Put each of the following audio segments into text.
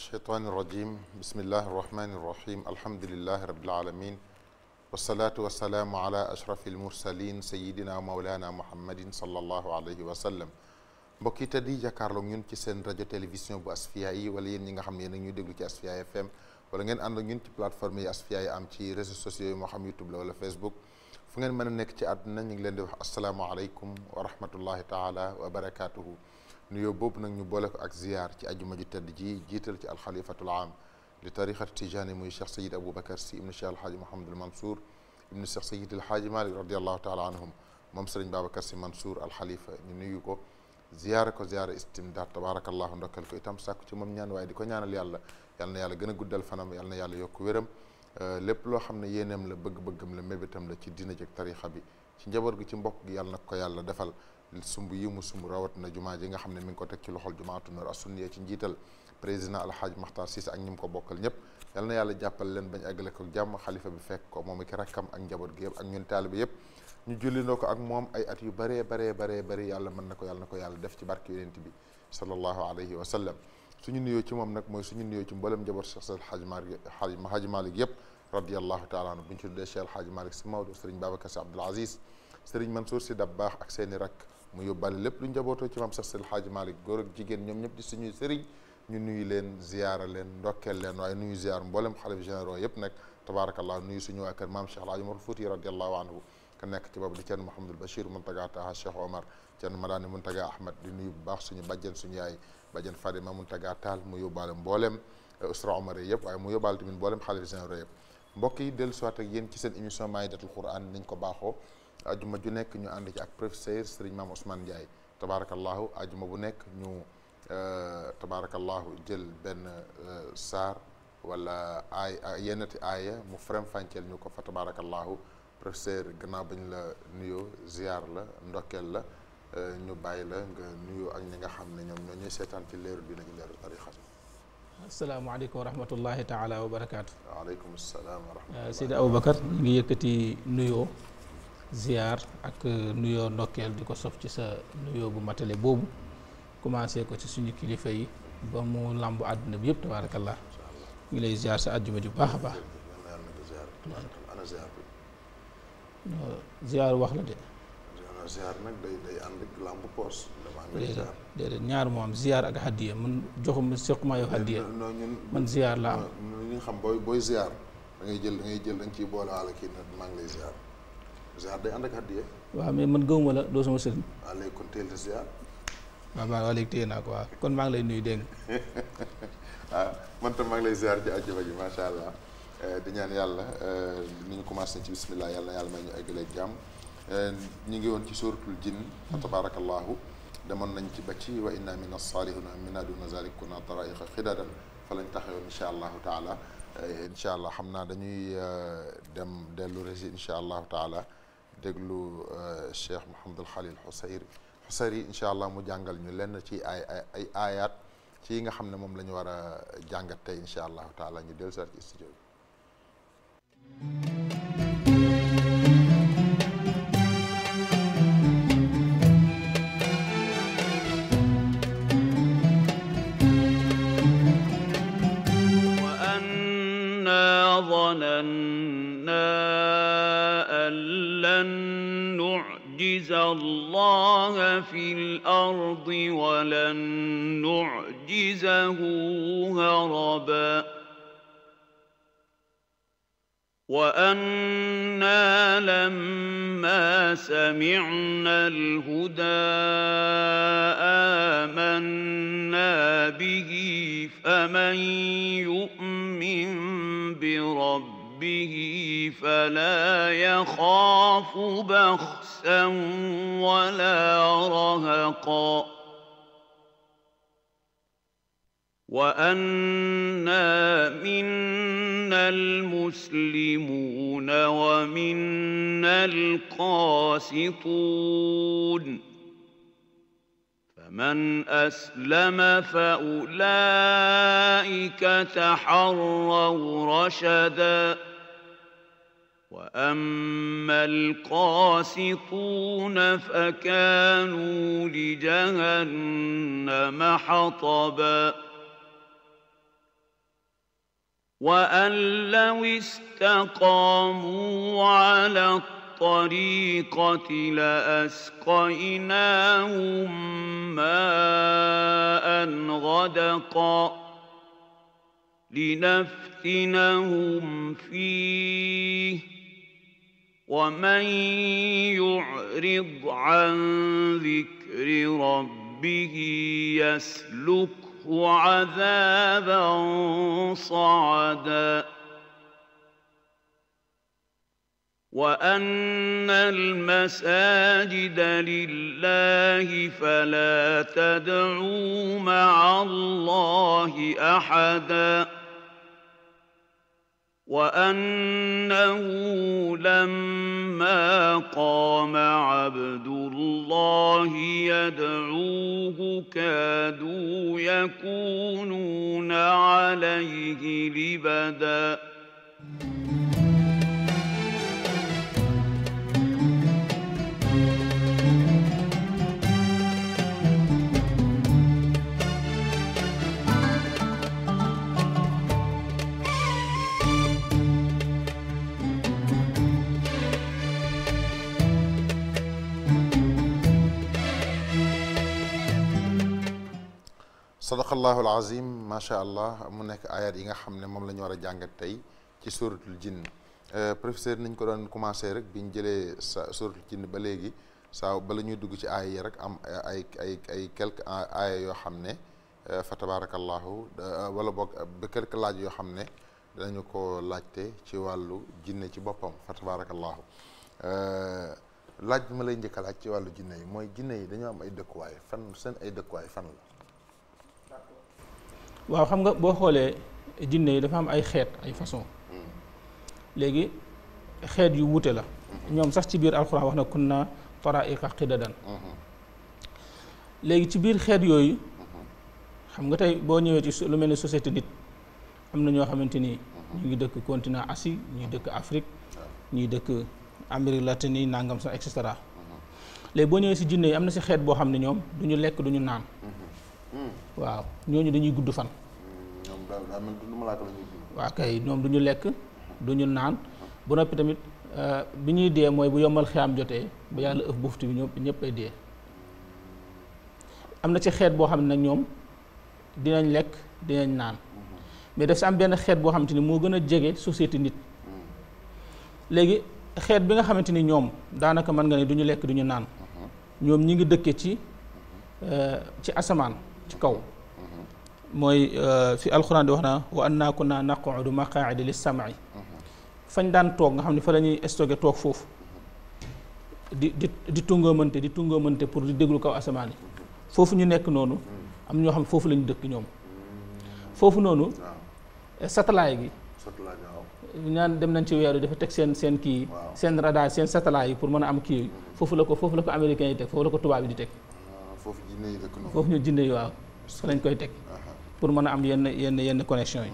الشيطان الرجيم بسم الله الرحمن الرحيم الحمد لله رب العالمين والصلاة والسلام على أشرف المرسلين سيدنا مولانا محمد صلى الله عليه وسلم mbokk yi te di jàkkaarloog ñun ci seen rajo télévision bu Asfiyahi wala yéen ñi nga xam ne yéen ñu déglu ci Asfiyahi FM wala ngeen ànd ak ñun ci plateforme yi Asfiyahi am ci réseaux sociaux yi moo xam YouTube la wala Facebook fu ngeen mën a nekk ci àdduna ñu ngi leen di wax asalaamaaleykum wa rahmatullahi taala wa barakaatuhu نيوبوب نك ني بولك اك زيار تي اديما جي تيد جي جيتال تي الخليفه العام لتاريخ التجاني موي الشيخ سيد ابو بكر سي ابن الشيخ الحاج محمد المنصور ابن الشيخ سيد الحاج مالك رضي الله تعالى عنهم مام سيرن بابا بكر منصور الخليفه ني نيوكو زياره كو زياره استمدار تبارك الله ندكل كو اتام ساكو تي مام نيان واي ديكو نيانال يالا يالنا يالا غنا غودال فنام يالنا يالا يوكو ويرم لپ لو خامن ينم لا بغ بغم لا ميبتام لا تي دينا جي بي سي نجابور غي سي مبوك يالنا كو يالا دافال sumbu yi mu rawat na juma ji nga xamne mi ngi ko tek ci loxol juma tu nur as-sunniya ci njital président alxaaj Maxtaar sis ak ñim ko bokkal ñep yalla na yàlla jàppal leen bañ àggale ko jàmm khalifa bi fekk ko momi ki rakam ak njabot gi yeb ak ñun talib yeb ñu jullindoo ko ak mom ay at yu bare bare bare bare yàlla man nako yàlla nako yàlla def ci barki yenen bi sallallahu alayhi wa sallam suñu nuyo ci mom nak moy suñu nuyo ci mbolam njabot cheikh sal hajj Maalik hajj Maalik yëpp radiallahu taala anhu bu ñu ci tuddee cheikh hajj malik Si Maodo serigne babakar Abdul Aziz serigne Mansour Si Dabbaax ak seeni rak mu yobale lépp lu njaboto ci mam Seex El Hadji Malick góor ak jigen ñom ñep di suñu serigne ñu nuyu leen ziyaara leen ndokkeel leen waaye nuyu ziyaar mboolem xalif généraux yep nak tabarakallah nuyu suñu waa mam Cheikh al Hadji Omar Fouti radiyallahu anhu ka nek ci bobu di Thierno mohammed bashir Muntaga Taha Cheikh Omar Thierno Madani Muntaga ahmed di nuyu bu baax suñu badjen suñu yaay badjen Fadima Muntaga tal mu yobale mbollem usra omar yep way mu yóbbaale tamit mboolem xalif généraux yep mbokk yi del siwaat ak yéen ci seen émission Maidatul Quran niñ ko baaxoo ajuma ju nek ñu ànd ci ak professeur Serigne mam Ousmane Ndiaye tabarakallahu ajuma bu nek ñu tabarakallahu jël ben sar wala ay yenati aya mu frem fanciel ñuko ko fa tabarakallahu professeur gannaaw bañ la nuyo ziar la ndokel la ñu bàyyi la nga nuyo ak ñi nga xam ne ñoom ñoo ci leeru diina gi leeru tarixa السلام عليكم ورحمة الله تعالى وبركاته. عليكم السلام ورحمة الله. سيد أبو بكر نيجي yëkkati نيو ziar ak euh, nuyoo ndokkeel di ko sof ci sa nuyoo bu matale boobu commencé ko ci suñu kilifa yi ba mu làmb àdduna bi yëpp tabaarakallah ngi lay ziar sa àjjuma ji baax a baax ziar wax la de nag day day ànd ak làmb poos déedéet déedéet ñaar moo am ziar ak hadiya man joxuma sequma yow hadiya man ziar la am ñu xam booy booy ziar da ngay jël da ngay jël dañ ciy boolewaale kii nag ngi lay ziar ziar day ànd ak addiya waaw mais man gëwuma la doo sama sëriñ waaw léegi kon teel a ziar waaw maa waaw léegi téye naa ko waaw kon maa ngi lay nuyu dégg ah man tam maa ngi lay ziar ci àjjuma ji macha allah eh, di ñaan yàlla eh, ni ñu commencé ci bismillah yàlla yàlla may ñu eggaleeg jàmm eh, ñu ngi woon ci suratul jinn fa tabarakallahu demoon nañ ci ba ci wa inna mina salihuna mina duna zalik kuna taraiqa xidadan fa lañ taxawoon incha allahu taala incha allah xam naa dañuy dem dellu resi incha allahu déglu Cheikh Mouhamadul Khalil Xusayri Xusayri inshallah allah mu jàngal ñu lenn ci ay ay aayaat ci yi nga xam ne moom la jàngat tey incha taala ñu dellu ci studio bi. ظننا أن أن نعجز الله في الأرض ولن نعجزه هربا وأنا لما سمعنا الهدى آمنا به فمن يؤمن بربه ربه فلا يخاف بخسا ولا رهقا وانا منا المسلمون ومنا القاسطون فمن أسلم فأولئك تحروا رشداً واما القاسطون فكانوا لجهنم حطبا وان لو استقاموا على الطريقه لاسقيناهم ماء غدقا لنفتنهم فيه ومن يعرض عن ذكر ربه يسلكه عذابا صعدا وان المساجد لله فلا تدعوا مع الله احدا وأنه لما قام عبد الله يدعوه كادوا يكونون عليه لبداً sadaqallahu alazim macha allah mu nekk ayat yi nga xam ne moom la ñu war a jàngat tey ci suratul jinn professeur nañ ko doon commencé rek bi ñu jëlee sa suratul jinn ba léegi saa bala ñuy dugg ci aaya yi rek am ay ay ay quelques aaya yoo xam ne fa tabarakallahu wala boog ba quelques laaj yoo xam ne danañu ko laajte ci wàllu jinne ci boppam fa tabarakallahu laaj bi ma lay njëkk a laaj ci wàllu jinne yi mooy jinne yi dañoo am ay dëkkuwaay fan seen ay dëkkuwaay fan la waaw xam nga boo xoolee jinne yi dafa am ay xeet ay façon léegi xeet yu wuute la mm-hmm. ñoom sax ci biir alxuraan wax na kunna taraa'iqa qidadan mm-hmm. léegi ci biir xeet yooyu mm-hmm. xam nga tey boo ñëwee ci lu mel ni société nit am na ñoo xamante ni ñu ngi dëkk continent Asie ñuy dëkk Afrique ñuy dëkk Amérique latine yi nangam sax et cetera léegi boo ñëwee si jinne yi am na si xeet boo xam ne ñoom duñu lekk duñu ñu naan mm. waaw ñooñu dañuy gudd fan waaw kay ñoom du lekk du ñu naan bu noppi tamit euh, bi ñuy dee mooy bu yombal xiyaam jotee ba yàlla ëf buftu bi ñoom ñëpp ay dee am na ci xeet boo xam ne nag ñoom dinañ lekk dinañ naan mais daf si am benn xeet boo xamante ni moo gën a jege société nit léegi xeet bi nga xamante ni ñoom daanaka mën nga ne duñu lekk duñu naan mhm. ñoom ñi ngi dëkkee ci euh, ci asamaan ci kaw mooy euh, fi alxuraan di wax naa wa annaa kunnaa naqudu maqaa'ida lis-sam'i fañ daan toog nga xam ne fa la ñuy stocké toog foofu di di di tungoomante di tungoomante pour di déglu kaw asamaan yi foofu ñu nekk noonu am ñoo xam foofu lañu dëkk ñoom foofu noonu satellite gi ñaan dem nañ ci weeru dafa teg seen kii seen radar seen satellite yi pour mën a am kii foofu la ko foofu la ko américains yi teg foofu la ko tubaab yi di teg ah, foofu ñu jinne yi waaw fa lañ koy teg pour mën a am yenn yenn yenn connexion yi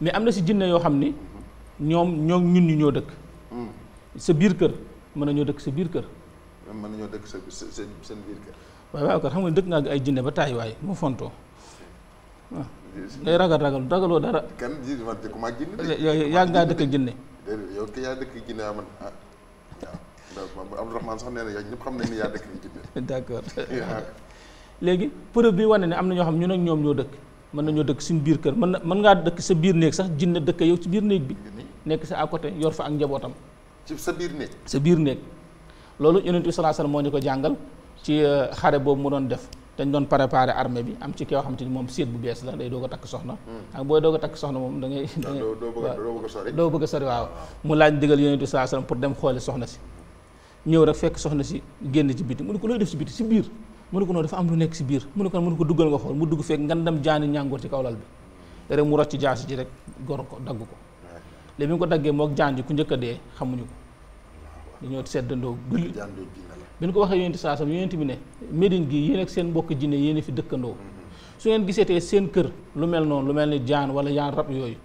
mais am na si jinne yoo xam ni ñoom ñoo ñun ñu ñoo dëkk. Hmm. sa biir kër mën nañoo dëkk sa biir kër. mën nañoo dëkk sa seen seen biir kër. waaw waaw kon xam nga dëkk nga ay jinne ba taay waay mu fontoo waaw. ragal ragal ragaloo dara. kan ji man dëkk ma ak jinne. yaa ngaa dëkk ak jinne. yaa dëkk ak jinne man ah. ah na yaa ñëpp xam ne yaa dëkk ak jinne. d'accord. léegi preuve bi wane ne am na ñoo xam ñun ak ñoom ñoo dëkk mën nañoo dëkk suñu biir kër mën na mën ngaa dëkk sa biir néeg sax jinne dëkk yow ci biir néeg bi nekk sa à côté yor fa ak njabootam ci sa biir néeg sa biir néeg loolu yonent bi sallallahu moo ñu ko jàngal ci euh, xare boobu mu doon def dañ doon préparer armée bi am ci koo xam te ni moom seet bu bees la day doo a takk soxna hmm. ak booy doog a takk soxna moom da ngay da ngay doo bëgg a sori waaw mu laaj digal yonent bi pour dem xoole soxna si ñëw rek fekk soxna si génn ci biti mu ne ko looy def si biti si biir mu ne ko noonu dafa am lu nekk si biir mu ne ko mu ne ko duggal nga xool mu dugg fekk ngandam jaani ñàngoor ci kaw lal bi rek mu rocc jaasi ji rek gor ko dagg ko léegi bi mu ko daggee moog jaan ji ku njëkk a dee xamuñu ko dañoo seddandoo ko waxee yonent saa sam yonent bi ne Médine gi seen mbokk jinne yéen fi dëkkandoo su ngeen giseetee seen kër lu mel noonu lu mel ni jaan wala yaan rab yooyu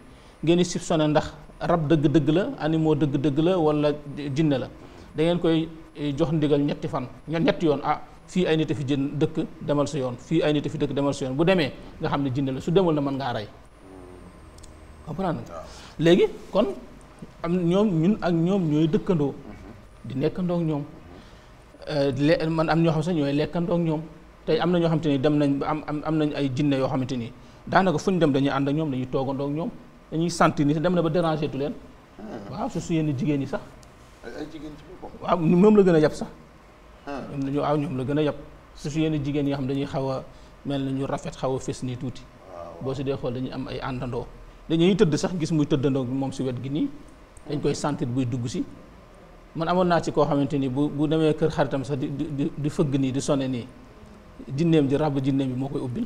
ngeen di soupçonné ndax rab dëgg-dëgg la animaux dëgg la wala jinne la da ngeen koy eh, jox ndigal ñetti fan ñetti yoon ah fii ay nit a fi jën dëkk demal sa yoon fii ay nit a fi dëkk demal sa yoon bu demee nga xam ne jinne la su demul na mën ngaa rey comprendre léegi kon am ñoom ñun ak ñoom ñooy dëkkandoo mhm. di nekkandoo ak ñoom euh, man am ñoo xam sax ñooy lekkandoo ñoom tey am na ñoo xamante ni dem nañ am am nañ ay jinne yoo xamante ni daanaka fu ñu dem dañuy ànd ak ñoom dañuy toogandoo ak ñoom dañuy sentir ni dem na ba déranger tu leen hmm. waaw su su yenn jigéen ñi sax waaw moom la gën a yab sax ñoom la ñu aw ñoom la gën a yab surtout yenn jigéen yi nga xam dañuy xaw a mel na ñu rafet xaw a nii tuuti boo si dee xool dañuy am ay àndandoo dañuy tëdd sax gis muy tëddandoo moom si wet gi nii dañ koy sentir buy dugg si man amoon naa ci koo xamante ni bu bu demee kër xaritam sax di di di fëgg nii di sone nii jinneem ji rabb jinneem bi moo koy ubbil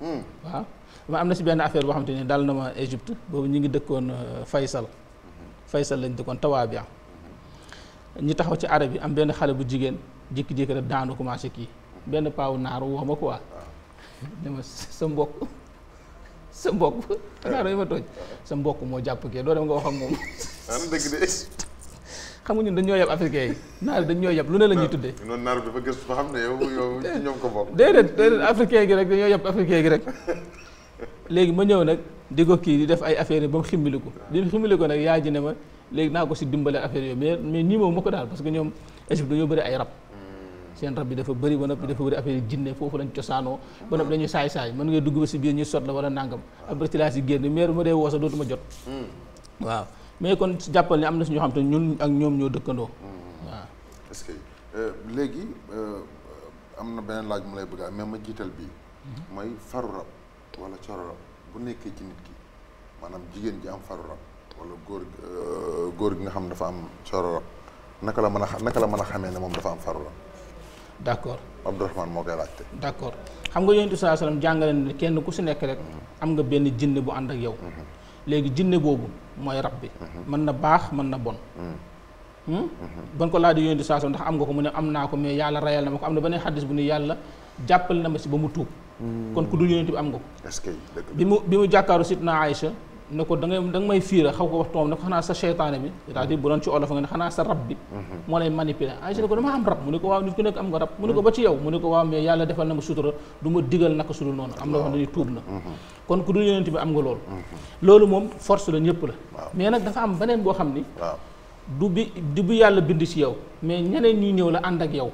hmm. waaw ma am na si benn affaire boo xamante ni dal na ma Égypte boobu ñu ngi dëkkoon euh, Faysal hmm. Faysal lañ dëkkoon Tawaabiya hmm. ñi taxaw ci arab yi am benn xale bu jigéen jékki-jékki rek daanu commencé kii benn paawu naar woo ma quoi ne ma sa mbokk sa mbokk naaru yi ma tooj sa mbokk moo jàpp kee doo dem nga wax moom dëgg de xam nga ñun ñoo yab africain yi dañ ñoo yab lu ne la ñuy tuddee noonu ah, naar bi dafa gëstu ba xam ne gi rek dañoo yab africain gi rek léegi ma ñëw nag di ko kii di def ay affaire yi ba mu ximmiliku di ximmiliku nag yaa ji ne ma léegi naa ko si dimbalee affaire yooyu mais mais nii moom ma ko daal parce que ñoom Égypte dañoo bëri ay rab seen rab bi dafa bëri ba noppi dafa bëri affaire jinne foofu lañ cosaanoo ba noppi dañuy saay-saay mën ngay dugg ba si biir ñu sot la wala nàngam après ci laa si génn meer ma dee woo dootuma jot hmm. waaw mais kon jàppal ni am na suñoo xam te ñun ak ñoom ñoo dëkkandoo hmm. euh, léegi euh, am na beneen laaj mu lay bëgg mais ma jiital bi hmm. mooy faru rab wala coro rab bu nekkee ci nit ki maanaam jigéen ji am faru rab wala góor euh, góor gi nga xam ne dafa am coro rab naka la mën a naka la mën a xamee ne moom dafa am faru rab d' accord Abdourahmane moo koy laajte. xam nga yonent bi sallallahu alayhi jàngale na kenn ku si nekk rek mhm. am nga benn jinne bu ànd ak yow. Mhm. léegi jinne boobu mooy rab bi. Mhm. mën na baax mën na bon. Hmm? ban ko laaj yonent bi sallallahu alayhi ndax am nga ko mu ne am naa ko mais yàlla reyal na ma ko am na beneen xaddis bu ni yàlla jàppal na ma si ba mu tuub. Hmm. kon ku dul yonent bi am nga ko. est que bi mu bi mu jàkkaaru sit naa Aïcha ne ko da ngay da nga may fiira xaw ko wax toom ne ko xanaa sa seytaane bi cest à bu doon ci olof nga ne xanaa sa rab bi moo lay manipuler Aïcha ne ko dama am rab mu ne ko ba ci yow mu ne ko waaw mais yàlla defal na ma sutura du ma digal naka sudul noonu am na wax ne tuub na kon ku dul yonent bi am nga loolu loolu moom force la ñëpp la mais nag dafa am beneen boo xam ni du bi du bi yàlla bind ci yow mais ñeneen ñuy ñëw la ànd ak yow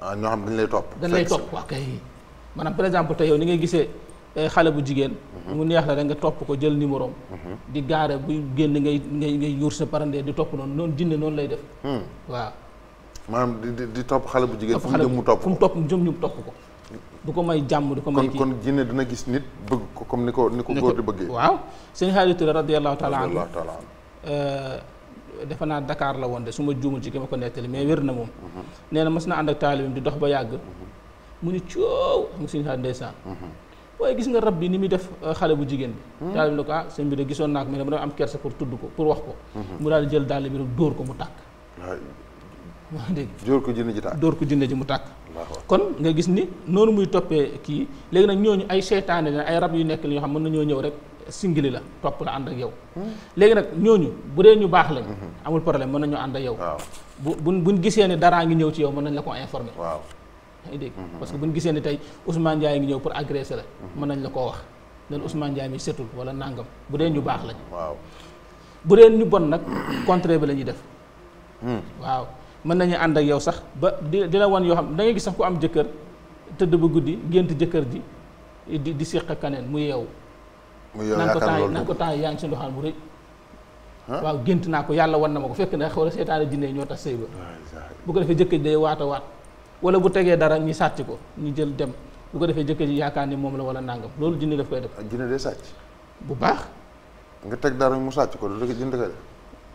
ah, ñoo xam dañ lay topp dañ lay topp waaw kay maanaam Eh, xale bu jigéen mhm. mu neex la rek nga topp ko jël numéro am mhm. di gaare buy génn ngay ngay ngay yuur sa parandee di topp noonu noonu jinne noonu lay def hmm. waaw maanaam di di topp xale bu jigéen fu mu jëm mu topp fu mu topp jëm ñu topp ko du ko may jàmm du ko may kii kon jinne dina gis nit bëgg ko comme ni ko ni ko góor di bëggee waaw sëñ Xaali Ture radiyallahu taala anhu eh, defe naa Dakar la woon de su ma juumul ma ko nettali mais wér na moom mhm. nee na mës na ànd ak di dox ba yàgg mu ni coow waaye gis nga rab bi ni muy def euh, xale bu jigéen bi hmm. daal bi ne ko ah sëñ bi de gisoon naa ko mais dama am kersa pour tudd ko pour wax ko hmm. mu daal jël dàll bi rek dóor ko mu tàkk maa dégg dóor ko jinne ji dóor ko jinne ji mu tàkk kon nga gis ni noonu muy toppee kii léegi nag ñooñu ay seytaane la ay rab yu nekk li ñoo xam mën na ñoo ñëw rek singili la topp la ànd ak yow hmm. léegi nag ñooñu bu dee ñu baax lañ amul problème mën nañu ànd ak yow bu bu buñ gisee ne daraa ngi ñëw ci yow mën nañ la ko informer ay dégg mhm. parce que bu ñu gisee ne tey Ousmane Ndiaye ngi ñëw pour agresser la mhm. mën nañ la koo wax nen Ousmane Ndiaye mi setul wala nàngam bu dee ñu mhm. baax lañ waaw bu dee ñu bon nag contraire bi la ñuy def hmm. waaw mën nañu ànd ak yow sax ba di la wan yoo xam da ngay gis sax ku am jëkkër tëdd ba guddi gént jëkkër ji di di séq kaneen mu yeewu naan ko temps naan ko temps yaa ngi si ndoxaan bu rëy waaw gént naa ko yàlla wan na ma ko fekk ne xaw a seetaane jinne ñoo tax sëy ba bu ko defee jëkkër ji day waata waat wala bu tegee dara ñu sàcc ko ñu jël dem bu ko defee jëkkër ji yaakaar ni moom la wala nàngam loolu jinne daf koy def. jinne day sàcc. bu baax. nga teg dara mu sàcc ko du jinne koy def.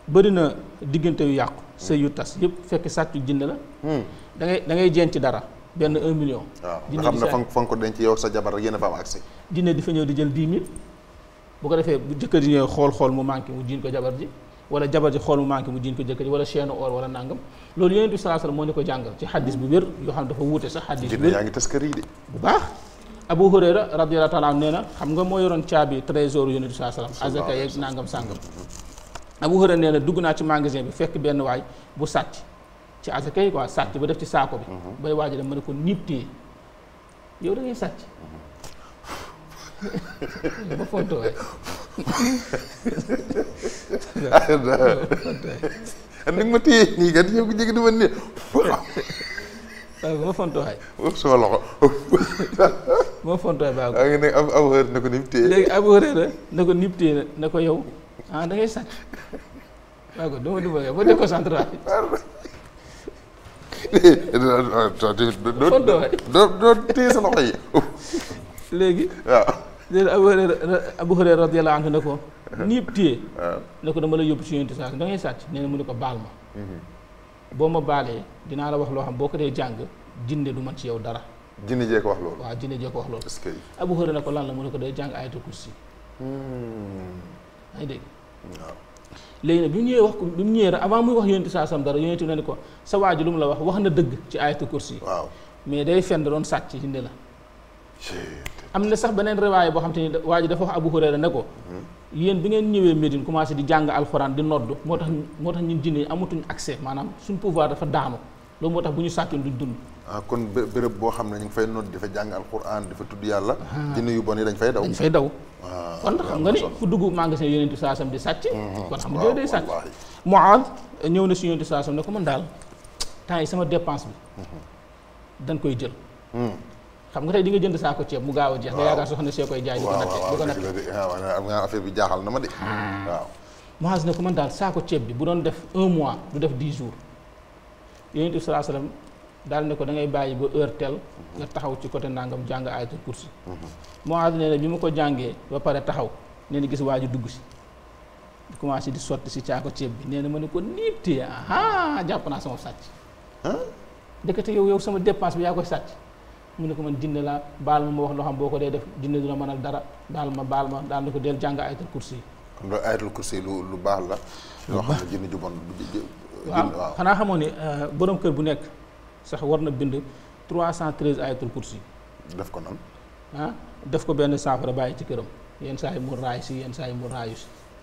bëri na diggante yu yàqu sëy yu tas yëpp fekk sàccu jinne la hmm. da ngay da ngay jeen ci dara benn un million waaw nga xam ne fan fan ko denc yow sa jabar rek yéen a fa am jinne di fa ñëw di jël dix mille bu ko defee bu jëkkër ji ñëw xool xool mu manqué mu jiin ko jabar ji wala jabar ji xool mu manqué mu jiin ko jëkkër ji wala chaîne or wala nangam loolu yonent bi sallallahu alayhi wasallam moo ni ko jàngal ci xaddis bu wér yoo xam dafa wuute sax xaddis bu wér yaa ngi taskari de bu baax Abu Hurayra radiyallahu taala nee na xam nga moo yoroon caabi trésor yonent bi sallallahu alayhi wasallam azaka yeeg nangam sàngam Abu Hurayra nee na dugg naa ci magasin bi fekk benn waay bu sàcc ci azaka yi quoi sàcc ba def ci saako bi mhm. bay waaji dem ma ne ko niib téye yow da ngay ba foto rek. ni ma téye nii kat yow jéggi dama ne. ba fonto xay. sama loxo. ba fonto xay baaxul. waaye nag ab ab heure na ko nip téye. na ko yow ah da ngay sàcc. waaw kon dama dama ba déconcentré waay. doo doo doo téye sa loxo yi. léegi. waaw léegi Abu Hurayra Abu Hurayra radiyallahu ne ko. Uh-huh. niib téye. waaw ne ko dama la yóbbu si yonent saa da ngay sàcc nee na mu ne ko baal ma. Uh-huh. boo ma baalee dinaa la wax loo xam boo ko dee jàng jinne du man ci yow dara. jinne jee ko wax loolu. waaw jinne jee ko wax loolu. est-ce que Abu Hurayra ne ko lan la mu ne ko day jàng ayatul kursi. Hmm. yaa ngi dégg. waaw. léegi nag bi mu ñëwee wax ko bi mu ñëwee avant muy wax yonent saa sam ko sa waa ji la wax wax na dëgg ci ayatul kursi. waaw mais day fen da doon sàcc jinne la. am na sax beneen riwaay boo xam te ni waa ji dafa wax Abu Hurayra ne ko yéen bi ngeen ñëwee Médine commencé di jàng alxuraan di nodd moo tax moo tax ñun jinne amatuñ accès maanaam suñ dafa daanu loolu moo bu ñu sàkkin duñ dund ah kon béréb boo xam ne ñu ngi fay nodd di fa jàng alxuraan di fa tudd yàlla ah. jinne yu bon yi dañ fay daw dañ fay daw ah, kon xam nga ni fu dugg magasin yonente saasam di sàcc mhm. kon xam nga yooyu day sàcc Muaad ñëw na si yonente saasam ne ko man daal temps yi sama dépense bi mhm. dañ koy jël mhm. xam nga tey di nga jënd saako ceeb mu gaaw a jeex nga yaakaar soxna see koy jaay di ko natte jaaxal na ma de waaw Muaz ne ko man daal saako ceeb bi bu doon def un mois du def dix jours yonent daal ne ko da ngay bàyyi ba heure tel nga taxaw ci côté nangam jàng ayatul kursi Muaz nee na bi ma ko jàngee ba pare taxaw nee na gis waa ji dugg si di commencé di sotti si caako ceeb bi nee na ma ne ko niittee jàpp naa sama sàcc dëkkate yow yow sama dépense bi yaa koy sàcc mu ne ko man jinne laa baal ma ma wax loo xam boo ko dee def jinne du la mën dara daal ma baal ma daal na ko del jàng ayatul kursi yi kon lu lu baax la yoo xam ne jinne ju waaw xanaa xamoon ne euh, borom kër bu nekk sax war na bind cent 313 ayatul kursi def ko noonu ah def ko benn saafara bàyyi ci këram yenn saa yi mu raay si yenn saa yi mu raayu si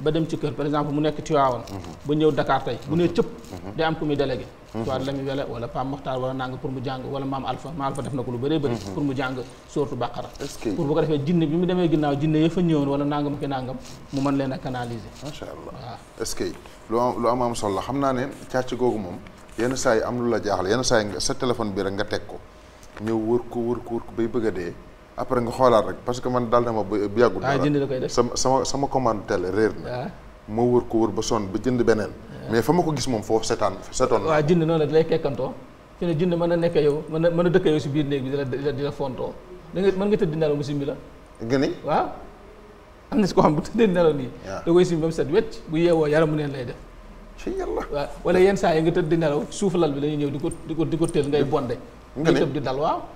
ba dem ci kër par exemple mu nekk Tiwaawan ba ñëw Dakar tey mu nee cëpp day am ku muy délégué soit la muy wele wala Pam Moxtaar wala nanga pour mu jàng wala maam Alpha maam Alpha def na ko lu bëree bëri mhm. pour mu jàng sourate Baqara pour bu ko defee jinne bi mu demee ginnaaw jinne ya a ñëwoon wala nangam ki nangam mu mën leen a canaliser macha allah waaw est-ce que lu am lu am am solo xam naa ne càcc googu moom yenn saa yi am lu la jaaxle yenn saa yi sa téléphone bi rek nga teg ko ñëw wër ko wër ko wër ko bëgg a dee après nga xoolaat rek parce que man daal na ma bu yàggul ah, dara sama sama sama commande télé réer na ah. ma wër ko wër ba son ba jënd beneen ah. mais fa ma ko gis moom foofu setaan setoon waaw jënd noonu lay kekkantoo fi ne jënd mën na nekk yow mën na mën na dëkk yow si biir néeg bi di la di la fontoo da nga mën nga tëdd nelaw mu simbi la gën a waaw am na si ko xam bu tëddee nelaw nii da koy simbi ba mu set wecc bu yeewoo yaram mu neen lay def ci yàlla yenn saa yi nga tëdd di nelaw suuf lal bi la ñëw di ko di ko di ko tël ngay bonde nga tëb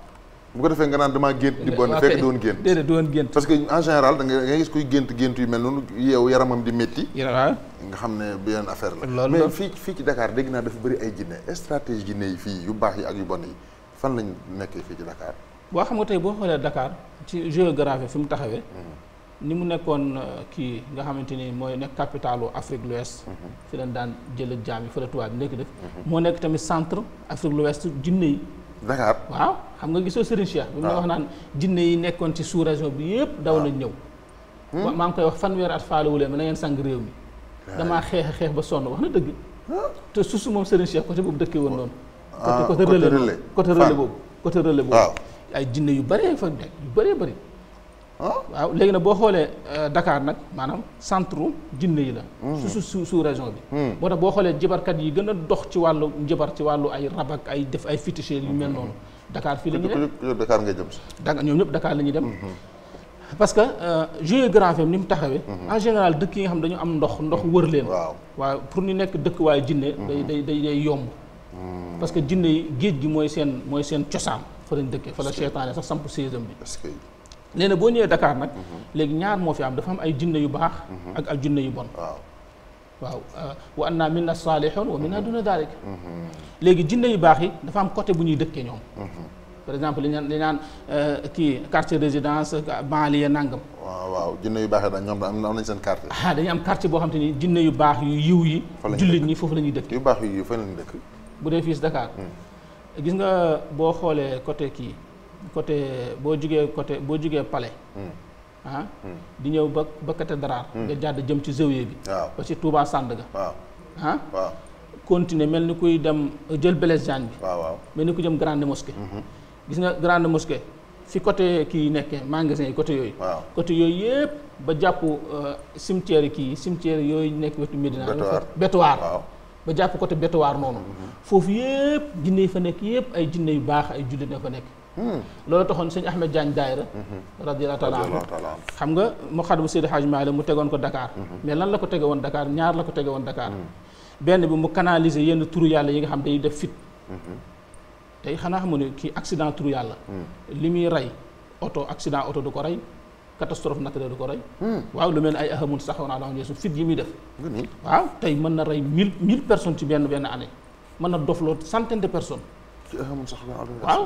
bu ko defee nga naan damaa gént di bon fekk doon gént déedéet parce que en général da nga gis kuy gént gént yu mel noonu yeewu yaramam di métti nga xam ne beneen affaire la mais fii fii ci Dakar dégg naa dafa bëri ay jinne stratégie jinne yi fii yu baax yi ak yu bon yi fan lañ nekkee fii ci Dakar waa xam nga tey boo xoolee Dakar ci géographie fi mu taxawee hmm. ni mu nekkoon euh, kii nga xamante ni mooy nekk capitalu Afrique l'Ouest hmm. fi lañ daan jëlee jaam yi fa la tubaab hmm. moo nekk tamit centre Afrique l'Ouest jinne yi Dakar waaw xam nga gisoo Serigne Cheikh. bi mu la wax naan jinne yi nekkoon ci sous région bi yëpp daw nañ ñëw. Hmm? waaw maa ngi koy wax fanweer at faalewulee ma na ngeen sang réew mi. damaa xeex a xeex ba sonn wax na dëgg. te su moom Serigne Cheikh côté boobu dëkkee woon noonu. ah côté relais côté relais boobu côté relais boobu. ay jinne yu bëree fa yu baree bëri. waaw léegi nag boo xoolee euh, dakaar nag maanaam centre jinne yi la. Hmm. su su su région bi. Hmm. moo tax boo xoolee jibarkat yi gën a dox ci wàllu jëbar ci wàllu ay rabak ay def ay féticheur yu mel hmm. noonu. Dakar fii la ñuy dem ku Dakar ñëpp Dakar la ñuy dem. parce que géographie euh, ni mu taxawee. en général dëkk yi nga xam dañu am ndox ndox wër leen. waaw waaw pour ñu nekk dëkk waaye jinne day day day yomb. parce que jinne yi géej gi mooy seen mooy seen cosaan fa lañ dëkkee fa la seetaane sax samp saison nee bo ñewé Dakar nak légui ñaar mo fi am dafa am ay jinne yu bax ak al jinne yu bon. waaw wa anna minna salihun wa minna duna dalik légui jinne yu bax yi dafa am côté bu ñuy dëkke ñom par exemple li naan ki quartier résidence banlieue nangam. waaw waaw jinne yu bax da ñom am nañ seen quartier. ha dañuy am quartier bo xamanteni jinne yu bax yu yiw yi. jullit ñi fofu lañuy dëkk. yu bax yu fa lañuy dëkk. bu dé fii Dakar. gis nga bo xolé côté ki côté boo jugee côté boo jugee palais. Hmm. Ah? Hmm. di ñëw ba ba côté Daraar. Hmm. nga jàdd jëm ci Zawiya bi. waaw ba ci Touba Sandaga. waaw ah mel ni kuy dem euh, jël Blaise Diagne bi. waaw mel ni ku jëm grande mosquée. gis nga grande mosquée fi côté kii nekkee magasin yi côté yooyu. waaw côté yooyu yëpp ba jàppu euh, cimetière kii cimetière yooyu nekk wetu Médina. Bétoir ba jàpp côté Bétoir noonu. foofu yëpp jinne yi fa nekk yëpp ay jinne yu baax ay jullit na fa nekk. loolu taxoon sëñ Ahmed jaan daayira radiyallahu taala anhu xam nga muqaddam bu Seydi Hadj Malick mu tegoon ko dakaar mais lan la ko tege woon Dakar ñaar la ko tege woon Dakar benn bi mu canaliser yenn turu yàlla yi nga xam day def fit tey xanaa xamu ne kii accident turu yàlla li muy rey oto accident oto du ko rey catastrophe naturelle du ko rey waaw lu mel ne ay ahamun saxoon ala yeesu fit yi muy def waaw tey mën na rey mille mille personnes ci benn benn année mën na dofloo centaine de personnes waaw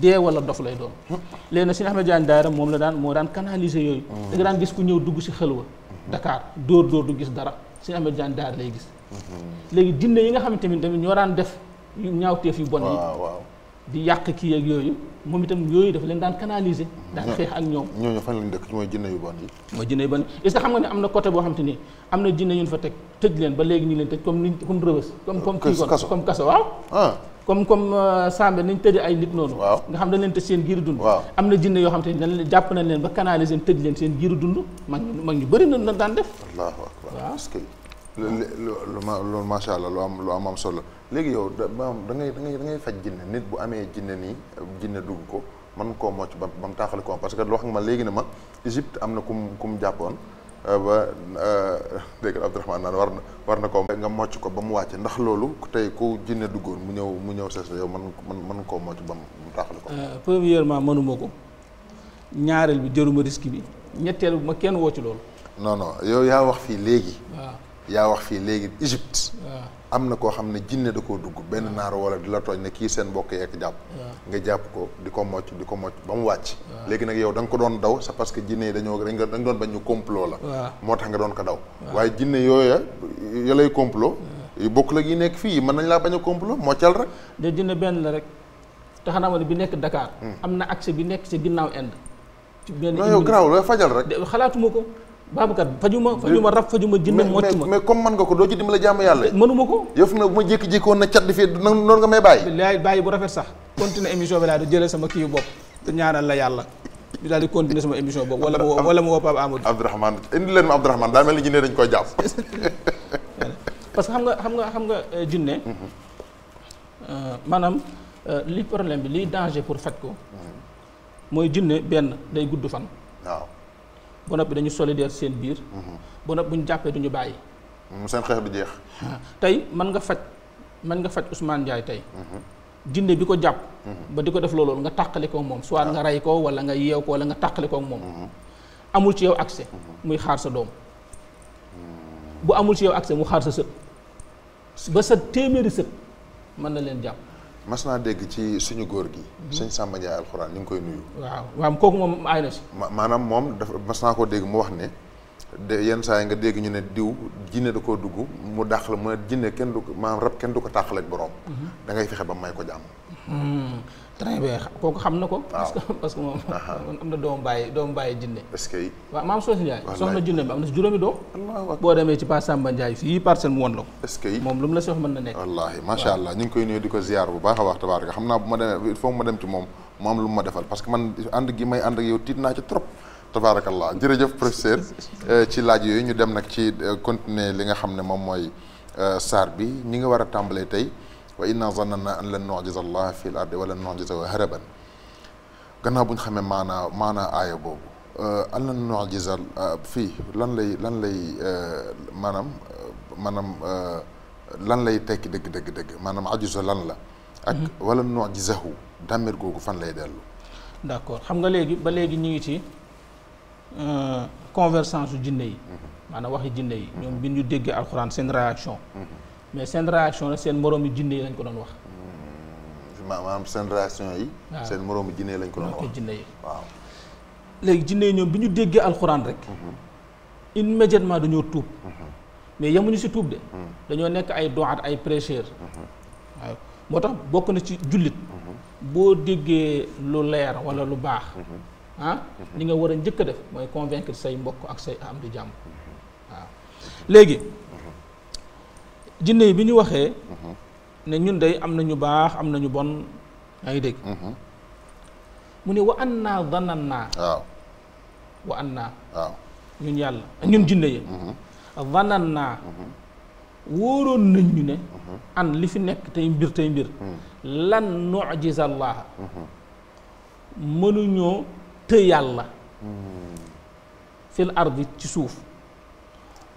dee wala dof lay doon léegi nag Cheikh Ahmed Diagne daayira moom la daan moo daan canaliser yooyu da mm. nga daan gis ku ñëw dugg si xëlwa Dakar dóor dóor du gis dara Cheikh Ahmed jaan daayira lay gis mm-hmm. léegi jinne yi nga xam ne tamit tamit ñoo daan def ñaawteef yu bon yi di yàq kii ak yooyu moom itam yooyu dafa leen daan canaliser daan xeex ak ñoom ñooñu fan lañ dëkk mooy jinne yu bon yi mooy jinne yu bon nga ne am na côté boo xam te ni am na jinne yu ñu fa teg tëj leen ba léegi ñu leen tëj comme ni comme rëbës comme comme kii comme kaso waaw ah. comme comme euh, Sambe nañ tëj ay nit noonu nga xam ne leen tëj seen giiru dund am na jinne yoo xam te ne jàpp nañ leen ba canaliser seen tëj leen seen giiru dund mag mag ñu bëri na daan def allahu akbar waaw parce que loo macha allah am lu am am solo léegi yow da da ngay da ngay da ngay faj jinne nit bu amee jinne nii jinne dugg ko mën koo mocc ba ba mu taaxal ko parce que wax nga ma léegi na ma Égypte am na kum mu jàppoon Euh, ba euh, dégg nga Abdourahmane naan war na war na koo nga mocc ko ba mu wàcc ndax loolu tey ku jinne duggoon mu ñëw mu ñëw sees la yow man man mën koo mocc ba mu taaxal ko euh, premièrement mënuma ko ñaareel bi jëruma risque bi ñetteel bu ma kenn woo ci loolu non non yow yaa wax fii léegi yaa wax fii léegi Égypte waaw amna ko xamne jinne da ko dugg ben naar wala di la ne ki sen bokk yek japp nga japp ko di mocc di mocc bam wacc wàcc nak yow da ko don daw sa parce que jinne dañu dañoo dañ dañ doon bañ complot la motax nga don ko daw waye jinne yooya yo ya lay complot yu bokk la gi nek fi man nañ la bañu complot moccal rek de jinne ben la rek taxana wala bi nek Dakar hmm. amna na accès bi nek ci ginnaw end ci ben yow graw la fajal rek Babacar fajuma fajuma rab fajuma jinne moccuma mais comme man nga ko doo ci dimbale jaamu yàlla mënuma ko yëf na bu ma jékki-jékki woon na cat di fii noonu nga may bàyyi laay bàyyi bu rafet sax continuer émission bi laa du jëlee sama kii bopp te ñaanal la yàlla ñu daal di continuer sama émission boobu wala wala ma woo Pape Amadou Abdourahmane indi leen ma Abdourahmane daa mel ni jinne dañ koy jàpp parce que xam nga xam nga xam nga euh, jinne mhm. euh, maanaam euh, li problème bi liy danger pour faj ko mhm. mooy jinne benn day gudd fan ba bi dañu solidaire seen biir. Mhm. ba noppi bu ñu jàppee du ñu bàyyi. Mhm, seen xeex du jeex. Ah, tey mën nga faj mën nga faj Ousmane Ndiaye tey. Mhm. jinne bi ko jàpp. ba di ko def loolu nga tàqali ko moom. soit nga ah. rey ko wala nga yeew ko wala nga tàqali ko moom. amul ci yow accès. muy xaar sa doom. bu amul ci yow accès mu xaar sa sët. ba sa téeméeri sët mën na leen jàpp. mas naa dégg ci suñu góor gi. sëñ Samba Ndiaye alxuraan ñu ngi koy nuyu. waaw waaw kooku moom aay na maanaam moom dafa mas naa koo dégg mu wax ne. de yenn saa yi nga dégg ñu ne diw jinne da koo dugg mu dàq la mu ne jinne kenn du ko maanaam rab kenn du ko tàqaleeg boroom. Mhm. da ngay fexe ba may ko jàmm. Mhm. très bien kooku xam na ko. parce que moom. am na doomu bàyyi doomu bàyyi jinne. est-ce que waaw maam Soos Ndiaye. soxna jinne bi am na si juróomi doom. boo demee ci Pa Samba Ndiaye fii parcelle mu woon la ko. est moom lu mu la si wax na nekk. wallaahi macha allah ñu ngi koy nuyu di ko ziar bu baax a baax tabaaraka xam naa bu ma demee il faut ma dem ci moom mu am lu mu ma defal parce que man ànd gi may ànd ak yow tiit naa ci trop. tabaarakallah jërëjëf professeur eh, ci laaj yooyu ñu dem nag ci eh, continuer li nga xam ne moom mooy eh, saar bi ñi nga war a tàmbalee tey وإنا ظننا أن لن نعجز الله في الأرض ولن نعجزه هربا كنا بون خمي معنا معنا آية بوبو أن لن نعجز فيه لن لي لن لي مانم مانم لن لي تيك دق دق دق مانم عجز لن لا أك ولن نعجزه دمر جوجو فن لي دالو داكور خم غا لي با لي نيغي تي كونفرسانس جيني أنا واخي جيني نيوم بينيو ديغي القران سين رياكشن mais seen réaction la seen moroomi jinne yi lañ ko doon wax. Hmm, maanaam seen réaction yi. waaw seen moroomi jinne yi lañ ko doon wax jinne yi waaw. léegi jinne yi ñoom bi ñu déggee alxuraan rek. Hmm. immédiatement dañoo tuub. Hmm. mais yemuñu si tuub de. dañoo nekk ay doxaat ay prêcheurs. waaw moo tax bokk na ci jullit. boo déggee lu leer walla lu baax. ah li nga war a njëkk a def mooy convaincre say mbokk ak say am di jàmm waaw léegi. jinne yi bi ñu waxee mhm. ne ñun day am na ñu baax am na ñu bon yaa ngi dégg mhm. mu ne wa an naa danan naa wa an naa ñun yàlla ñun jinne yi danan mhm. naa wóoroon nañ ñu ne an li fi nekk tey mbir tey mbir lan nujiza mënuñoo të yàlla fil ardi ci suuf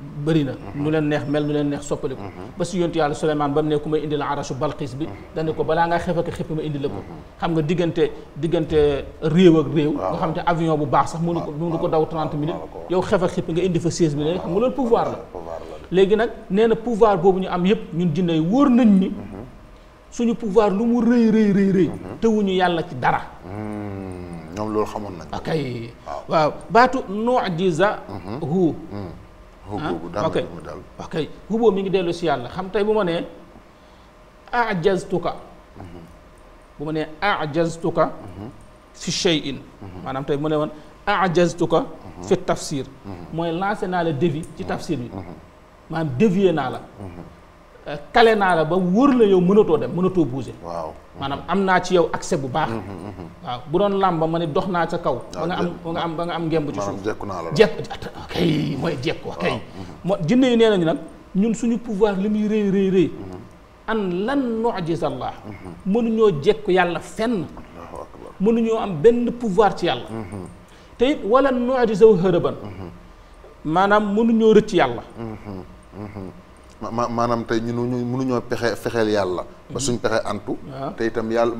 bëri na uh-huh. nu leen neex mel nu leen neex soppaliku uh-huh. ba si yontu yàlla Souleymane ba mu ne ku may indil arasu balxiis bi uh-huh. dane ko balaa ngaa xef ak xippi ma indi la ko xam nga diggante diggante réew ak réew nga xam te avion bu baax sax mënu ko mënu ko daw 30 minutes yow xef ak xippi nga indi fa 16 xam nga loolu pouvoir la léegi nag nee na pouvoir boobu ñu am yëpp ñun jinne yi wóor nañ ni suñu pouvoir lu mu rëy rëy tewuñu yàlla ci dara hmm, ñoom loolu xamoon nañ ok waaw baatu nujiza hu hmm. ok ok hubo mi ngi dellu si yàlla xam tey bu ma nee ajaztuka bu ma nee ajaztuka fi shay'in maanaam tey mu ne woon ajaztuka fi tafsir mooy lancé naa la défi ci tafsir bi maanaam dévié naa la kale euh, naa la ba wër la yow mënatoo dem mënatoo bouger. maanaam am naa ci yow accès bu baax. Mm-hmm, mm-hmm. waaw bu doon làmba ma ne dox naa ca kaw. Ah, ba nga am ba nga am ba nga am ngemb ci suuf. maanaam jekku naa la la kay mooy jekku wax kay. Ah, mm-hmm. moo jinne nee nañu nag ñun suñu pouvoir li muy rëy rëy rëy. lan nu'jiza Allah. mënuñoo jekku yàlla fenn. mënuñoo am benn pouvoir ci yàlla. te it wala nu'jizahu maanaam mënuñoo rëcc yàlla. ma maanaam tey ñu munuñoo mënuñoo pexe fexeel yàlla. ba mhm. suñ pexe antu. te itam yàlla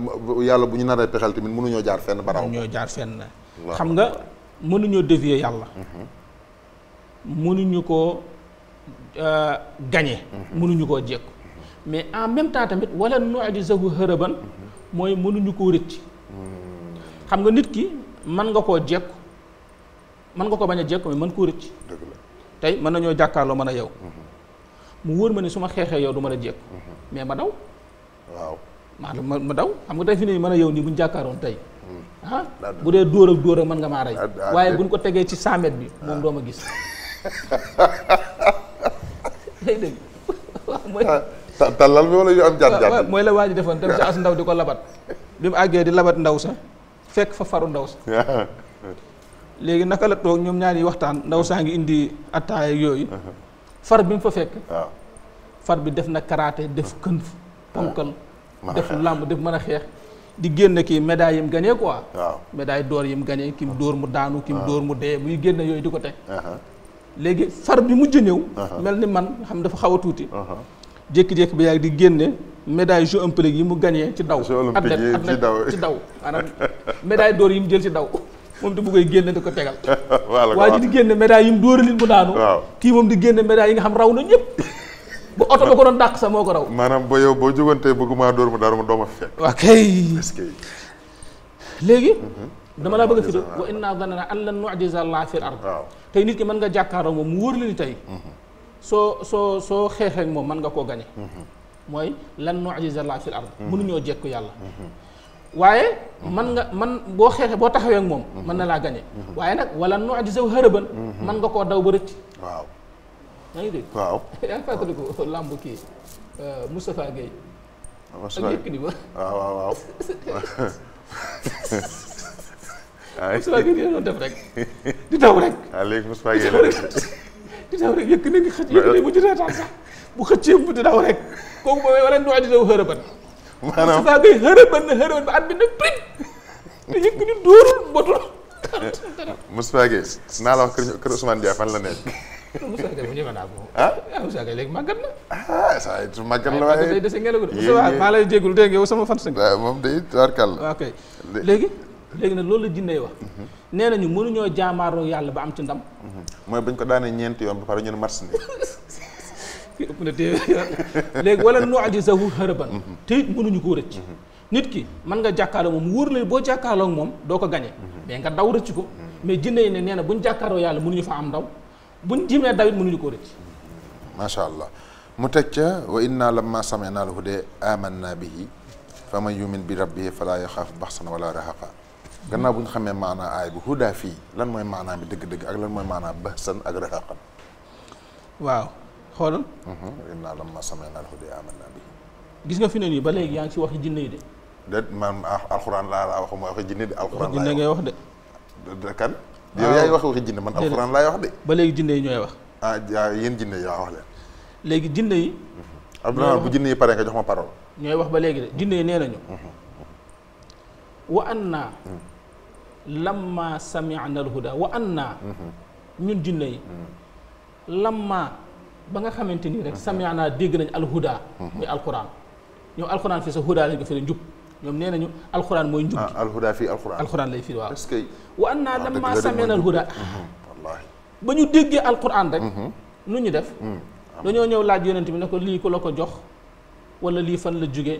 yàlla bu ñu naree pexeel tamit mënuñoo jaar fenn baraaw. mënuñoo jaar fenn. xam nga mënuñoo dévier yàlla. Mhm. mënuñu koo euh, gañe. Mhm. mënuñu koo jekku mais en même temps tamit wala nu'jizahu haraban mooy mënuñu koo rëcc. Hmm. xam nga nit ki mën nga koo jekku mën nga ko bañ a jekku mën koo rëcc. dëgg la tey mën nañoo jàkkaarloo mën a yow. mu wër mané suma xéxé yow duma la jékku. mais ma daw. waaw ma ma daw xam nga tey fi ne yow ni buñu jakaron tay tey. Mhm. ah bu dee dóor ak door ak man nga ma ray waye buñ ko téggé ci 100 mètres bi mom doo ma gis. lay dégg waaw mooy. tàllal bi wala yu am jaan jaan moy la waji defon dem ci as ndaw diko labat bimu aggé di labat ndaw sa fekk fa faru ndaw sa légui naka la tok ñom ñaar yi waxtaan ndaw sa ngi indi attaay yoy uh-huh. far bi mu fa fekk. far bi def na karaate def kënf ponkal ah, def làmb def mën a xeex. di génn kii médaille yi mu gagné quoi. waaw médaille d'or yi mu gagné ki mu dóor mu daanu. ki mu ah. dóor mu dee buy génn yooyu di ko te ah, léegi far bi mujj ñëw. mel ni man xam dafa xaw a tuuti. jékki-jékki bi yàgg di génne médaille Jeux olympiques yi mu gagné ci daw. Jeux olympiques yi ci daw athlète daw maanaam médaille d'or yi mu jël ci daw. moom te bu koy génne di ko tegal waa la di génne médailles yi mu dóoralin bu daanu waaw kii moom di génne médailles yi nga xam raw na ñëpp bu oto ba ko doon dàq sax moo ko raw maanaam ba yow boo jógantee bëgguma dóor ma dara ma dooma fi fekk waa kay léegi mhm. dama laa bëgg a firi wa inna an lan nu'jiza llaaha fil ard tey nit ki mën nga jàkkaaroo moom mu wóor la ni tey mhm. soo soo soo xeexee moom mën nga koo gañe mhm. mooy lan nu'jiza llaaha fil ard mënuñoo jekk yàlla waaye man nga man boo xeexee boo taxaweek moom mën na laa gañe mhm. waaye nag wala noox di saw hërëban man mhm. nga koo daw ba rëcc waaw yaa ngi dégg waaw yaa ngi làmb kii euh, Moustapha Guèye def rek di daw rek waaw ah, léegi Moustapha Guèye la di daw rek yëkk na ngi xëcc yëkk ne bu ci reetaan sax bu xëccee mu di daw rek kooku boobu wala noox di saw hërëban maanaam Moustapha Gueye xërëban na xërëban bi ne prit te yëkk ni dóorul botul Moustapha Gueye naa la wax kër kër Ousmane fan la nekk Moustapha Gueye mu ñëme naa ko ah? ah Moustapha Gueye léegi na ah, ah, waaye day dese ngelaw Moustapha maa lay jégalu dégg sama fan sa moom day tubaarkàll léegi léegi nag loolu la jinne wax nee nañu mënuñoo jaamaaroo yàlla ba am ci ndam mhm. mooy bañ ko daanee ñeent yoon ba pare ñun mars ni kii ëpp na téeméer léegi wala te it mënuñu koo rëcc nit ki man nga jàkkaarloo moom wóor la boo jàkkaarloo moom doo ko gañe mais nga daw rëcc ko mais jinne yi ne nee na buñ jàkkaaroo yàlla mënuñu fa am ndaw buñ jimee dawit mënuñu koo rëcc macha allah mu teg ca wa inna lamma sami'na al-huda amanna bihi fa man yumin bi rabbihi fala yaxaafu baxsan wala rahaqa gannaaw bu ñu xamee maanaa aay bu huda fii lan mooy maanaa bi dëgg-dëgg ak lan mooy maanaa baxsan ak rahaqan waaw xoolal. Uh-huh. innaa lammaa gis nga fi ne nii ba léegi yaa ngi ci waxi jinne yi de. déet ah, alxuraan laa la wax mooy waxi jinne de. alxuraan laay wax ngay wax de. de kan. yow ah. yaay wax waxi jinne man alxuraan laay wax de. ba léegi jinne yi ñooy wax. ah yéen jinne yi wax leen. léegi jinne yi. Uh-huh. bu jinne yi pare nga jox ma parole. ñooy wax ba léegi de jinne yi nee nañu. Uh-huh. wa annaa. lammaa sami'naa al-hudaa wa annaa. ñun jinne yi. lammaa. بعها خامنئي نيك سمعنا دعنا الهودا من القرآن يوم القرآن في الهودا اللي في النجوم يوم نينا يوم القرآن مو النجوم الهودا في القرآن القرآن اللي في الواقع وأنا لما سمعنا الهودا بنيو دعي القرآن ده نو يدف نو نو نو لا ديو ننتبه نقول لي كلو كجح ولا لي فن للجوع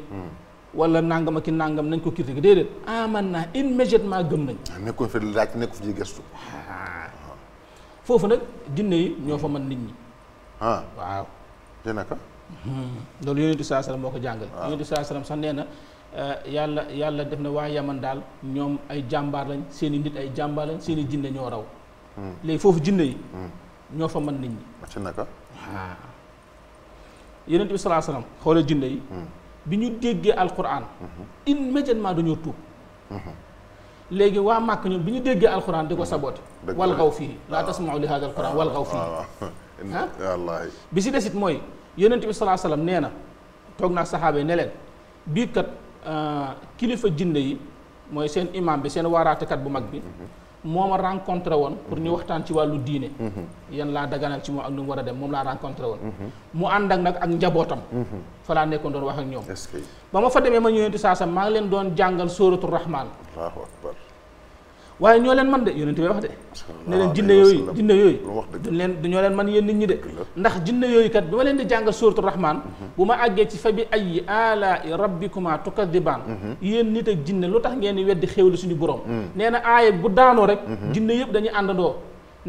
ولا نعم كن نعم ننكو كتير كدير آمنا إن مجد ما قمنا نكون في الراتب نكون في الجسد فوفنك دنيا يوم فمن ah waaw. te naka. Hmm. loolu yonentu saa salaam moo ko jàngal. waaw ah. yonentu saa salaam sax nee na eh, yàlla yàlla def na waa yaman daal ñoom ay jàmbaar lañ seen i nit ay jàmbaar lañ seen i jinne ñoo raw. Hmm. léegi foofu jinne yi. Hmm. ñoo fa mën nit ñi. te naka. waaw yonentu bi saa salaam xoolal jinne yi. bi ñu déggee alquran. immédiatement dañoo tuub. léegi waa màkk ñoom bi ñu déggee alquran di ko saboté. dëgg la wal xaw fii laa ah. tasmau li haada alquran wal xaw fii. Ah, ah wallaahi bi si desit mooy yonent bi salaa salaam nee na toog naa saxaaba yi ne leen biir kat euh, kilifa jinde yi mooy seen imam bi seen waaraatekat bu mag bi mhm. moo ma rencontré woon pour ñu mhm. waxtaan ci wàllu diine mhm. yan laa daganal ci moom ak nu mu war a dem moom laa rencontré woon mu ànd ak nag ak njabootam fa laa nekkoon doon wax ak ñoom ba ma fa demee ma ñëwenti saa sam maa ngi leen doon jàngal sóoratu rahmaan allahu akbar waaye ñoo leen man de yonent bi wax de ne leen jinne yooyu jinne yooyu duñ leen duñoo leen man yéen nit ñi de ndax jinne yooyu kat bi ma leen di jàngal suuratu rahmaan mhm. bu ma àggee ci fa bi ay alaa rabbikuma tukadibaan mhm. yéen nit ak jinne lu tax ngeen di weddi xéewlu suñu borom mhm. nee na aaya bu daanoo rek jinne yëpp dañuy àndandoo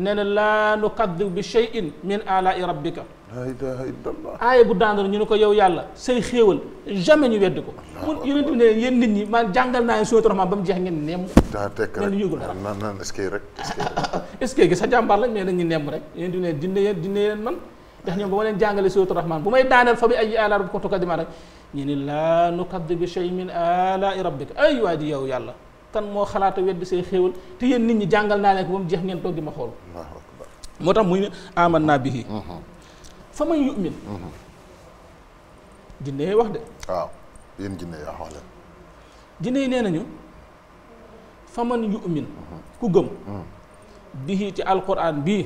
nee na laa nukadib bi shay'in min alaa rabbika aaya bu daandoon ñu ne ko yow yàlla say xéewal jamais ñu weddi ko mun yonent bi ne leen yéen nit ñi man jàngal naa leen suratul rahman ba mu jeex ngeen nemm ngeen yëgul dara naan naan est-ce que rek est-ce que gi sa jàmbaar lañ mais dañuy nemm rek yonent bi ne dinde yéen dinde yéen man ndax ñoom ba ma leen jàngale suratul rahman bu may daaneel fa bi ay ala rabbika tukaddimaan rek ñu ni laa nukaddibu shay min alaai rabbika ay waa ji yow yàlla kan moo xalaata weddi say xéewal te yéen nit ñi jàngal naa leen ko ba mu jeex ngeen toog di ma xool moo tax muy aman naa bihi fa man yu'min mm-hmm. jinne yi wax de waaw yéen jinne yi wax leen jinne yi nee nañu fa man yu'min mm-hmm. ku gëm mm-hmm. bihi ci alquran bii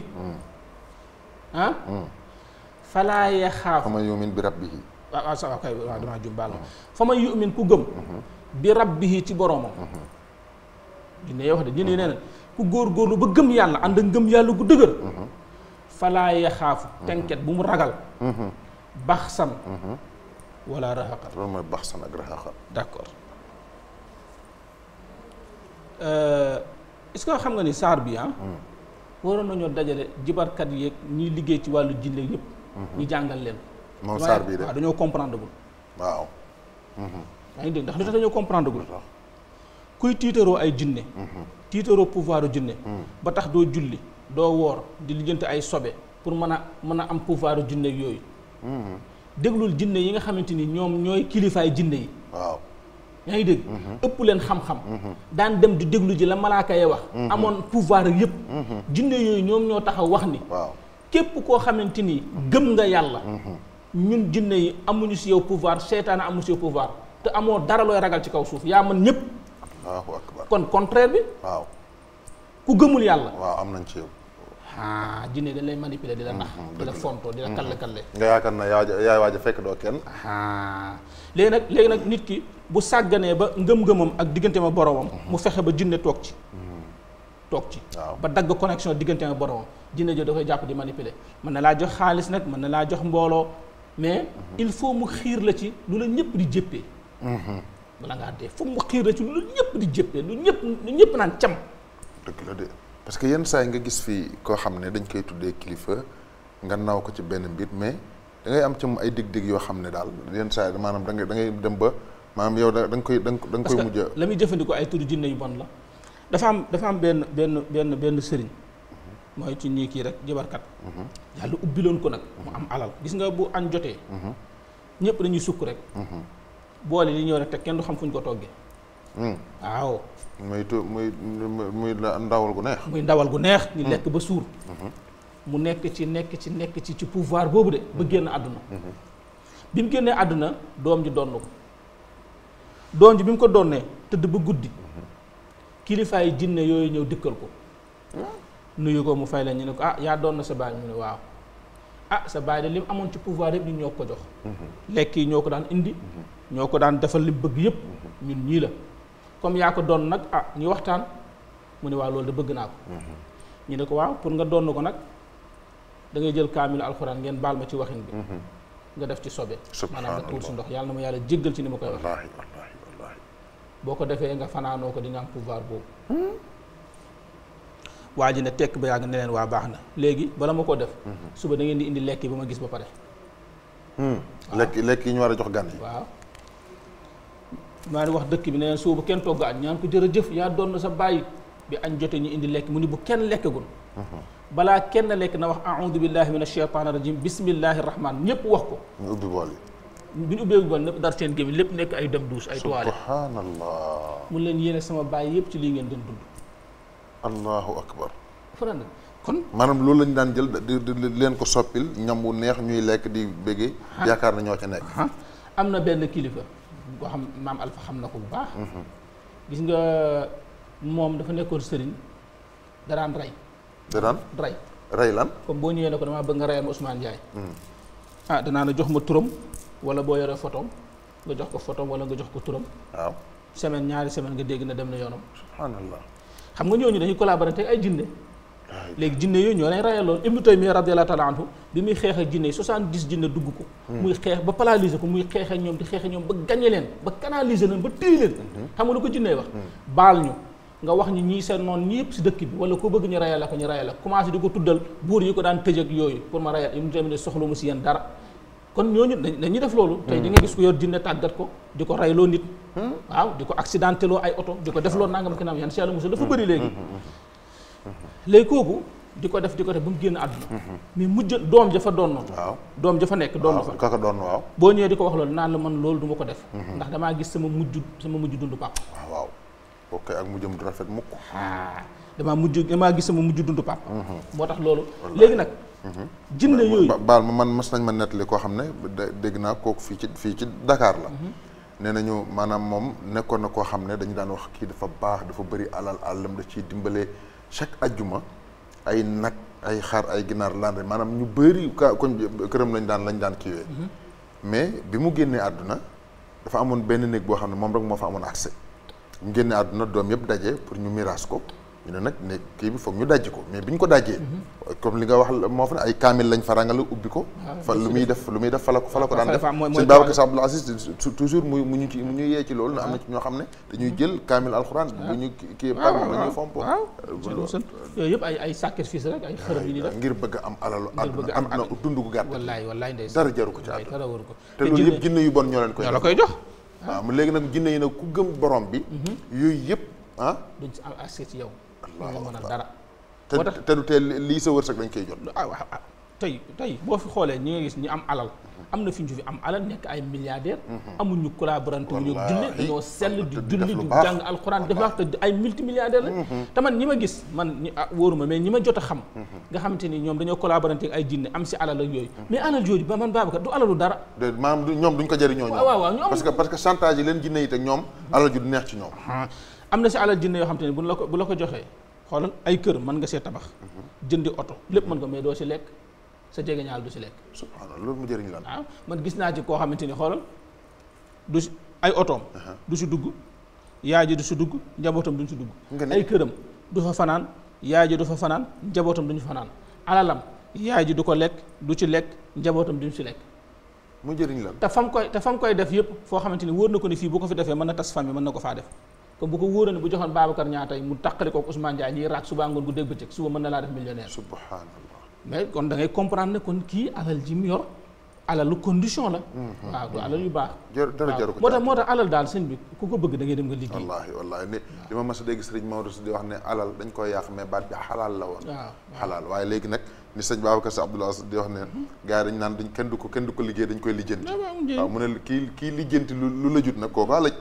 ah? falaa yaxaaf fa man yu'min bi rabbihi waaw waaw sa kay bi rabbihi ci boroomam jinne yi wax de jinne yi nee na ku góor góorlu ba gëm yàlla ànd ak gëm yàlla gu dëgër falaaya xaafu tenket bu mu ragal mhm. baxsan mhm. wala raxaqan loolu mooy baxsan ak raxaqan d'accord euh, est-ce que xam nga ni saar bi ah hmm. waroon nañoo dajale jibarkat yeeg ñiy liggéey ci wàllu jinne yëpp mhm. ñu jàngal leen moom saar bii de dañoo comprendre gul waaw yaa ngi dégg ndax lu tax dañoo comprendre gul kuy tiitaroo ay jinne tiitaroo pouvoiru jinne hmm. ba tax doo julli doo woor di lijjanti ay sobe pour mën a mën a am pouvoir jinne yooyu. Hmm. déglul jinne yi nga xamante ni ñoom ñooy kilifaay jinne yi. waaw yaa ngi dégg. Hmm. ëpp leen xam-xam. Hmm. daan dem di déglu ji la malaaka ya wax. amoon pouvoir yëpp. jinne yooyu ñoom ñoo taxaw wax ni. képp koo xamante ni gëm nga yàlla. ñun jinne yi amuñu si yow pouvoir seetaan amuñu si yow pouvoir te amoo dara looy ragal ci kaw suuf yaa man ñëpp. kon contraire bi. ku gëmul yàlla. waaw nañ ci yow. Ah, jinne dañ lay manipuler di la nax. Mm-hmm, di la fontoo di la mm-hmm. kalle kalle. nga yaakaar na yaay waaj a fekk doo kenn. Ah. léegi nag léegi nag nit ki bu sàgganee ba ngëm-ngëmam ak diggante ma boromam. Mm-hmm. mu fexe ba jinne toog ci. toog ci ba dagg connexion diggante ma boromam jinne jo da koy jàpp di manipuler mën na laa jox xaalis nag mën na laa jox mbooloo mais il faut mu xiir la ci lu la ñëpp di jëppee. bala ngaa dee foog xiir la lu la di jëppee lu ñëpp lu ñëpp naan cam. dëgg la de parce que yenn saa nga gis fii koo xam ne dañ koy tuddee kilifa nga naw ko ci benn mbir mais da ngay am ci mu ay dig-dig yoo xam ne daal yenn saa maanaam da ngay da ngay dem ba maanaam yow da nga koy da nga koy mujj a la muy jëfandikoo ay turu jinne yu bon la dafa am dafa am benn benn benn benn sëriñ mhm. mooy ci ñii kii rek jëbarkat mhm. yàlla ubbiloon ko nag mu am alal gis nga bu añ jotee mhm. ñëpp dañuy sukk rek boole li ñëw rek te kenn du xam fu ñu ko toggee mm. muy tu muy muy ndawal gu neex. muy ndawal gu neex. ñu hmm. lekk ba suur. Hmm. mu nekk ci nekk ci nekk ci ci pouvoir boobu de. ba hmm. génn àdduna. bi mu génnee àdduna doom ji donn ko doom ji bi mu ko donnee tëdd ba guddi kilifa yi jinne yooyu ñëw dikkal ko nuyu ko mu fay la ñu ne ko ah yaa doon na sa baay mu ne waaw ah sa baay de li mu amoon ci pouvoir yëpp ñu ñoo ko jox lekk yi ñoo ko daan indi ñoo ko daan defal li mu bëgg yëpp ñun ñii la comme yaa ko doon nag ah ñu waxtaan mu ne waaw loolu de bëgg naa ko mm-hmm. ñu ne ko waaw pour nga doon ko nag da ngay jël kaamilu alxuraan ngeen baal ma ci waxin bi mm-hmm. nga def ci sobe maanaam nga tuur si ndox yàlla ma yàlla jéggal ci ni ma koy boo ko defee nga fanaanoo ko di nga am pouvoir boobu hmm? waa ji ne tekk ba yàgg ne leen waa baax na léegi bala ma koo def mm-hmm. suba dangeen di indi lekk yi ba ma gis ba pare hmm. lekk lekk yi ñu war a jox gànn yi maa ni wax dëkk bi ne leen suuba kenn togg añ ñaan ko jëf yaa doon na sa bàyyi bi añ jotee ñu indi lekk mu ni bu kenn lekkagul mhm. balaa kenn lekk na wax aoudu billahi min asheytan rajim bismillahi rahman ñëpp wax ko ñu ubbi bool yi bi ñu ubbee bool ñëpp dar seen gémmiñ lépp nekk ay dem douche ay toile subhanallah mun leen yéene sama bàyyi yëpp ci lii ngeen doon dund allahu akbar faran kon maanaam loolu lañu daan jël di leen ko soppil ñam wu neex ñuy lekk di béggee yaakaar na ñoo ca nekk am na benn kilifa ko xam maam Alpha xam na ko bu baax. Mhm. gis nga moom dafa nekkoon sëriñ daraan rey. daraan rey. rey lan. comme boo ñëwee ne ko damaa bëgg nga rey ma Ousmane Ndiaye. Mhm. ah danaa ne jox ma turam wala boo yore photom nga jox ko photom wala nga jox ko turam. waaw semaine ñaari semaine nga dégg na dem na yoonam. subhanallah xam nga ñooñu dañuy collaborer ay jinne léegi jinne yooyu ñoo leen rayaloon ibnu taymiya radiyallahu taala anhu bi muy xeex ak jinne yi soixante-dix jinne dugg ko hmm. muy xeex ba paralyser ko muy xeex ak ñoom di xeex ak ñoom ba leen ba canaliser leen ba téye leen hmm. xam nga lu ko wax hmm. baal ñu nga wax ñi ñii seen noonu ñi yëpp dëkk bi wala ko bëgg ñu rayal la ko ñu rayal di ko tuddal buur yi ko daan tëj ak yooyu pour ma rayal ibnu taymiya soxla mu si yéen dara kon ñooñu dañuy def loolu tey di nga gis ko yor jinne tàggat ko di ko rayloo nit waaw di ko accidenteloo ay oto di ko def defloo nangam ki naam yan si yàlla musal dafa bëri léegi léegi kooku di ko def di ko def ba mu génn àdduna mhm. mais mujj doom jafa donnoon waaw doom jafa nekk doon fa kaka doon waaw boo ñëwee di ko wax loolu naan la man loolu du ko def mhm. ndax damaa gis sama mujj sama mujj dund pap ah, waaw ok ak mujjam du rafet mukk ah, damaa mujj damaa gis sama mujj dundu pap mhm. moo tax loolu léegi nag jinne yooyu baal ma man mas nañ ma nettali koo xam ne dégg naa kooku fii ci fii ci dakaar la nee nañu maanaam moom nekkoon na koo xam ne dañu daan wax kii dafa baax dafa bëri alal àllam da ciy dimbale chaque ajjuma ay nag ay xar ay ginaar laan rek maanaam ñu bëri ka kon këram lañ daan lañ daan kiiwee mhm. mais bi mu génnee àdduna dafa amoon benn néeg boo xam ne moom rek moo fa amoon accès mu génnee àdduna doom yëpp daje pour ñu miraas ko ñu ne nag ne kii bi foog ñu dajji ko mais bi ñu ko dajjee comme li nga wax moo fa ne ay kaamil lañ fa rangal ubbi ko ah, fa lu muy def fa lu muy def fa la ko fa ko daan def sëñ Babacar mu mu ñu mu ñu yee loolu na am na ñoo xam ne dañuy jël kaamil alxuraan bu ah. ñu kii pam la ñuy fompo yooyu yëpp ay ay sacrifice rek ay yi def ngir bëgg am alalu àdduna am na dund gu gàtt wallaay wallaay ndey dara jaru ko ci àdduna te loolu yëpp jinne yu bon ñoo leen koy la koy jox waaw léegi nag jinne yi nag ku gëm borom bi mhm. yooyu yëpp ah duñ ci accès ci yow waaw mën a dara. moo tax te te lii sa wërsëg dañ koy jot. ah waaw tey tey boo fi xoolee ñi nga gis ñi am alal. am na fi ñu fi am alal nekk ay mhm. mhm. ñi ma gis man ñi ah wóoruma mais ñi ma jot a xam. Mhm. nga xamante ni ñoom dañoo collaborante ay jinne am si alal ak yooyu. mais alal jooju ba man Babacar du alalu dara. na si alal jinne yoo xamante ne buñ la ko bu la ko joxee xoolal ay kër mën nga see tabax mhm. jëndi oto lépp mën nga mais doo ci lekk sa jege ñaal du si lekk subhanallah loolu mu jëriñ lan waaw ah, man gis naa ci koo xamante ni xoolal du si ay otoom du si dugg yaay ji du si dugg njabootam duñ si dugg ay këram du fa fanaan yaay ji du fa fanaan njabootam duñu fanaan alalam yaay ji du ko lekk du ci lekk njabootam duñ si lekk mu jëriñ lan te fam koy te fam koy def yëpp foo xamante ni na ko ni fii bu ko fi defee mën na tas famille mën na ko faa def comme bu ko wóoree bu joxoon Babacar Niang tey mu taqali ko ak Ousmane Ndiaye ñiy raak suba ngoon gu dégg bëccëg suba mën na laa def millionnaire. subhanallah mais kon da ngay comprendre ne kon kii alal ji condition la. Mhm. waaw baax. jër dara jaru ko moo moo tax alal daal sëñ bi ku ko bëgg da ngay dem nga liggéey. wallaahi wallaahi ni li ma mas a dégg sëriñ wax ne alal dañ koy yàq mais baat bi xalaal la woon. waaw xalaal waaye léegi nag. ni sëñ Babacar Sy di wax ne mhm. gars dañ naan dañ kenn du ko kenn du ko liggéey dañ koy lijjanti. waaw mu ne kii kii lijjanti lu lu la jut nag kooku a laj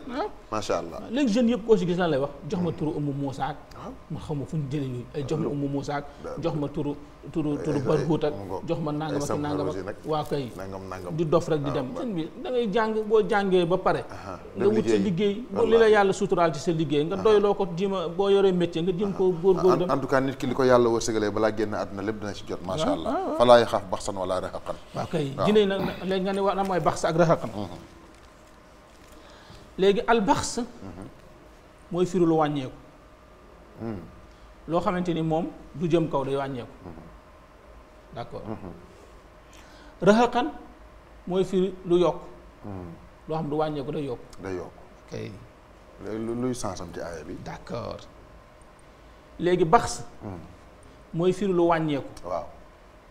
macha allah léegi jeunes yëpp koo si gis lan lay wax jox ma turu Oumou Moussa ah. ma xaw ma fu ñu jëlee yooyu ay jox ma Oumou Moussa ak jox ma turu turu eh, turu eh, barguut ak eh, jox ma nangam ak nangam ak waa kay di dof ah, dem seen boo jàngee ba pare nga wut sa liggéey boo li la yàlla suturaal ci sa liggéey nga doyloo ko jima boo yoree métier nga jëm ko góorgóor dem en tout nit ki li ko yàlla wërsëgalee balaa génn àdduna lépp dina ci jot macha ah, allah falaa yaxaaf baxsan wala raxaqan waa kay dinañ nag nga ne waa na mooy baxsa ak raxaqan léegi albaxs mooy firi wàññeeku hmm. loo xamante ni moom du jëm kaw day wàññeeku hmm. d'accord hmm. rëxakan mooy firi lu yokk loo xam du wàññeeku day yokk day yokk kay léegi luy sansam ci aaya bi d'accord léegi baxs mooy firi wàññeeku waaw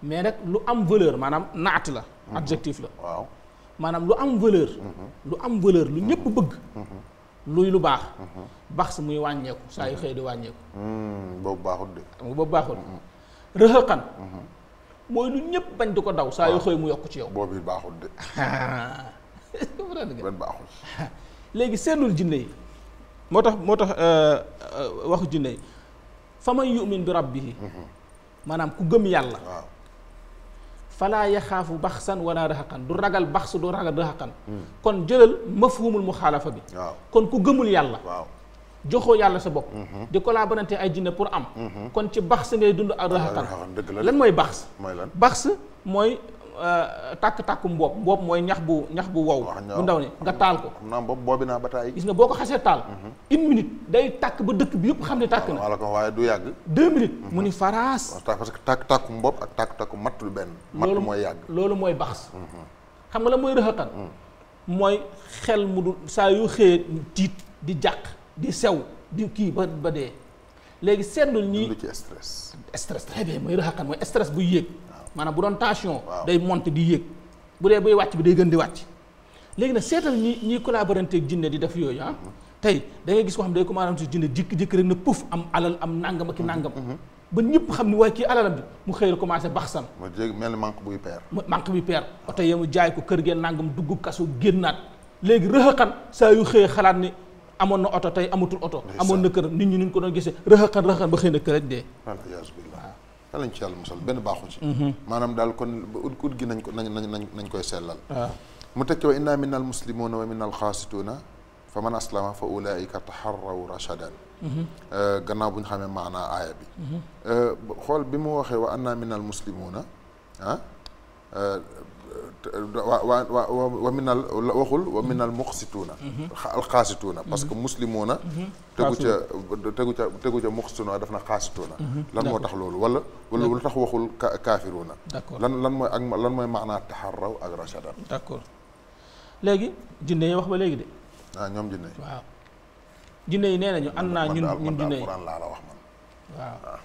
mais rek lu am valeur maanaam naat la adjectif la waaw maanaam lu am valeur. Mhm. lu am valeur lu ñëpp mhm. bëgg. Mhm. luy lu baax. baax si muy wàññeeku saa yu xëy di wàññeeku. Hmm, boobu baaxul de. xam nga boobu baaxul. rëxëqan. mooy lu ñëpp bañ di ko daw saa yu ah. xëy mu yokk ci yow. boobu it baaxul de. benn baaxul. léegi seetlul jinne yi moo tax moo tax euh, euh, waxu jinne yi fa man yu'min bi rabbihi maanaam ku gëm yàlla. falaa yaxaafu baxsan wala raxaqan du ragal baxsu du ragal raxaqan kon jëlal mafhumul muxaalafa bi kon ku gëmul yàlla joxoo yàlla sa bopp mhm. di ko laa collaborante ay jinne pour am mhm. kon ci baxs ngay dund ak raxaqan lan mooy baxs baxs mooy Euh, tàkk-tàkk mboob mboob mooy ñax bu ñax bu wow bu ndaw ne nga taal ko naa mboob boobi naa ba taay gis nga boo ko xasee taal mhm. une minute day tàkk ba dëkk bi yëpp xam ne tàkk na wala ko waaye du yàgg deux minutes mu ni mhm. faraas parce que tàkk tàkku mboob ak tàkk tàkku matt lu benn matt mooy yàgg loolu mooy baxs mhm. xam nga la mooy rëxatan mooy xel mu dul saa yu xëyee tiit di jàq di sew di kii ba ba dee léegi seetlu ñi stress stress très mooy raxakan mooy stress bu yéeg maanaam bu doon tension. day monte di yéeg bu dee buy wàcc bi day gën di wàcc. léegi nag seetal ñi ñiy collaboranté ak jinne di def yooyu ah. dangay da ngay gis koo xam ne day commandé jinne jékki-jékki rek na puuf am alal am nangam ak i nangam. Mm-hmm. ba ñëpp xam ni waaye kii alalam bi mu xëy commencé baxsan ma jéeg mel ni manque buy peer. manque buy peer oto yi mu jaay ko kër gee nangam dugg kasu génnaat léegi rëxaxan saa yu xëyee xalaat ni amoon na oto tey amatul oto. amoon na kër nit ñi ni ko doon gisee rëxaxan rëxaxan ba xëy na te lañ ci yàlla musal benn baaxu ci maanaam daal kon ut ut gi nañ ko nañ nañ nañ koy sellal mu teg ci wa inna minna al muslimuna wa minna al xaasituuna fa man aslama fa ulaika taharraw rashadan gannaaw bu ñu xamee maanaa aaya bi xool bi mu waxee wa anna minna al muslimuna ah ومن الوخل ومن المقسطون القاسطون باسكو مسلمون تغوتا تغوتا مقسطون دافنا قاسطون لان موتاخ نعم. لول ولا ولا موتاخ وخل كافرون لان لان موي لان موي معنى تحروا اك رشاد داكور لغي جيني واخ با لغي دي اه نيوم جيني واو جيني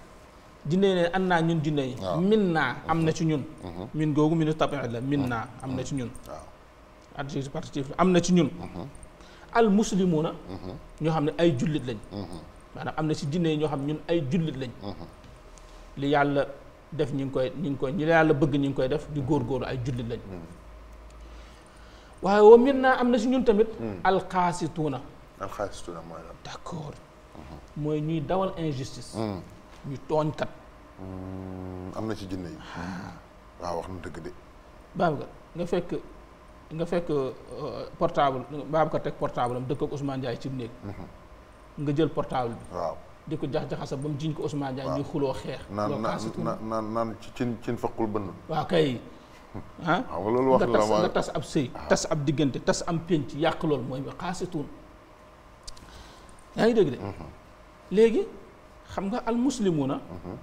jinne ne an naa ñun jinne yi min naa am na ci ñun min googu minu tabiit la min naa am na ci ñun adjectif partitif am na ci ñun al muslimuna ñoo xam ne ay jullit lañ maanaam am na ci jinne yi ñoo xam ne ñun ay jullit lañ li yàlla def ñi ngi koy ñi ngi koy ñi la yàlla bëgg ñi ngi koy def di góorgóorlu ay jullit lañ waaye wa min naa am na ci ñun tamit alxaasituuna alxaasituuna mooy lan d' accord mooy ñuy dawal injustice ñu tooñkat am na ci jinne yi. waaw wax na dëgg de. Babacar nga fekk nga fekk euh, portable Babacar teg portable am dëkk ak Ousmane Ndiaye ci néeg. Mhm. nga jël portable bi. waaw di ko jax jaxasa ba mu jiñ ko Ousmane Ndiaye. waaw ñu xuloo xeex. naan naan naan naan ci cin cin faqul bënn. waaw kay. ah loolu wax la nga tas ab sëy ah. tas ab diggante tas am pénc yàq loolu mooy xaasituun yaa ngi dégg de mhm. léegi xam nga almuslimuna mhm.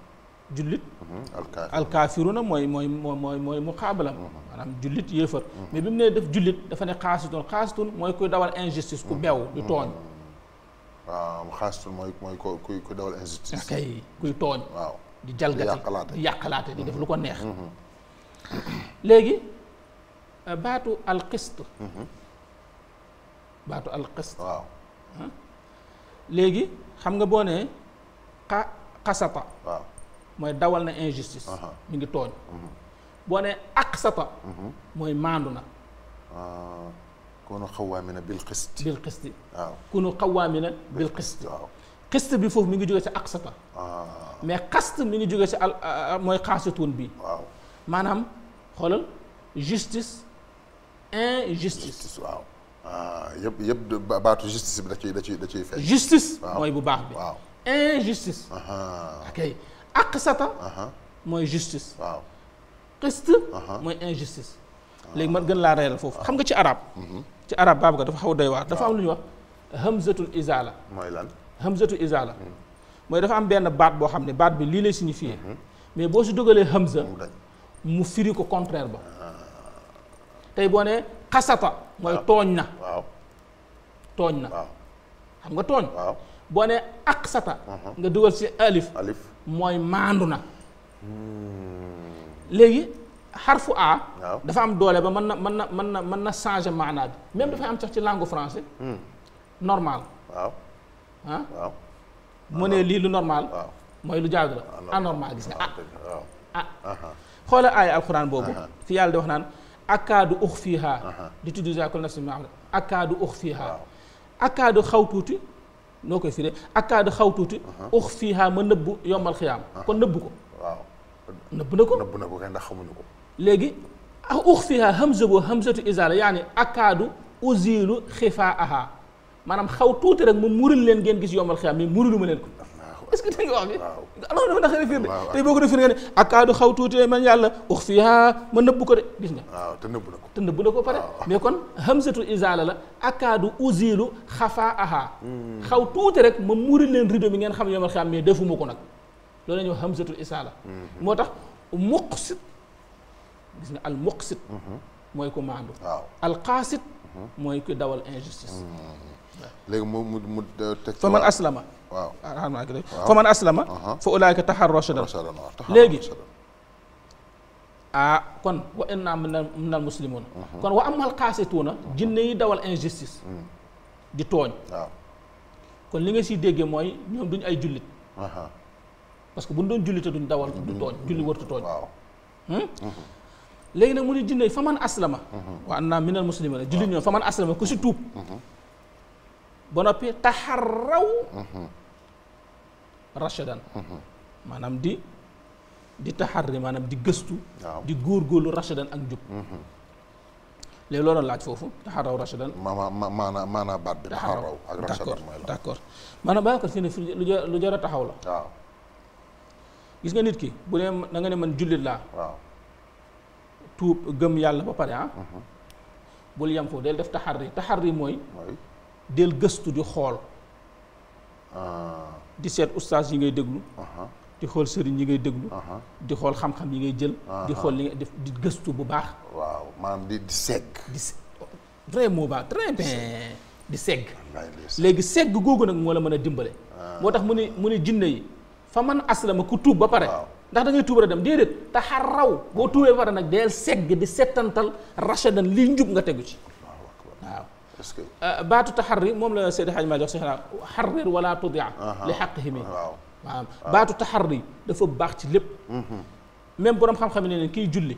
jullit alkaafiruna mooy mooy mooy mooy muqaabala maanaam jullit yéefar mais bi mu nee def jullit dafa ne xaasitun xaasitun mooy kuy dawal injustice ku bew du tooñ waaw xaasitun mooy mooy kuy kuy dawal injustice kay kuy tooñ waaw di jalgati di yàqalaate di def lu ko neex léegi baatu alqist baatu alqist waaw léegi xam nga boo nee xa xasata waaw moy dawal na injustice. mi ngi togn boo nee aqsata. mooy maandu kunu qawamina bil qist. bil qist kunu qawamina bil qist. qist bi foofu mi ngi jóge ci aqsata. mais qast mi ngi jóge ci moy qasatun bi. manam xolal justice injustice. waaw yëpp yëpp baatu justice bi da ciy da ciy da ciy fekk. justice. mooy bu baax bi. waaw injustice. ok. aqsata mooy justice waaw qist mooy injustice léegi man gën laa reeral foofu xam nga ci arab ci arab baab ga dafa xaw doy waar dafa am lu ñuy wax hamzatul izala mooy lan hamzatul izala mooy dafa am benn baat boo xam ne baat bi lii lay signifier mais boo si dugalee hamza mu firi ko contraire ba tey boo nee xasata mooy tooñ na tooñ na xam nga tooñ boo nee aqsata uh-huh. nga dugal ci alif mooy maandu na hmm. léegi xarfu a dafa am doole ba mën na mën na mën na mën na changer maanaa bi même dafay am sax ci langue français hmm. normal waaw ah ne lii lu normal mooy lu jaadu la ah, anormal gis nga ah ah uh-huh. xoola aaya alquran boobu uh-huh. fi yàlla di wax naan akaadu ux fiiha di tudd jaakul nafsi ma xam ne akaadu ux fiiha akaadu xaw tuuti نوكي فيري أكاد خاوتوتي أخ فيها من نبو يوم الخيام كن نبوكو نبوكو نبوكو كان دخو منوكو لجي أخ فيها همزة همزة إزالة يعني أكاد أزيل خفاءها ما نم خاوتوتي رغم مورلين جين كيس يوم الخيام مورلو منكو est ce que dégg nga wax bi loolu dafa naqari firnde tey boo ko def firnde nga ne ak kaadu xaw tuutee man yàlla ux fiha ma nëbb ko de gis nga waaw te nëbb na ko te nëbb na ko pare mais kon hamzatu izala la ak kaadu uzilu xafa aha xaw tuuti rek ma muri leen rideau bi ngeen xam yomal xam mais defuma ko nag loolu la ñuy wax hamzatu izala moo tax muqsit gis nga al muqsit mooy ko maandu waaw al qaasit mooy ku dawal injustice léegi mu mu mu teg fa man aslama فمن أسلم فأولئك تحروا رشدا لجي آه كن وإنا من من المسلمون كن وأما القاسيتون جنيه دول إنجستيس دي تون كن لينغ سي ديجي موي نيوم دون أي جلد بس كون دون جلد دون دول دون جلد ورت تون لينا مولي جنيه فمن أسلم وأنا من المسلمين جلد نيوم فمن أسلم كوسي توب بنا بي تحروا rachadan mhm. maanaam di di taxarri maanaam di gëstu di góorgóorlu rachadan ak njub mhm. léegi loolu laaj foofu taxaraw rachadan maanaam maanaam baat bi taxaraw ak rachadan mooy la d' accord maanaam Babacar fi ne fi lu jar a taxaw la gis nga nit ki bu dee nanga ne man jullit laa waaw tuub gëm yàlla ba pare ah mhm. bul yem foofu del def taxarri taxarri mooy del gëstu di xool ah. di seet ustaas yi ngay déglu di xool sëriñ yi ngay déglu di xool xam-xam yi ngay jël di xool li nga def di gëstu bu baax waaw maanaam di segg di vrai mot ba di segg léegi segg googu nag moo la mën a dimbale ah. moo tax mu ne mu ne jinne yi fa man aslama ku tuub ba pare ndax da ngay tuub a dem déedéet te xar raw boo tuubee ba pare nag deel segg di settantal rachadan liy njub nga tegu ci baatu taxarri moom la Seydi Hadj Malick wax soxna xarrir wala tudia li xaqihim waaw waaw baatu taxarri dafa baax ci lépp même borom xam-xam ne ne kii julli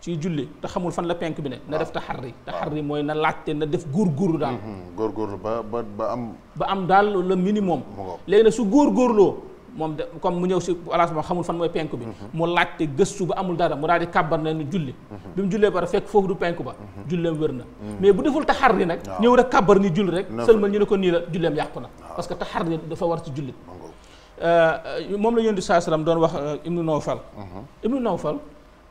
ci julli te xamul fan la penk bi ne na def taxarri taxarri mooy na laajte na def góorgóorlu daal góorgóorlu ba ba ba am ba am daal le minimum léegi nag su góorgóorloo moom de comme mu ñëw si place boo xamul fan mooy penku bi mu laajte gëstu ba amul dara mu daal di kàbbar na ni julli bi mu jullee ba fekk foofu du penku ba julleem wér na mais bu deful taxar ni nag ñëw rek kàbbar ni julli rek sëlmal ñu ne ko nii la julleem yàqu na parce que taxar ni dafa war ci julli moom la yonent saa salaam doon wax ibnu nawfal ibnu nawfal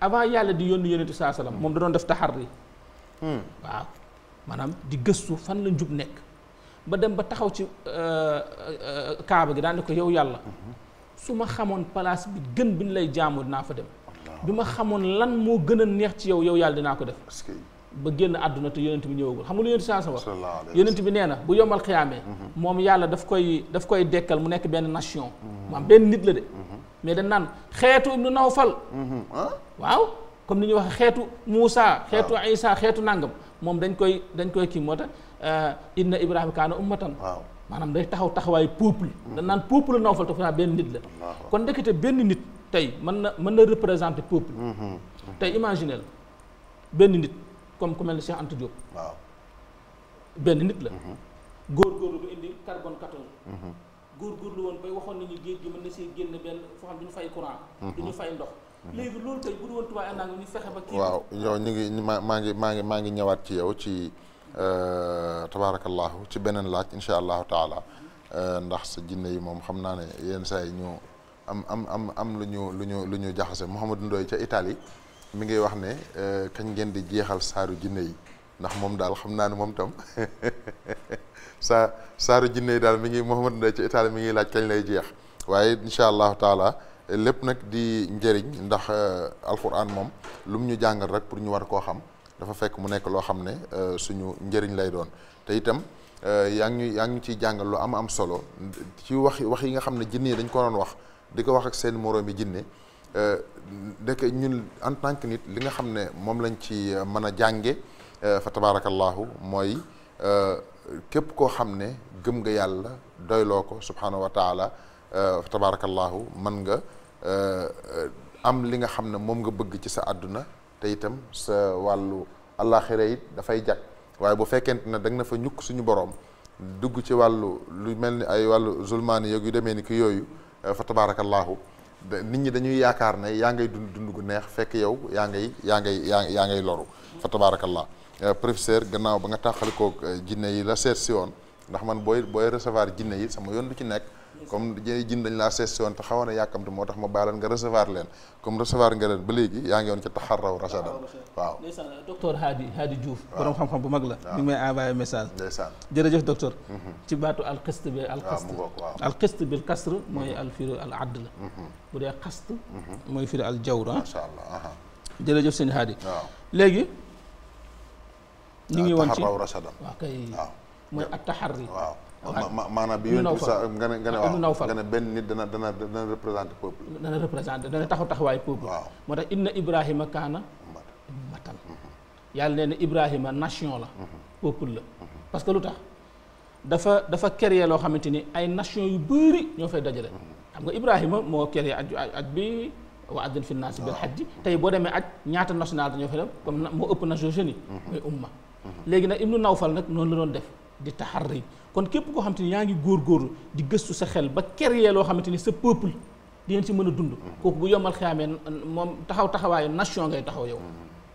avant yàlla di yónni yonent saa salaam moom da doon def taxar yi waaw maanaam di gëstu fan la njub nekk ba dem ba taxaw ci kaaba gi daan ne ko yow yàlla su ma xamoon place bi gën bi ñu lay jaamu dinaa fa dem bi ma xamoon lan moo gën a neex ci yow yow yàlla dinaa ko def ba génn àdduna te yonent bi ñëwagul xam nga lu yonent saa sa wax yonent bi nee na bu yomal xiyaamee moom yàlla daf koy daf koy dekkal mu nekk benn nation maam benn nit la de mais dañ naan xeetu ibnu nawfal waaw comme ni ñuy wax xeetu Moussa xeetu Isa xeetu nangam moom dañ koy dañ koy kii moo tax Euh, inna ibrahima kaana ummatan maanaam day taxaw taxawaay peuple mm-hmm. da naan peuple nawfal te pourtant benn nit la kon ndekete benn nit tey mën na mën na représenter peuple mm-hmm. Mm-hmm. tey imaginel nit comme ku mel ni Cheikh Anta Diop waaw benn nit la góorgóorlu ba indi carbone 14 woon waxoon nañu géej gi mën na see génn benn foo xam du fay courant du ñu fay ndox léegi loolu tey bu du woon tubaab àndaa nga ñu fexe ba kii waaw yow ñu ngi maa maa ngi maa ngi maa ñëwaat ci yow ci Euh, tabaarakallaahu ci beneen laaj incha allahu taala euh, ndax sa jinne yi moom xam naa ne yenn saa yi ñu am am am am lu ñu lu ñu lu ñu jaxase Mouhamadou ca Italie mi ngi wax ne euh, kañ ngeen di jeexal saaru jinne yi ndax moom daal xam naa ne moom tam saa saaru jinne yi daal mi ngi Mouhamadou Ndoye ca mi ngi laaj kañ lay jeex waaye incha allahu taala lépp nag di njëriñ ndax alquran moom lu mu ñu jàngal rek pour ñu war koo xam. dafa fekk mu nekk loo xam ne euh, suñu njëriñ lay doon te itam euh, yaa ngi ñu yaa ngi ciy jàngal lu am am solo ci wax wax yi nga xam ne jinne yi dañ koo doon wax di ko wax ak seen moroom yi jinne euh, dëkk ñun en tant que nit li nga xam ne moom lañ ci mën a jànge fa tabaarakallaahu mooy képp koo xam ne gëm nga yàlla doyloo ko subhaanahu wa taala fa mën nga am li nga xam ne moom nga bëgg ci sa àdduna te itam sa wàllu àllaaxira it dafay jag waaye bu fekkente ne da nga na fa ñukk suñu borom dugg ci wàllu lu mel ni ay wàllu zulmaani yeeg yu demee ni ki yooyu eh, fa tabaarakallaahu nit ñi dañuy yaakaar ne yaa ngay dund dund gu neex fekk yow yaa ngay yaa ngay yaa yaa ngay loru fa tabaarakallah eh, professeur gannaaw ba nga tàqalikoog eh, jinne yi la seet si woon ndax man booy booy recevoir jinne yi sama yoon lu ci nekk comme jëy jin dañ laa session te xawoon a yàkkamte moo tax ma baalan nga recevoir leen comme recevoir nga leen ba léegi yaa ngi woon ci taxarraw rasadan waaw ndeysaan docteur borom xam-xam bu mag la ñu ngi may envoyé message ndeysaan jërëjëf docteur mhm. ci baatu alxist bi alxist alxist bil kasr mooy al firi al add la mhm. bu dee xast mhm. mooy firi al jawra macha allah jërëjëf sëñ léegi ñu ngi woon ci mooy at maanaam bi yonent nga ne nga ne waaw naw far nga ne benn nit dana dana dana représenté peuple dana représenté dana taxaw taxawaay peuple waaw moo tax inna ibrahima kaana ummatan yàlla nee ibrahima nation la mm-hmm. peuple la parce que lu tax dafa dafa créé loo xamante ni ay nation yu bëri ñoo fay dajale mm-hmm. xam nga ibrahima moo créé aj aj bi wa addin fi naas bil hajji tey boo demee aj ñaata nationalité ñoo fay dem comme moo ëpp nation jeunes yi mooy mm-hmm. umma léegi nag ibnu nawfal nag noonu la doon def di taxarri kon képp koo xamante ni yaa ngi góor góorgóorlu di gëstu sa xel ba créer loo xamante ni sa peuple di ngeen si mën a dund. kooku bu yombal xiyaamee moom taxaw taxawaayu nation ngay taxaw yow.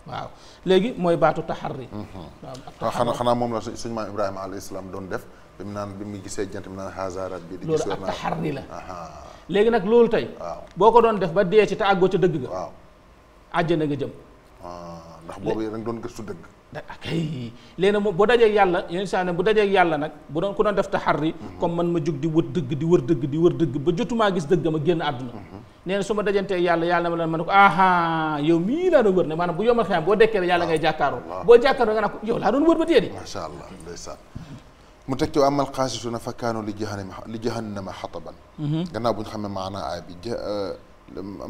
waaw léegi mooy baatu taxarri. Mhm. waaw ak xanaa xanaa moom la sëñ maam Ibrahima alayhi salaam doon def bi mu naan bi mu gisee jant bi naan xaazaaraat bi. di gis loolu ak taxarri la. léegi nag loolu tey. boo ko doon def ba dee ci te àggoo ca dëgg ga. waaw àjjana nga jëm. Ah, ndax boobu yéen a doon gëstu dëgg. akay léegi nag moom boo dajee yàlla yeneen saa bu dajee yàlla nag bu doon ku doon def taxarri mhm. comme man ma jóg di wër dëgg di wër dëgg di wër dëgg ba jotumaa gis dëgg ma génn àdduna mhm. nee na su ma dajantee yàlla yàlla ma leen ma ne ko aha yow mii laa doon wër ne maanaam bu yomal xiyam boo dekkee yàlla ngay ah, jàkkaaroo boo jàkkaaroo nga naa ko yow laa doon wër ba déedéet maa sha allah ndeysaan mu teg ci wa amal xaasisuuna fa kaanu li jahannama li jahannama xataban mhm. gannaaw bu ñu xamee maanaa aay bi euh,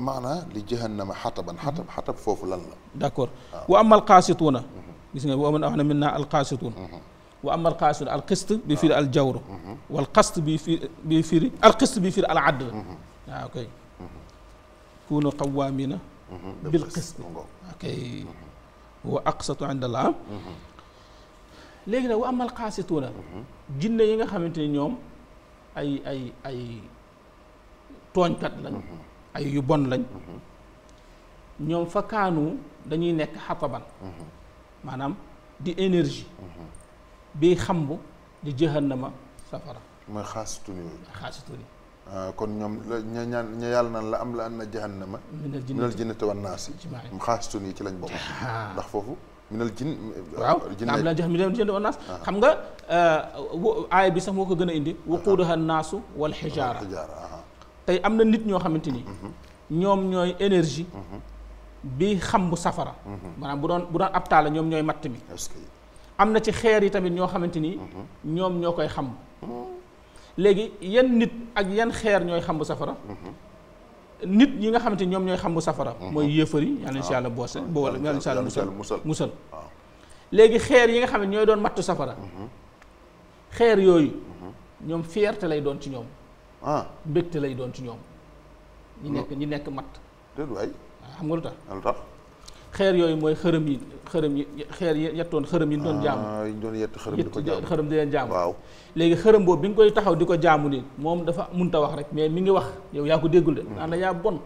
maanaa li jahannama xataban xatab xatab foofu lan la d' accord ah. wa amal xaasituuna gis nga wa man ahsanu minna alqaasitun wa ama alqaasit alqist bi firi aljawru walqast bi firi bi firi alqist bi firi aladl waaw kay kunu qawamina bilqist ok wa aqsatu inda allah léegi nag wa amal xaasituuna jinne yi nga xamante ni ñoom ay ay ay tooñkat lañ ay yu bon lañ ñoom fa kaanu dañuy nekk xataban manam di énergie bi xambu di jehanama safara mooy xaasatun yooyu kon ñom ña ñaan ña yàlla la am la an na jahannama minal jinnati wan nas mu xaasatun ci lañ bokk ndax fofu minal jin waaw am la jax minal jin wan nas xam nga ay bi sax moko gëna indi a an-nas wal hijara tay amna nit ño xamanteni ñom ñoy énergie bi xam bu safara. Mhm. maanaam bu doon bu doon ab taal la ñoom ñooy matt mi. am na ci xeer yi tamit ñoo xamante ni. Mhm. ñoom ñoo koy xam. Mhm. léegi yan nit ak yan xeer ñooy xam bu safara. nit ñi nga xamante ñoom ñooy xam bu safara. mooy yéefar yi ah. yàlla incha allah boose. boole yàlla incha allah musal musal. Ah. léegi xeer yi nga xam ne ñooy doon mattu safara. xeer yooyu. ñoom fierté lay doon ci ñoom. ah mbégte lay doon ci ñoom. ñi nekk ñi nekk matt. xam nga lu tax xeer yooyu mooy xërëm yi xërëm yi xeer yi yettoon xërëm yi doon jaamu ah, yi doon yett xërëm ko xërëm di leen jaamu waaw léegi xërëm boobu bi nga koy taxaw di ko jaamu nii moom dafa munta wax rek mais mi ngi wax yow yaa ko déggul de mm. naan la yaa bon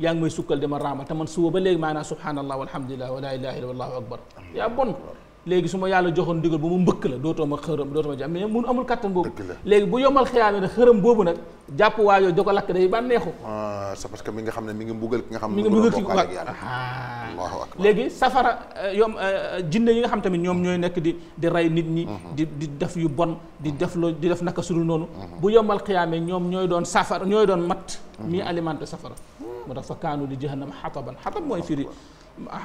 yaa ngi may sukkal di ma raama te man suba ba léegi maanaam subhanallah walhamdulilah wa la ilaha illa allahu akbar yaa bon légui suma yàlla joxone digal bu mu mbëkk la doto ma xërëm doto ma jam mais mu amul kattan bobu légui bu yomal xiyamé ne xërëm bobu nak jàpp waa yooyu lak day banexu ah sa parce que mi nga xamné mi ngi mbugal ki nga xamné mi ngi mbugal ki ko ak légui safara yom jinne yi nga xam tamit ñom ñoy nek di di ray nit ñi di di def yu bon di def lo di def naka sulu nonu bu yomal xiyamé ñom ñoy doon safara ñoy doon mat mi alimenté safara moo tax fa kaanu li jahannam xataban hatab moy firi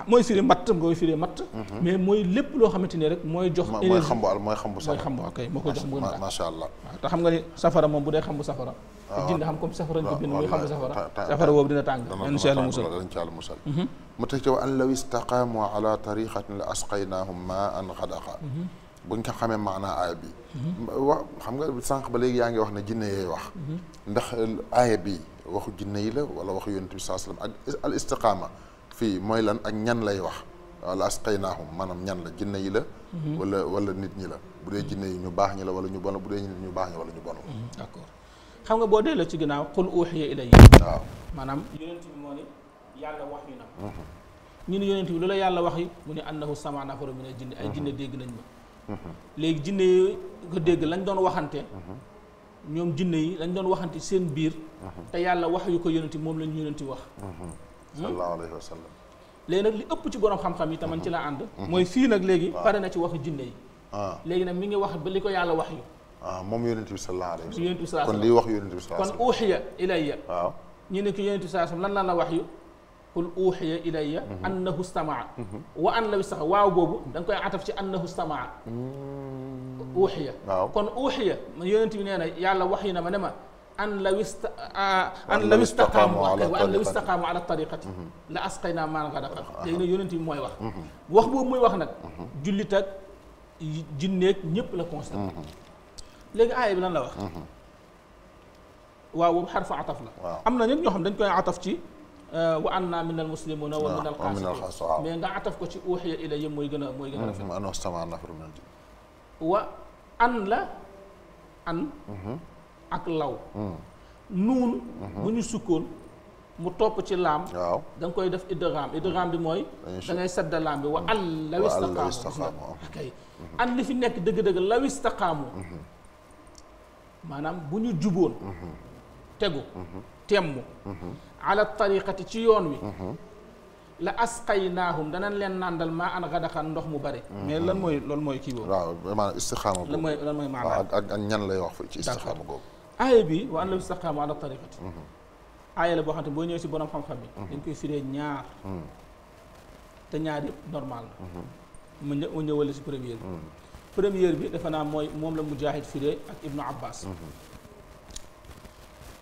mooy firi matt mooy firi mat mais moy lépp lo xamanteni rek moy jox. moy xam bo moy xam bo safara moy xam bo kay mako jox bu ma sha allah ta xam nga ni safara mom budé xam xambu safara. waaw xam comme safara ko bin moy xam xambu safara. safara boobu dina tàng. inshallah musal inshallah musal. mu teg ci an law istaqamu ala tariqatin la asqaynaahum maan xadaqa buñ ko xamé maanaa aaya bi xam nga sank ba légui yaa ngi wax na jinne yee wax ndax aaya bi waxu jinne yi la wala waxu yunus sallallahu alayhi wasallam al istiqama fii mooy lan ak ñan lay wax wala asqaynaahum maanaam ñan la jinne yi la mhm. wala wala nit ñi la bu dee jinne yi ñu baax ñi la wala ñu bon la bu dee nit ñu baax ñi wala ñu bon la mhm, d'accord xam nga boo delloo ci ginnaaw qul uuxiya ilayya waaw maanaam yonent bi moo ne yàlla wax yu na mhm. ñu ne yonent bi lu la yàlla wax yi mu ne annahu sama nafara min al jinne ay jinne dégg nañ ma léegi jinne yi ko dégg lañ doon waxante ñoom jinne yi lañ doon waxante seen biir te yàlla wax yu ko yonent moom lañ yonent wax sallallahu alayhi wa sallam léegi nag li ëpp ci borom xam-xam yi taman ci la ànd mooy fii nag léegi pare na ci waxu jinne yi léegi nag mi ngi wax ba li ko yàlla wax yu waaw moom yonent bi sallallahu alayhi wa sallam yonent bi sallallahu kon li wax yonent bi sallallahu alayhi wa sallam kon uuxiya ilayya waaw ñu ne ko yonent bi sallallahu alayhi wa sallam lan lan la wax yu qul uuxiya ilayya annahu stamaa wa an la sax waaw boobu da nga koy ataf ci annahu stamaa uuxiya waaw kon uuxiya yonent bi nee na yàlla wax yu na ma ne ma أن لو يست... أن لو يستقاموا على وأن لو يستقاموا على الطريقة لا أسقينا ما غرق يعني لأن يونتي موي وخ وخ بو موي وخ نك جوليت جينيك نيب لا كونستان ليغ آي بي لا وخ واو حرف عطف لا امنا نيت ньохам دنج كاي عطف تي آه، وأنا من المسلمون ومن القاسمين مي nga عطف كو تي اوحي الى يم موي غنا موي غنا انا استمع الله في المنجي وان لا ان ak law hmm. nuun hmm. bu ñu sukkoon mu topp ci laam waaw da nga koy def idgham idgham bi mooy da ngay sadda laam bi wa hmm. al law istaqaamu kay an li fi nekk dëgg-dëgg law istaqaamu maanaam bu ñu juboon tegu temm ala tariqati ci yoon wi la asqaynaahum danañ leen nàndal maa an gadaxan ndox mu bari mais lan mooy loolu mooy kii boobu waaw maanaam istixaama boobu lan mooy lan mooy maanaam ak ak ñan lay wax ci istixaama boobu aaya bi wa an law istaqaamu ala tariqati aaya la bo xam bo ñew ci borom xam-xam bi dañ koy firee ñaar te ñaar yëpp normal la mu mu ñëwale si première bi premier bi dafa naa mooy moom la mujahid firee ak ibnu abbas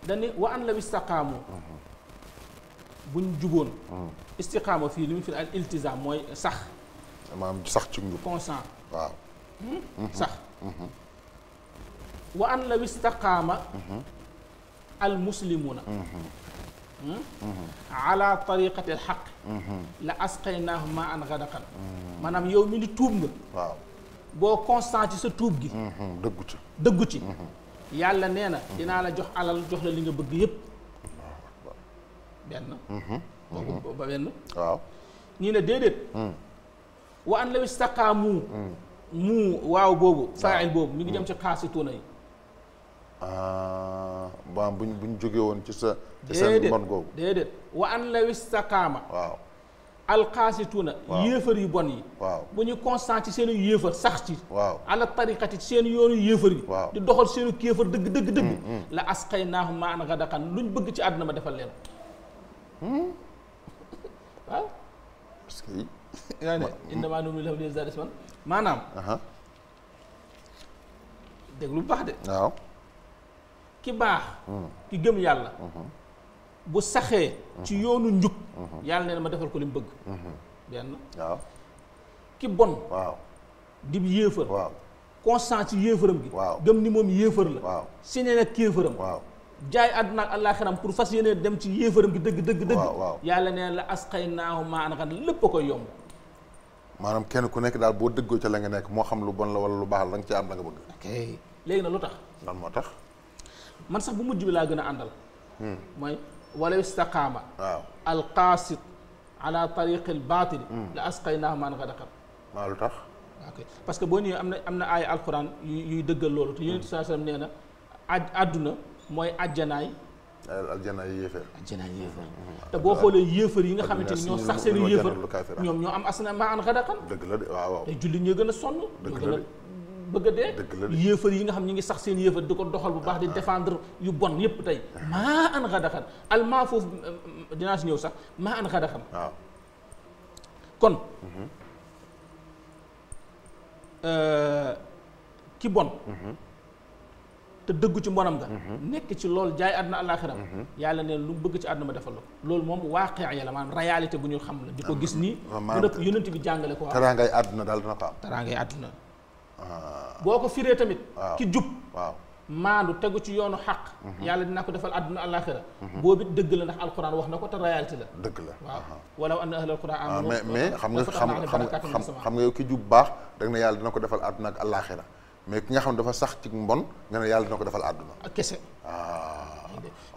dañ wa an law istaqaamu buñ jubon istiqama fi li fi al iltizam moy sax manam sax ci njub constant waaw sax وأن لو استقام المسلمون على طريقة الحق لأسقيناهم ماء غدقا مانام يومي ني توب نغا واو بو كونستانتي سا توب غي دغوتي دغوتي يالا نينا دينا لا جوخ علال جوخ لا ليغا بغ وان لو استقاموا مو واو بوبو فاعل بوبو ميغي ديم سي خاصي maanaam buñ buñ jóge woon ci sa. ci seen mbon googu wa an law istaqaama waaw. alxaasituuna yéefar yu bon yi waaw bu constant ci seen yéefar sax ci waaw ala tariqati seen yoonu yéefar yi di doxal seenu kéefar dëgg dëgg dëgg la asqaynaahum maa'an ghadaqan luñ bëgg ci àdduna ma defal leen waaw parce que yaa ne innamaa nuumlii lahum liyazdaaduu isman maanaam déglu bu de waaw ki baax hmm. ki gëm yàlla hmm. bu saxee hmm. ci yoonu njub yàlla nee na ma defal ko lim mu bëgg benn waaw ki bon waaw di yéefar waaw constant ci yéefaram gi gëm ni moom yéefar la waaw si nee nag kéefaram jaay àdduna ak àllaaxiram pour fas yenee dem ci yéefaram gi dëgg dëgg dëgg yàlla nee la asqaynaahu maa'an ghadin lépp koy yomb maanaam kenn ku nekk daal boo dëggoo ca la nga nekk moo xam lu bon la wala lu baax la da ci am la nga bëgg léegi na lu tax lan moo tax man sax bu mujj bi laa gën a àndal hmm. mooy wala istaqaama waaw alqaasit ala tariqi albaatili hmm. la asqaynaah maan gadaqa maa lu tax parce que boo ñëwee am na am na ay alquran yuy dëggal loolu te yonent saa sallam na mooy ajjanaay aljana yi yéefar aljana hmm. boo xoolee yéefar xamante ni ñoo sax seen yéefar ñoom ñoo am asna ma an gadaqan dëgg la de waaw waaw te jullit ñoo gën a sonn ñoo gën a bëgg a dee yéefar yi nga xam ñi ngi sax seen yéefar di ko doxal bu baax di défendre yu bon yépp tey maa an xadaxan al maa foofu euh, euh, dinaa si ñëw sax maa an xadaxan waaw kon mhm. euh, ki bon mhm. te dëggu ci mbonam nga mhm. nekk ci loolu jaay àdduna àllaaxira yàlla neen lu bëgg ci àdduna ma defal la loolu moom waaqee ya la maanaam réalité bu ñu xam la di ko gis nii yonent bi jàngale ko waaw teraangay àdduna daal dina ko am teraangay àdduna boko firé tamit ki djub waaw maandu tegu ci yoonu haq yàlla dina ko defal àdduna àllaaxira boobu it deug la ndax al-quran wax nako ta royalty la deug la waaw an ahli al quran amanu mais mais xam nga xam xam nga ki djub bax dag na yàlla dina ko defal aduna ak al-akhirah mais ki nga xam dafa sax ci mbon nga na yàlla dina ko defal aduna ak kese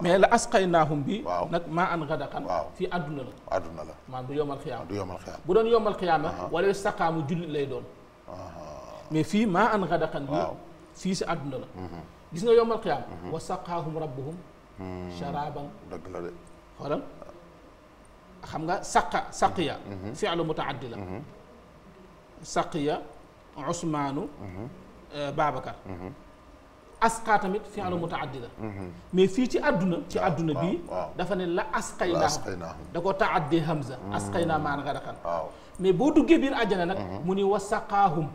mais la asqaynahum bi nak ma an ghadaqan fi aduna la aduna la man du yawmal qiyamah du yawmal qiyamah bu don yawmal qiyamah wala istaqamu julit lay doon mais fi ma an xadaqan bi fi ci aduna la gis nga yombal qiyam wa saqahum rabbuhum sharaban dëgg la de xoolal xam nga saqa saqiya fi'l mutaaddi la saqiya usmanu babakar asqa tamit fi'l mutaaddi la mais fi ci aduna ci aduna bi dafa ne la asqaynaa dako taaddi hamza asqayna ma an xadaqan mais bo duggé bir aljana nak muni ni wa saqaahum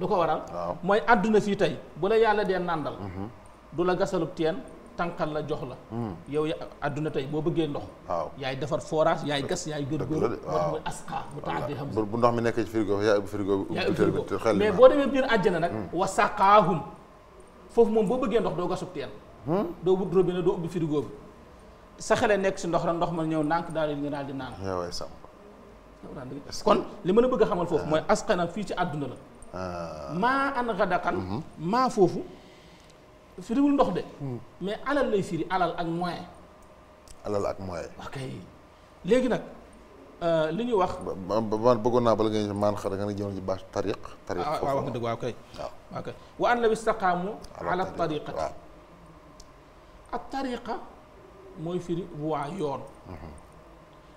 lu ko waral mooy àdduna fii tey bu la yàlla dee nàndal mhm. du la gasalub teen tànkal la jox la mhm. yow ya àdduna tey boo bëggee ndox yaay defar forage yaay gas yaay góorgóorlu moo mooy asqa bu ndox mi nekkee ci frigo yaay ubbi boo demee biir àjjana nag mhm. wa saqaahum foofu moom boo bëggee ndox doo gasub teen hmm? doo wut robinet doo ubbi frigo bi sa xale nekk si ndox la ndox ma ñëw nànk daal nga daal di naan kon li ma a bëgg xamal foofu ah. mooy asqa na fii ci àdduna la ما أنا غداكن ما فوفو فيري ولن دخده، مي على اللي فيري على الأجمعه. على الأجمعه. أوكي. لكنك لني وق. بمن بقولنا بلقي من خرجنا جون بس طريق طريق. أوكي. أوكي. وأنا بستقامو على الطريقة. الطريقة مي فيري هو يون.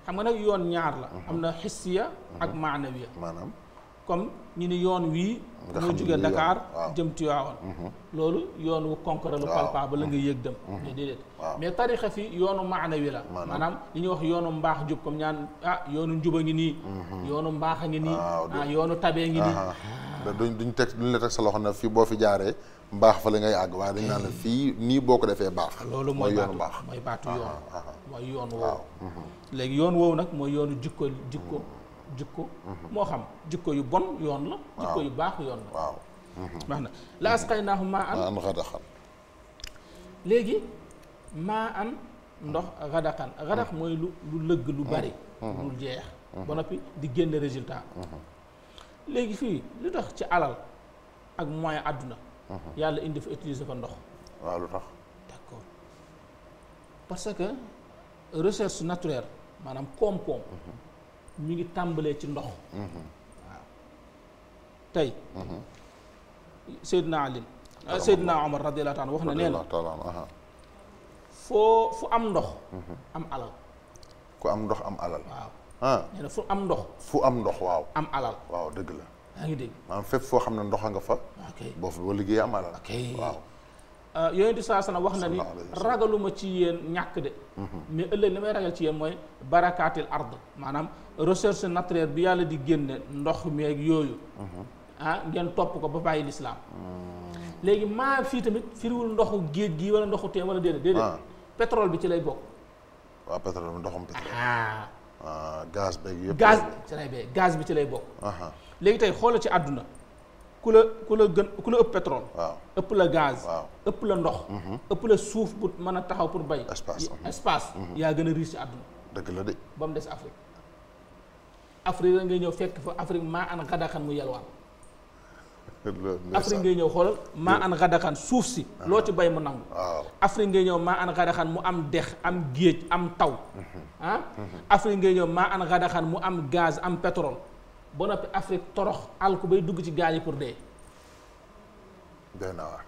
هم أنا يون يارلا، أمنا حسية أجمعنا بيها. ما نعم. comme ñu ni yoon wii moo jóge Dakar jëm Tiwaawan mhm. loolu yoon wu concret lu palpable la nga yëg dem ne mhm. déedéet mais tarixa fi yoonu maana wi la maanaam li ñuy wax yoonu mbaax jub comme ñaan ah yoonu njub a ngi nii mhm. yoonu mbaax a ngi nii ah yoonu tabee ngi nii duñ duñ teg duñ la teg sa loxo na fii boo fi jaaree mbaax fa la ngay àgg waaye dañ naan la fii nii boo ko defee baax ah, loolu mooy yoonu mbaax mooy baatu yoon mooy yoon woowu léegi yoon woowu nag mooy yoonu jikko jikko jikko mhm. moo xam jikko yu bon yoon la jikko yu baax yoon la waaw mhm. baax na la asqaynaahu maa an xadaxan léegi maa an ndox xadaxan xadax mhm. mooy lu lu lëgg lu bari lu jeex ba noppi di génn résultat léegi fii lu tax ci alal ak moyen àdduna yàlla indi fa utiliser fa ndox waaw lu tax parce que recherche naturelle maanaam koom-koom mi ngi tàmbalee ci ndox mhm. waaw tey mhm. Seydina Ali ah, Seydina Omar radiyallahu taala wax na nee na foo fu am ndox mhm. am alal ku am ndox am alal waaw ah. am ndox fu am ndox waaw am alal dëgg la yaa ngi dégg maanaam fépp foo xam ne ndox a nga fa boo liggéey am alal waaw Euh, yooyu bi saa sana wax na ni ragaluma ci yéen ñàkk de mhm. mais ëllëg li may ragal ci yéen mooy barakaatil ard maanaam recherche naturelle bi yàlla di génne ndox meeg yooyu mhm. ah ngeen topp ko ba bàyyi lislaam mm. léegi maa fii tamit firiwul ndoxu géej gi wala ndoxu teen wala déedéet déedéet ah. pétrole bi ci lay bokk waaw pétrole bi ndoxum pétrole ah. Ah, gaz beeg yëpp gaz ci bi ci lay bokk léegi tey xoolal ci àdduna ku la ku la gën ku la ëpp pétrole. ëpp la gaz. ëpp la ndox. Mhm. ëpp la suuf bu mën a taxaw pour bay. espace mhm. Mhm. yaa gën a riche ci àdduna. dëgg la de. ba mu des Afrique. Afrique ngay ñëw fekk fa Afrique maa an xadaxan mu yalwaan. Afrique ngay ñëw xoolal maa an xadaxan suuf si. Ah. loo ci bay mu nangu. Afrique ngay ñëw maa an xadaxan mu am dex am géej am taw. ah Afrique ngay ñëw maa an xadaxan mu am gaz am pétrole. ba noppi Afrique torox alku bay dugg ci gaal yi pour dee. doy na waar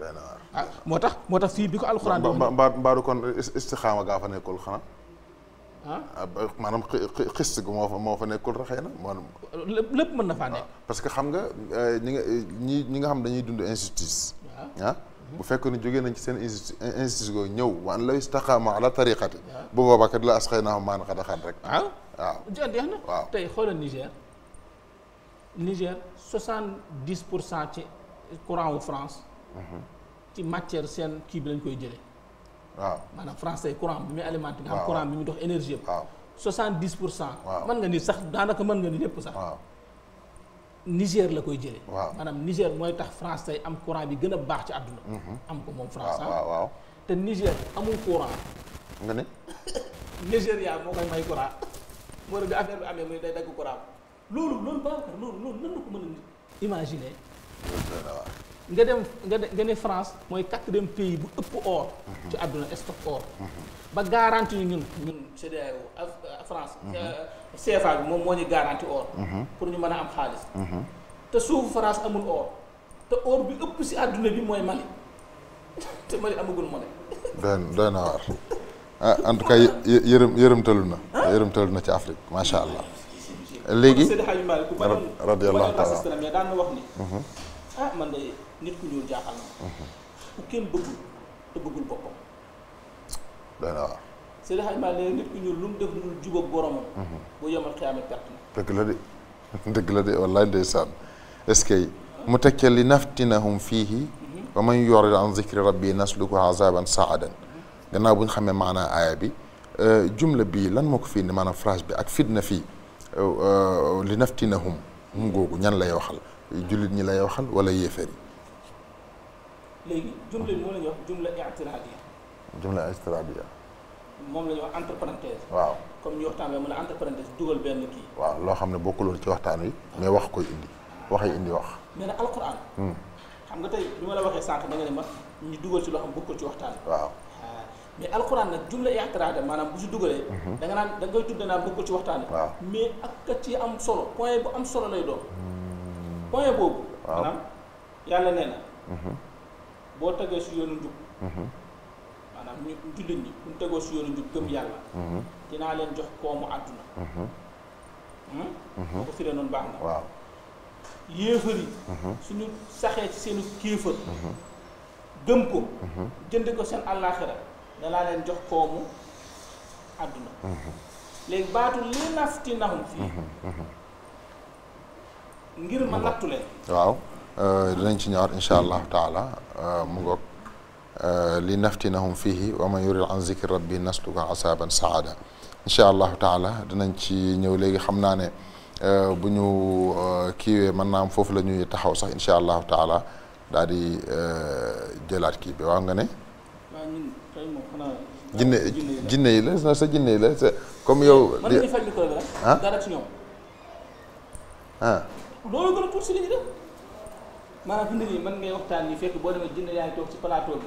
doy na waar. ah moo tax moo tax fii bi ko alxuraan. di wax mbaaru kon istixaama gaa fa nekkul xanaa. ah maanaam xist gu moo fa moo fa nekkul raxee na maanaam. lépp mën na faa nekk. parce que xam nga ñi nga ñi ñi nga xam dañuy dund injustice. ah bu fekkoon ne jógee nañ ci seen injustice injustice googu ñëw waan la istaqaama ala tariqati. bu boobaa kat la asqaynahum maan xadaxan rek. waaw jeex tey xoolal Niger Niger soixante dix pour cent ci courant wu France. Mhm. ci matière seen kii bi lañ koy jële waaw maanaam France tey courant bi muy alimenté. nga xam courant bi muy dox énergie bi. waaw soixante pour cent. waaw mën nga ni sax daanaka mën nga ni sax. waaw Niger la koy jëlee. waaw maanaam Niger mooy tax France tey am courant bi gën a baax ci àdduna. Mhm. am ko moom France ah. te Niger amul courant. nga ne. Nigéria moo koy may courant. moo tax bi affaire bi amee muy day dagg courant loolu loolu Babacar loolu loolu nan la ko mën a nit imaginer nga dem nga nga ne France mooy quatrième pays bu ëpp or ci àdduna stock or mhm. ba garanti ñu ñun ñun CEDEAO ak France mhm. euh, CFA bi moom moo ñu garanti or mhm. pour ñu mën a am xaalis te suufu France amul or te or bi ëpp si àdduna bi mooy Mali te Mali amagul monnaie doy na waar ah en tout cas yërëm yërëmtalu na yërëmtalu na ci Afrique macha allah léegi radiyallahu taala daan na wax ni ah man de nit ku ñuul jaaxal na ku kenn bëggul te bëggul boppam dana waaw Seydi Hadji Malick nee nit ku ñuul lu mu def lu jubóog boromam bu yemal xiyaame perte na dëgg la de dëgg la de wallaay ndeysaan est-ce que mu teg ca li naftinahum fiihi wa man yurid an zikri rabbi nasluku azaban saadan gannaaw buñ ñu xamee maanaa aaya bi jumla bi lan moo ko fi indi maanaam phrase bi ak fitna fii li naftinahum mu googu ñan lay waxal jullit ñi lay waxal wala yéefar yi. léegi jumla bi moo la wax jumla i'tiraadiya. jumla i'tiraadiya. moom la ñuy wax entre parenthèse. waaw comme ñu waxtaan bi mën a entre parenthèse dugal benn kii. waaw loo xam ne bokkuloon ci waxtaan wi. mais wax koy indi wax indi wax. mais na alquran. xam nga tey bi ma la waxee sànq da nga ne ma ñu dugal ci loo xam bokkul ci waxtaan waaw. mais alxuraan nag jumla i'tiraada maanaam bu si dugalee. Mhm. da nga naan da ngay tudd naan bëgg ko ci waxtaanee. mais ak ci am solo point bu am solo lay doon. Hmm. point boobu. waaw maanaam yàlla nee na. Mhm. boo tegee si yoonu njub. Mhm. maanaam ñu jullit ñi bu tegoo si yoonu njub gëm yàlla. dinaa leen jox koomu àdduna. Hmm? boo ko firee noonu baax na. waaw yéefar yi. saxee ci seenu kéefar. gëm ko. jënd ko seen àllaaxira ne laa leen jox koomu àdduna léegi baatu li naftinahum fii ngir ma nattu leen waaw dinañ ci ñëwaat insha allahu taala mu ngoog li naftinahum fihi wa man yurid an zikri rabbi nasluka asaban saada incha allahu taala dinañ ci ñëw léegi xam naa ne bu ñu kiiwee mën naa am foofu la ñuy taxaw sax incha allahu taala daal di jëlaat kii bi waaw nga ne jinne jinne yi la sa jinne yi la sa comme yow. mën nañu faj micro bi rek. ah dara ci ñoom. ah. loolu gën a tuuti si li ñu def maanaam fi mu ne nii mën ngay waxtaan ni fekk boo demee jinne yaa ngi toog ci plateau bi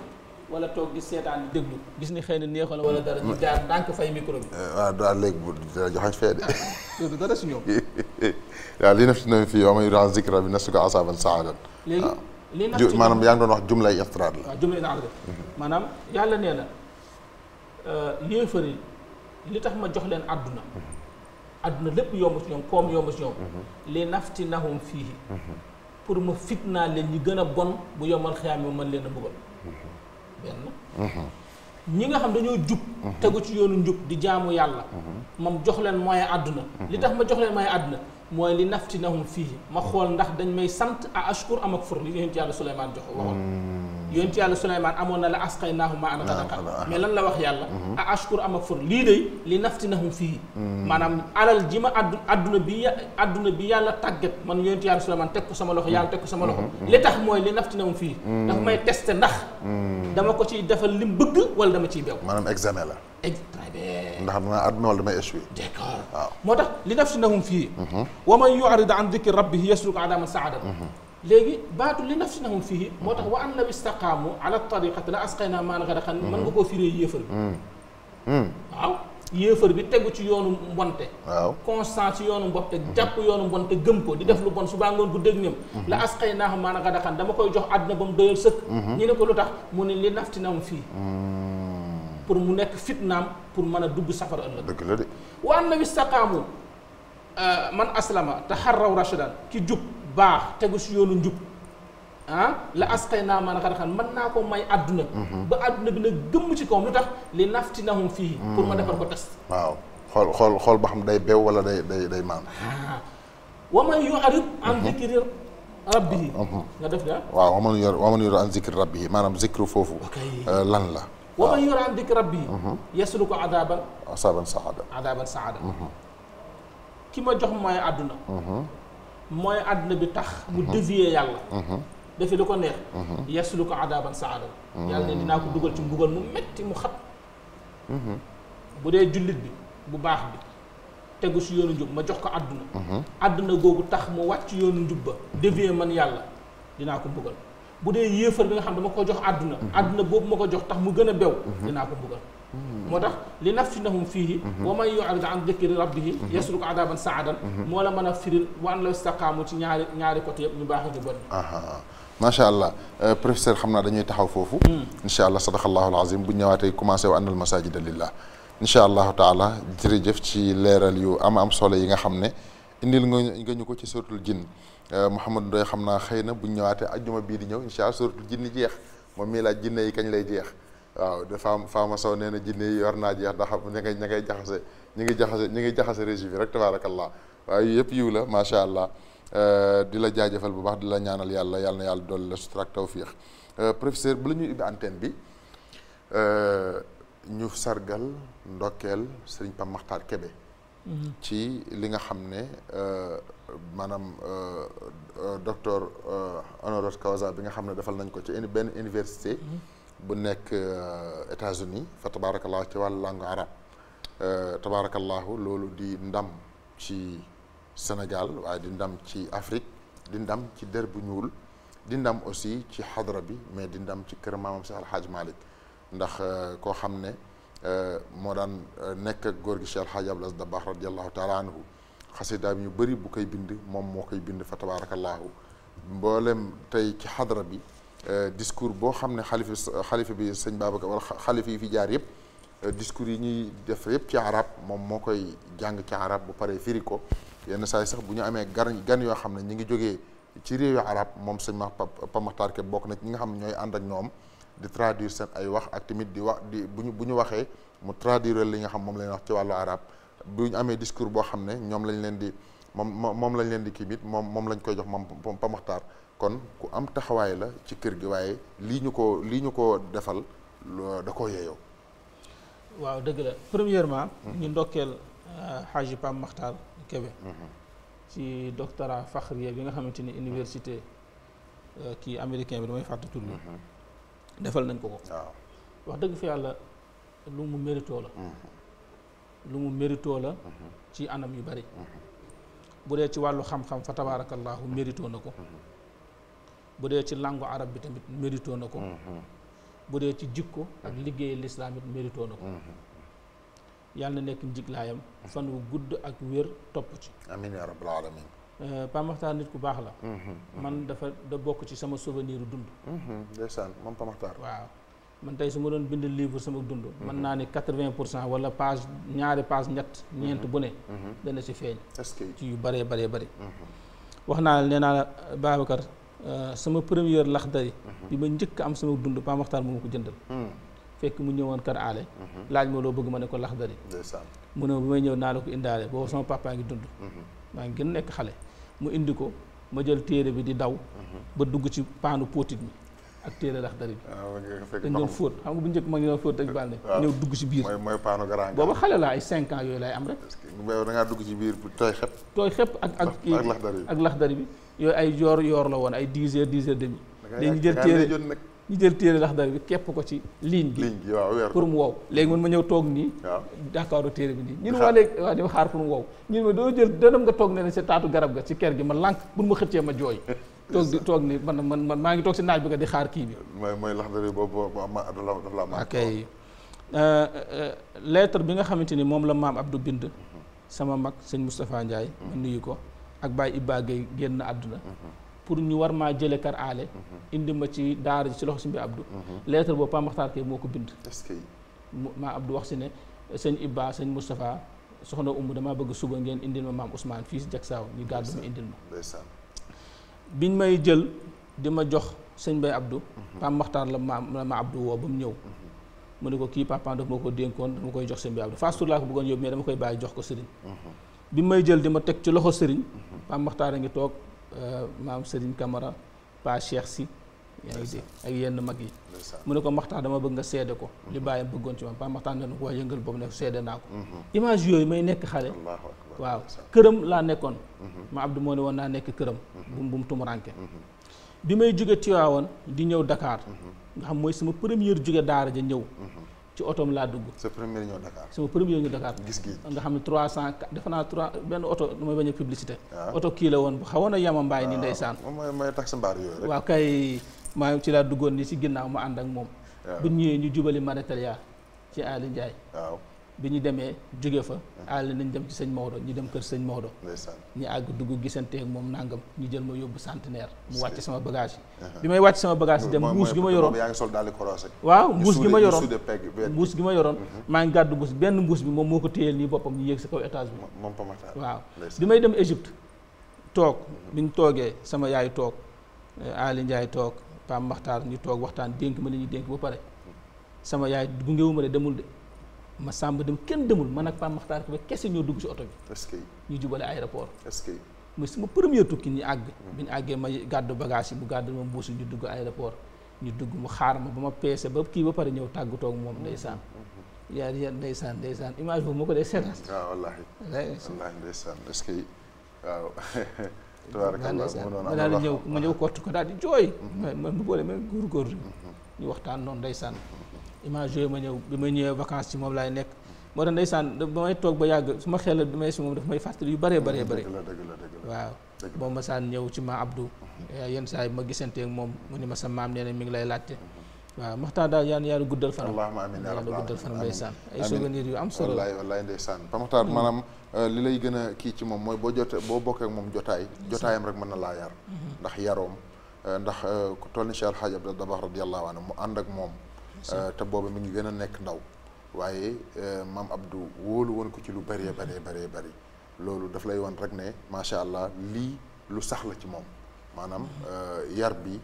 wala toog di seetaan di déglu gis ni xëy na neexoon wala dara ñu jaar ndànk fay micro bi. waaw daal léegi bu dara joxañ fee de. loolu dara si ñoom. waaw li na fi ne fii wa man yurid an zikra bi nasuka asaban saadan. léegi. lii nag ci maanaam yaa ngi doon wax jumlay iftiraat la. Ah, mhm. maanaam yàlla nee na euh, yéefar yi li tax ma jox leen àdduna. Mhm. àdduna lépp yomb ci ñoom koom yomb ci ñoom. Mhm. li naftinahum fiihi pour ma naa leen ñi gën a bon bu yombal xiyaam yi mën leen a bëggal. ñi nga xam dañoo jub. tegu ci yoonu njub di jaamu yàlla. moom jox leen moyen àdduna. li tax ma jox leen moyen àdduna. moy li naftinahum fii ma xol ndax dañ may sante a ashkur am ak fur li ñu ci yàlla Suleymaan jox waxon يونتي الله سليمان امون لا اسقيناه ما انا تذكر مي لان لا واخ يالا اشكر اما فور لي دي لي نفتناهم فيه مانام علال جيما ادنا بي ادنا بي يالا تاغت من يونتي الله سليمان تكو سما لوخ يالا تكو سما لوخ لي تخ موي لي نفتناهم فيه دا فماي تيست ناخ داما كو تي ديفال لي مبغ ولا داما تي بيو مانام اكزامي لا ndax dama adna wala may échouer d'accord motax li nafsi nahum fi mhm. wa man yu'rid an dhikri rabbih yasluk adama sa'adat mhm. léegi baatu li nafsinahum fii moo tax wa an law istaqaamu ala tariqati la asqayna maan gadaxan mën nga koo firee yéefar bi waaw yéefar bi tegu ci yoonu mbonte waaw constant ci yoonu mbonte jàpp yoonu mbonte gëm ko di def lu bon subaa ngoon guddeeg ñëm la asqaynaahum maan gadaxan dama koy jox àdduna ba mu doyal sëkk ñu ne ko lu tax mu ne li naftinahum fii pour mu nekk fitnaam pour mën a dugg safara ëllëg dëgg la de wa an law istaqaamu man aslama taxarraw rashadan ki jub baax tegu si yoonu njub ah la asqay naa man xaraxan mën naa ko may àdduna mhm. ba àdduna bi nag gëmm ci kawam lu tax li naftinahum fii pour ma mhm. defar ko test waaw xool xool xool ba xam day beew wala day day day maan ah. wa man yu'rid an da mhm. waaw wa man yu'rid wa man yu'rid an dikri maanaam zikru foofu euh, lan la wa man yu'rid an dikri rabbihi saada adaban saada ki ma jox mooy àdduna mooy àdduna bi tax mu mhm. dévier yàlla mhm. defe lu ko neex mhm. yaslu ko adaban saadan yàlla ne dinaa ko dugal ci mbugal mu metti mu xat bu dee jullit bi bu baax bi tegu si yoonu njub ma jox ko àdduna àdduna googu tax mu wàcc yoonu njub ba dévier man yàlla dinaa ko mbugal bu dee yéefar bi nga xam dama ko jox àdduna àdduna boobu ma ko jox tax mu gën a bew dinaa ko mbugal moo tax li naftinahum fiihi wa man yu'rid an dhikri rabbihi yasruk adaban sa'adan moo la mën a firil wa an la istaqaamu ci ñaari ñaari côté yëpp ñu baax ñu bon macha allah professeur xam naa dañuy taxaw foofu incha allah sadaqallahu alazim bu ñëwaatee commencé wa annal masajida lillah incha allahu taala jërëjëf ci leeral yu am am solo yi nga xam ne indil nga nga ñu ko ci suratul jinn Mouhamadou Ndoye xam naa xëy na bu ñëwaatee ajjuma bii di ñëw incha allah suratul jinn jeex moom mii laaj jinne yi kañ lay jeex waaw de Fama Fama Sow nee na jinne yi war naa jeex ndax ña ngay ña ngay jaxase ñi ngi jaxase ñi ngi jaxase régi bi rek tabaarakallah waaye yëpp yiw la macha allah euh, di la jaajëfal bu baax di la ñaanal yàlla yàlla na yàlla dolli la sutura ak tawfiix euh, bu la ñuy ubbi antenne bi euh, ñu sargal ndokkeel sëriñ Pam Maxtaar Kebe mhm. ci li nga xam ne maanaam docteur honoris causa bi nga xam ne defal nañ ko ci benn université mhm. بنك اتازني فتبارك الله تعالى لانغ عرب تبارك الله لولو دي ندم تي سنغال واي دي ندم تي افريك دي ندم تي درب نيول دي ندم اوسي تي حضره بي مي دي ندم تي كرم امام شيخ الحاج مالك ندخ كو خامني مودان نيك غورغ شيخ الحاج عبد الله رضي الله تعالى عنه خسيدا ميو بري بوكاي بيند موم موكاي بيند فتبارك الله مبولم تاي تي حضره بي Euh, discours boo xam ne xalifa xalifa bi sëñ Babacar wala xalifa yi fi jaar yëpp euh, discours yi ñuy def yëpp ci arab moom moo koy jàng ci arab bu paree firi ko yenn saay sax bu ñu amee gan gan yoo xam ne ñu ngi jógee ci réew yu arab moom sëñ ma Pa Maxtaar Kebe bokk na ci ñi nga xam ñooy ànd ak ñoom di traduire seen ay wax ak tamit di wax di bu ñu bu ñu waxee mu traduire li nga xam moom lañ wax ci wàllu arab bu ñu amee discours boo xam ne ñoom lañu leen di moom moom lañ leen di kii bit moom moom lañ koy jox moom Pa Maxtaar kon ku am taxawaay la ci kër gi waaye lii ñu ko lii ñu ko defal da koo yeyoo waaw dëgg la premièrement ñu ndokkeel xaaji euh, Pam Maxtaar Kébé ci doctorat faxriya bi nga xamante ni université euh, kii américain bi damay fàtte tur bi mhm. defal nañ ko ko waaw wax dëgg fi yàlla lu mu méritoo la mhm. lu mu méritoo la mhm. ci anam yu bari bu dee ci wàllu xam-xam fa tabaarakallaahu méritoo na ko bu dee ci langue arab bi tamit mérito na ko mhm. bu dee ci jikko ak liggéey lislaam it mérito na ko mhm. yàlla na nekk njiglaayam fan wu gudd ak wér topp ci amiin yaa euh, nit ku baax la mhm. man dafa da bokk ci sama souvenir dund ndeysaan waaw man tey su ma doon bind livre sama dund mën naa ni quatre-vingt pour cent wala page ñaari page ñett ñeent bu ne dana ci feeñ ci yu bëree bëree bëri wax naa nee naa Babacar Euh, sama première laxdari bi ma njëkk am sama dund Pape Makhtar mu ma ko jëndal hmm. fekk mu ñëwoon kër aale hmm. laaj ma loo bëgg ma ne ko lax laxdari mu ne bi may ñëw naa la ko indaale boobu sama papa ngi dund hmm. maa ngi gën nekk xale mu indi ko ma jël téere bi di daw ba dugg ci paanu póotit mi ak téere rax dari bi ah, dañ doon fóot xam nga bu njëkk ma ngi doon fóot rek bànne ah, ñëw dugg ci biir mooy paanu grand booba xale laa ay cinq ans yooyu laay am rek da dugg ci biir tooy xepp tooy xepp ak ak ak bi yooyu ay yoor yoor la woon ay dix heures dix heures demi dañu jël téere ñu jël téere lax bi képp ko ci ligne bi ligne bi waaw weer pour mu wow léegi man ma ñëw toog nii waaw d'accord téere bi nii ñun waa léegi waa dama xaar pour mu wow ñun ma nga toog ne ne taatu garab ga ci kër gi ma lànk bu ma xëccee jooy toog di ni man man man maa ngi toog si naaj bi nga di xaar kii bi. mooy mooy laxdari boobu ma daf la euh, euh, bi nga xamante ni moom la maam Abdou bind. sama mag sëñ Moustapha Ndiaye. Mm-hmm. ma nuyu ko ak Baye Ibba Gueye génn àdduna. Mm-hmm. pour ñu war maa jëlee kar aale. Mm-hmm. indi ma ci daara ci loxo si mbi Abdou. lettre boobu Pape Makhtar Kébé moo ko bind. est-ce que maa Abdou wax si ne sëñ Ibba sëñ Moustapha soxna Umu damaa bëgg suba ngeen indil ma maam Ousmane fii si Jaksaaw ñu gàddu ma indil ma. biñ may jël di ma jox sëñ Bay Abdou. Mhm. Pam Maxtaar la maam la ma Abdou woo ba mu ñëw. Mhm. mu ne ko kii papa daf ma ko dénkoon dama koy jox sëñ Bay Abdou Fass Tour laa ko bëggoon yóbbu mais dama koy bàyyi jox ko sëriñ. Mhm. bi may jël di ma teg ci loxo sëriñ. Pam Maxtaar a ngi toog euh, maam sëriñ kamara Pa Cheikh si. yaa ngi ak yenn mag yi mu ne ko maxtaar dama bëgg nga seede ko li bàyyam bëggoon ci man pa maxtaar ne ko wax yëngal boobu ne seede naa ko image yooyu may nekk xale waaw këram laa nekkoon ma Abdou moo ne woon naa nekk këram bum bu mu tumuranke bi may jóge Tiwaawoon di ñëw dakaar nga xam mooy sama première jóge daara ja ñëw ci otoom laa dugg sa première ñëw Dakar sama première ñëw Dakar gis nga xam ne trois cent defe naa trois benn oto du may bañ a publicité ah. oto kii la woon bu xawoon a yama mbaay ni ah, ndeysaan mooy mooy tax sa mbaar yooyu rek waaw kay maa ci laa duggoon ni si ginnaaw ma ànd ak moom ah. bu ñëwee ñu jubali Mauritanie ci Aly Ndiaye waaw bi ñu demee jóge fa àll nañ dem ci sëñ Maodo ñu dem kër sëñ Maodo ñu àgg dugg gisante ak moom nangam ñu jël ma yóbbu centenaire mu wàcc sama bagage yi uh-huh. bi may wàcc sama bagage yi dem mbuus bi ma yoroon waaw mbuus gi ma yoroon mbuus uh-huh. gi ma yoroon maa ngi gàddu mbuus benn mbuus bi moom moo ko téyeel nii boppam ñu yéeg si kaw étage bi waaw bi may dem Égypte toog bi ñu toogee sama yaay toog eh, Ali Ndiaye toog Pam Maxtaar ñu toog waxtaan dénk ma li ñu dénk ba pare uh-huh. sama yaay gungewu de demul ma sàmb dem kenn demul man ak Pape Makhtar ba kese ñoo dugg ci oto bi. est que ñu jubale aéroport. est-ce que mais sama premier tukki ni àgg. Mm. bi ñu àggee ma gàddu bagage yi mu gàddu ma mbuusu ñu dugg aéroport ñu dugg mu xaar ma ba ma peese ba kii ba pare ñëw tàggatoo ak moom ndeysaan. Mm-hmm. Mm-hmm. yaa yaa ndeysaan ndeysaan image boobu moo ko dee seetaan. waaw ah, wallaahi. wallaahi ndeysaan est-ce que waaw. tabaarakallah mu doon am daal di ñëw ma ñëw kott ko daal di jooy. Mm-hmm. ma ma boole ma góorgóorlu. ñu waxtaan noonu ndeysaan image yooyu ma ñëw bi ma ñëwee vacances ci moom laay nekk moo tax ndeysaan ba may toog ma xelal bi may si moom daf fàttali yu bëree bëree bëri waaw moom ma saan ñëw ci ma Abdou eh, yenn saa yi ma gisantee moom mu ni ma sa maam nee na mi ngi lay laajte mm-hmm. waaw maxtaan daal yaan yàlla guddal fanam allahumma amiin yàlla guddal fanam ndeysaan am solo wallaay wallaay ndeysaan pa maxtaan eh, li lay gën a kii ci moom mooy boo jotee boo bokkee moom jotaay jotaayam rek mën na laa yar mm-hmm. ndax yaroom eh, ndax ku toll ni Cheikh Alhaji Abdou Dabakh radiyallahu anhu mu ànd ak moom Euh, te booba mi ngi gën a nekk ndaw waaye euh, maam Abdou wóolu woon ko ci lu bëree bëree bëree bëri loolu daf lay wan rek ne macha allah lii lu sax la ci moom maanaam euh, yar bi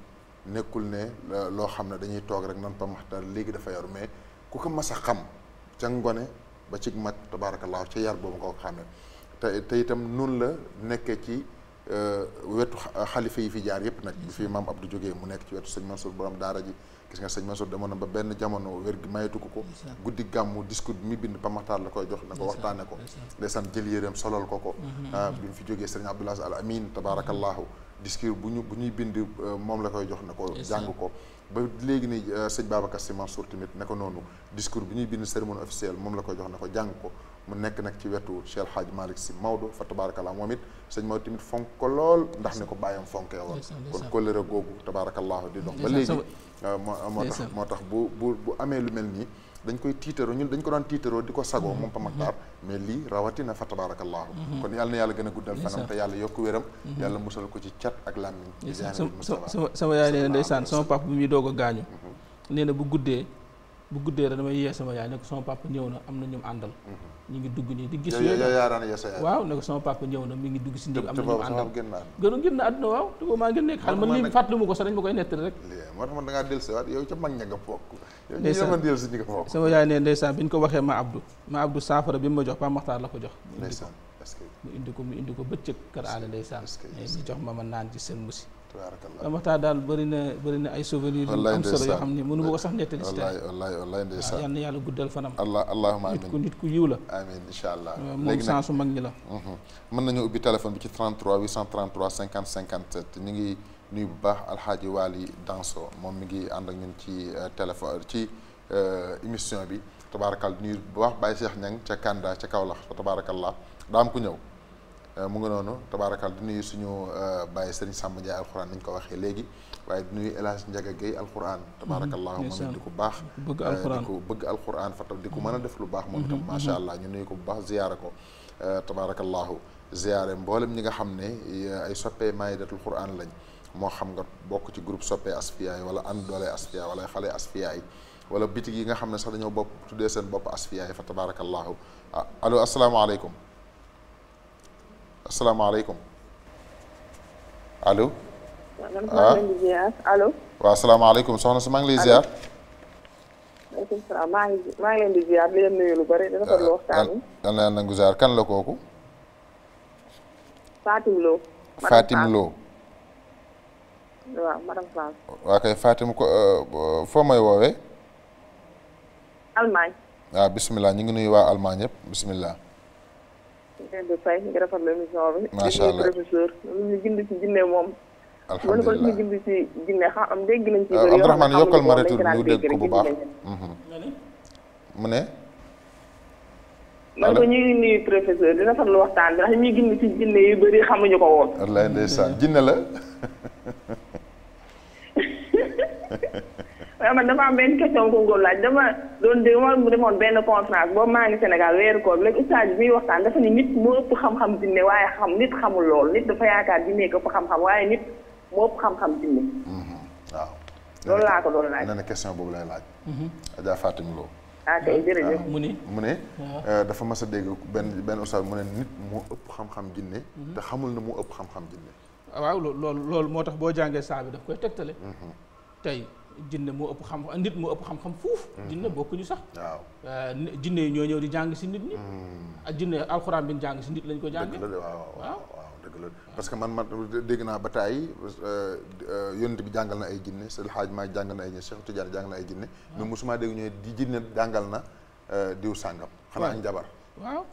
nekkul ne loo xam ne dañuy toog rek nan pa maxtar léegi dafa yaru mais ku ko mas a xam ca ngone ba ci mag tabaarakallaahu ca yar boobu nga ko xamee te te itam noonu la nekkee ci wetu xalifa yi fi jaar yëpp nag bu fi maam Abdou jógee mu nekk ci wetu sëñ Mansour borom daara ji gis nga sëñ ma demoon na ba benn jamono wér gi mayetu ko ko guddi gàmmu discours bi mi bind Pa Maxtaar la koy jox na ko waxtaane ko ndeysaan jël yéreem solal ko ko mm-hmm. ah, bi mu fi jógee sëriñ Abdoulaye Al Amin tabaarakallaahu discours bu ñu bu ñuy bind euh, moom la koy jox na ko jàng ko ba léegi ni euh, sëñ Babacar Sy Mansour tamit ne ko noonu discours bu ñuy bind cérémonie officielle moom la koy jox na ko jàng ko mu nekk nag ci wetu Cheikh Hadj Malick Sy Maodo fa tabaarakallaahu moom it sëñ Maodo tamit fonk ko lool ndax ni ko bàyyam fonkee woon kon kóllëre googu tabaarakallaahu di dox ba léegi euh, moo tax moo tax bu bu bu amee lu mel nii dañ koy tiitaroo ñun dañ ko daan tiitaroo di ko sagoo mm-hmm. moom pamaktaar mm-hmm. mais lii rawatina fa tabaarakallaahu mm-hmm. kon yàlla na yàlla gën a guddal fanam te yàlla yokk wéram yàlla musal ko ci cat ak làmmiñ sama yaay nee na ndeysaan sama papa bi muy doog gaañu nee bu guddee bu guddé da dama yee sama yaay nek sama papa ñëw na am ñum andal mhm. ñi ngi dugg ni di gis yooyu waaw nek sama papa ñëw na mi ngi dugg ci ndig amna ñum andal gënu ngi na aduna waaw dugg ma ngi nek xal man li fatlu mu ko sa dañ ma koy netti rek mo tax man da nga del ci wat yow ci mag ña nga bokk yow ñi sama dellusi ñi nga fokk sama yaay ne ndeysaan biñ ko waxé ma abdou ma abdou safara bi ma jox pa Makhtar la ko jox parce que mu indi ko mu indi ko beccëk kër aale ndeysaan di jox ma ma naan ci seen musi waxtaan daal bëri na bëri na ay souvenirs yu am solo yoo xam ne mënu ma ko sax nettali si tey wallaay wallaay ndeysaan yal na yàlla guddal fanam allah allahumma amiin nit ku nit ku yiw la amiin incha allah moom sensu mag ñi la mhm. mën nañu ubbi téléphone bi ci 33 833 50 ngi nuyu bu baax alxaaji Waly Danso moom mi ngi ànd ak ñun ci euh, téléphone ci euh, émission bi tabaarakal nuyu bu baax baay Cheikh Niang ca Kanda ca Kaolack fa tabaarakal laa daa am ku ñëw Euh, mu ngi noonu tabaarakal di nuyu suñu euh, bàyyi seen Samba Ndiaye alxuraan ni ñu ko waxee léegi waaye du nuyu El Hadj Ndiaga Guèye alxuraan. Mm-hmm. tabaarakallaahu moom it di ko baax. bëgg alxuraan euh, di bëgg alxuraan fa tam di ko mën a def lu baax. moom itam mm-hmm. macha mm-hmm. allah ñu nuyu ko bu baax ziyaara ko. tabaarakallaahu ziyaare mboolem ñi nga xam ne ay soppee maayidatul xuraan lañ moo xam nga bokk ci groupe soppee asfiyaay wala ànd doole asfiyaay wala xale asfiyaay wala bitig yi nga xam ne sax dañoo bopp tuddee seen bopp asfiyaay fa tabaarakallaahu allo asalaamaaleykum asalaamaaleykum allo. waaw allo. waaw asalaamaaleykum soxna si maa ngi lay ziar. maaleykum salaam maa ngi maa ngi leen di lu bëri dafa doon eh, waxtaan. daan naa nangu kan la kooku. Fatim Lo. Fatim Lo. waa kay Fatim eh, foo may woowee. Allemagne. waaw ah, bisimilah ñu ngi nuyu waa Allemagne yëpp bisimilah. ñu leen di fay ñu rafetlu allah professeur ñu gind ci jinne moom. alhamdulilah mën ko gind ci jinne xam ah, am dégg nañ ci. Euh, bëri Abdourahmane yokkal ma retour ñu dégg ko bu baax. Mhm. mu ne. man ko ñuy nuyu professeur di rafetlu waxtaan bi ndax ñuy gind ci jinne yu bëri xamuñu ko woon. wallaay ndeysaan jinne la. waaw man dafa am benn question ko laaj dama doon dégg ma demoon benn conférence boobu maa ngi Sénégal weeru koor léegi oustaz bi waxtaan dafa nit moo ëpp xam-xam jinne waaye xam nit xamul lool nit dafa yaakaar jinne ko ëpp xam-xam waaye nit moo ëpp xam-xam jinne mm-hmm. waaw loolu boobu lay laaj mm-hmm. Adja Fatim ah, mu ne euh, dafa mas a dégg benn benn oustaz mu ne ëpp xam-xam jinne xamul na moo ëpp xam-xam jinne mm-hmm. ah, waaw loolu loolu moo tax boo jàngee saa bi daf koy tegtale tey jinne moo ëpp xam nit moo ëpp xam-xam fuuf mhm. jinne bokkuñu sax waaw euh, jinne yi ñoo ñëw di jàng si nit ñi hmm. ak jinne alxuraan bi ñu jàng si nit lañ ko jànge waaw dëgg la parce que man man dégg naa ba taay euh, euh, yont bi jàngal na ay jinne Seydi El Hadji Malick jàngal na ay jinne Cheikh Tidiane na ay jinne mais musuma dégg ñooy di jinne jàngal na diw sàngam xanaa añ jabar waaw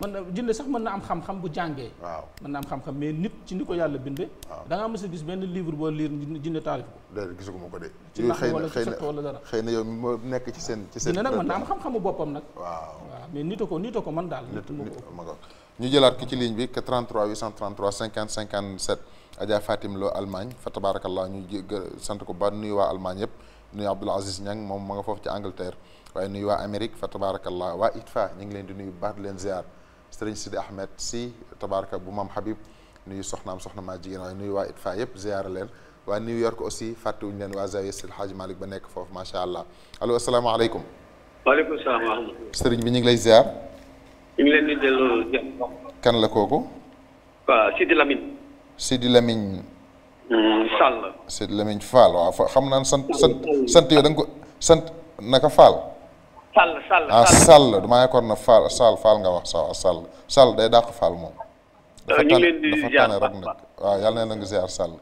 man euh, jinne sax man na am xam-xam bu jàngee waaw mën na am xam-xam mais nit ci ni ko yàlla binde da ngaa mës a gis benn livre boo liir jinne taalif ko déedéet gisu ko ma ko de ci xëy na wala dara xëy na yow moo nekk ci seen ci seen jinne nag mën na am xam-xamu boppam nag waaw waaw mais nita ko nita ko man daal nit ma ko ñu jëlaat ki ci ligne bi que 33 833 50 57 Adja Fatim Lo Allemagne fa tabarakallah ñu sant ko ba nuyu waa Allemagne yëpp moom ma foofu ci Angleterre وأنا في أمريكا فتبارك الله وإدفاع نجلين دنيا بعد لنزار سرين سيد أحمد سي تبارك أبو مام حبيب نيو سخنا مسخنا ماجين وأنا في إدفاع يب زيار لين وأنا في نيويورك أسي فاتو إنجلين وازاي سيد الحاج مالك بنك فوف ما شاء الله ألو السلام عليكم وعليكم السلام ورحمة الله سرين بنجلين زيار نجلين دلو كان لك هو سيد لامين سيد لامين سال سيد لامين فال خمنا سنت سنت سنت يدنكو سنت نكفال Sall Sall ah Sall maa ngi na Fall Sall Fall nga wax saw Sall Sall day dàq Fall moom. Euh, ñu ngi leen di ziar dafa rek nag waaw yàlla na leen di ziar Sall.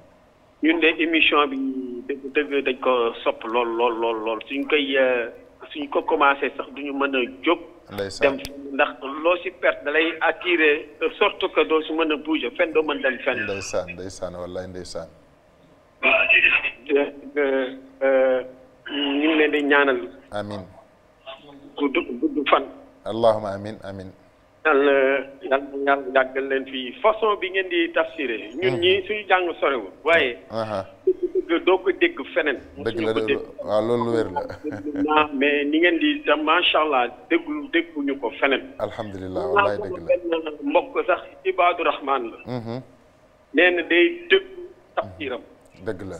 ñun de émission bi dëgg dañ ko sopp lool lool lool lool suñ koy euh, suñ ko commencé sax duñu mën a jóg. dem ndax loo ci perte da lay attiré de sorte que doo si mën a bouger fenn doo mën dem fenn. ndeysaan walla wallaay ndeysaan. Euh, ñu ngi leen di ñaanal. amiin. gudd gudd fan. allahumma amin amin yàlla yàlla yàlla yàggal leen fii façon bi ngeen di tafsiré. ñun ñii mhm. suñu jàng sorewul waaye. dëgg doo ko dégg feneen. dëgg la dëgg waaw loolu wér la. Ah, mais ni ngeen di da macha allah déglu dégguñu ko feneen. alhamdulilah wallaay dëgg la mbokk sax Ibadu Rahman la. Mhm. nee na day dégg tafsiram. Mhm. dëgg la.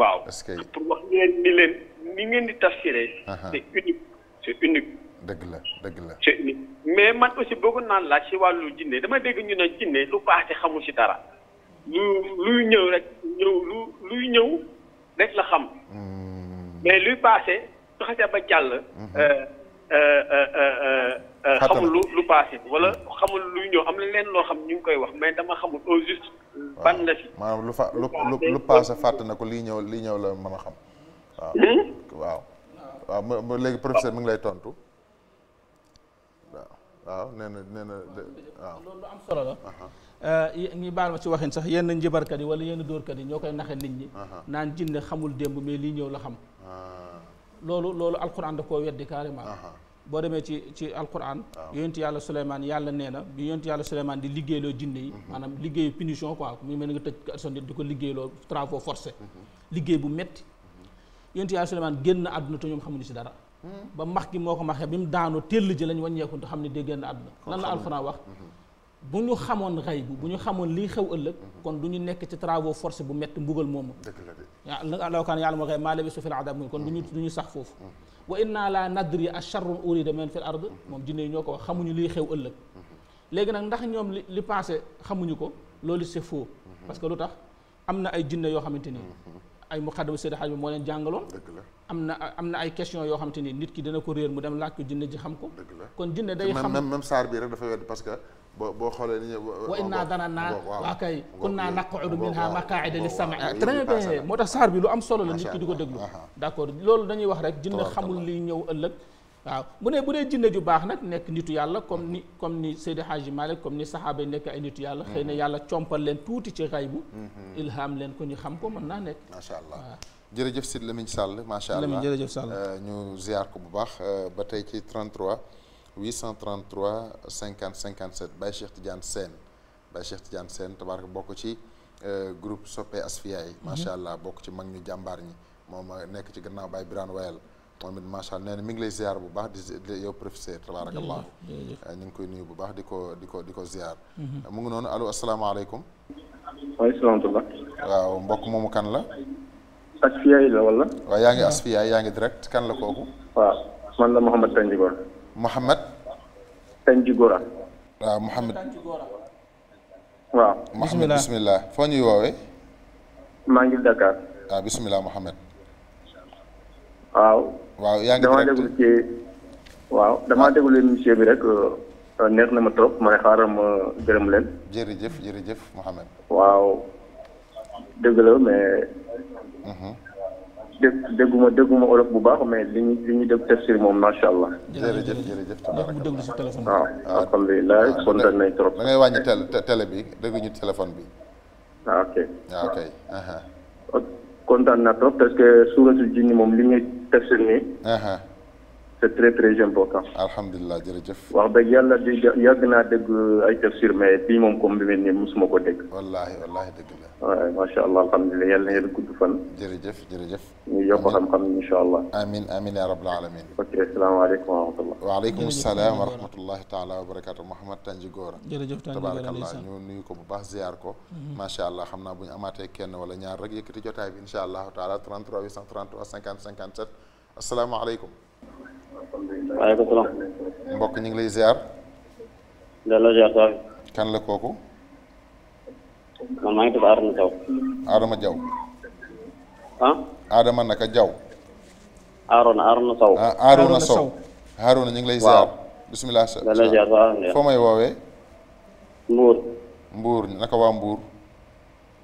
waaw est-ce pour wax ni leen ni ngeen di tafsiré. c'est unique. c'est unique. dëgg la dëgg la c'est unique mais man aussi bëggoon naan laaj si wàllu jinne dama dégg ñu ne jinne lu paase xamul si dara lu luy ñëw rek ñëw lu luy ñëw rek la xam. Hmm. mais luy paase su xasee ba jàll. Hmm. Euh, euh, euh, xamul lu lu paase wala xamul luy ñëw am na leen loo xam ñu ngi koy wax mais dama xamul au juste. ban la si maanaam lu fa lu lu paase fàtte na ko li ñëw li ñëw la mën a xam waaw. Hmm? waaw ma léegi professeur mu ngi lay tontu waaw waaw nee na nee na waaw loolu lu am solo la ñi eh, baal ma ci waxin sax yenn njëbarkat yi yenn dóorkat ñoo koy naxe nit ñi naan jinne xamul démb mais lii ñëw la xam ah. loolu loolu alquran da koo weddi carrément boo demee ci ci alquran yonent yàlla Suleymaan yàlla nee na bi yonent yàlla Suleymaan di liggéeyloo jinne yi mhm. maanaam liggéeyu punition quoi mu mel ni nga tëj personne di ko liggéeyloo travaux forcés mhm. liggéey bu metti yentiya sulaiman génn aduna to ñom xamuñu ci dara ba max gi moko maxe maxee daanu mu tell ji lañ wàññeeku te xam ne day génn aduna lan la alquran wax buñu xamone xamoon xay bu bu ñu xamoon xew ëllëg kon duñu ñu nekk ci travaux forcé bu metti mbugal moomu yaa law kaana ya'lamu xay maa labisu fil adab kon duñu duñu sax fofu wa inna la nadri asharrun urida min fil ard mom jinne ñoko wax xamuñu li xew ëllëg léegi nak ndax ñom li passé xamuñu ko loolu c'est faux parce que lutax amna ay jinne yo xamanteni ay muqaddam seydou hadji mo len jangalon am na am na ay question yo xamanteni nit ki dana ko réer mu dem laaj jinne ji xam ko kon jinne day xam même même sar bi rek dafa wedd parce que bo bo xolé ni wa inna dana naan waa kay kunna naqudu minha maqaida lis-sam' très bien motax sar bi lu am solo la nit ki diko déglu d'accord accord dañuy wax rek jinne xamul li ñëw ëllëg waaw bu ne bu dee jinne ju baax nag nekk nitu yàlla comme ni comme ni Seydi Hadji Malick comme ni saxaaba yi nekk ay nitu yàlla mm-hmm. xëy na yàlla compal leen tuuti ci ray bu mm-hmm. ilham leen ko ñu xam ko mën naa nekk macha allah jërëjëf Sidi Lamine Sall macha allah jërëjëf Sall euh, ñu ziar ko bu baax euh, ba tey ci 33 833 50 57 Baye Cheikh Tidiane Sène Baye Cheikh Tidiane Sène tabaaraka bokk ci euh, groupe soppe asfiya yi macha mm-hmm. allah bokk ci mag ñu jàmbaar ñi moom nekk ci gannaaw Baye Birane Wayal tamit it macha allah nee mi ngi lay ziar bu baax di yow professeur tabarakallah ñu ngi koy nuyu bu baax diko diko diko ziar. mu ngi noonu allo wa assalamu alaykum waaw mbokk momu kan la. Asfiya yi la wala. waaw yaa ngi Asfiya yaa ngi direct kan la koku wa man la mohammed tanjigor mohammed Mouhamed. wa mohammed Mouhamed. wa Mouhamed bismillah fo ñuy wowe ma ngi Dakar. waaw bismillah mohammed waaw. waaw yaa ngi damaa déglu ci waaw damaa ah. déglu émission bi rek euh, euh, neex na ma trop ma ne xaaral ma gërëm leen. jërëjëf jëf Mouhamed. waaw dëgg la mais. Mhm. dé dégguma dégguma olof bu baax mais li ñu li ñu dégg tafsir moom macha allah. jërëjëf jëf tabaaraka déglu si téléphone bi. waaw ah, ah. alhamdulilah kontaan nañ trop. da ngay wàññi télé télé bi dégguñu téléphone bi. ah ok. waaw uh-huh. ok. kontaan naa trop parce que suuratul jinni moom li ñu. tafsir nii. c' est très très important. alhamdulilah jërëjëf. wax dëgg yàlla di yàgg naa dégg ay tafsir mais bii moom comme bi mel nii mosuma ko dégg. wallaahi wallaahi dëgg waaw macha allah alhamdulilah yal na yéen gudd fan. jërëjëf jërëjëf. ñu yokk xam-xam in allah. amiin amiin yaa rabbal alamin. ok salaamaaleykum wa rahmatulah. waaleykum salaam wa rahmatullahi taala wa barakaatu Mouhamed Tanji Gora. jërëjëf Tanji Gora tabaarakallah ñu nuyu ko bu baax ziar ko. Mhm. macha allah xam naa bu ñu amaatee kenn wala ñaar rek yëkkati jotaay bi incha allah taala 33 833 50 57 asalaamaaleykum. waaleykum salaam. mbokk ñu ngi lay ziar. delloo ziar kan la kooku. man maa ngi tudd Adama Diaw. Adama Diaw. Ah? Adama naka Diaw. Arona Arona Sow. Ah, Arona Sow lay. waaw ziar da lay ziar waaw foo may woowee. Mbour. Mbour naka waa Mbour.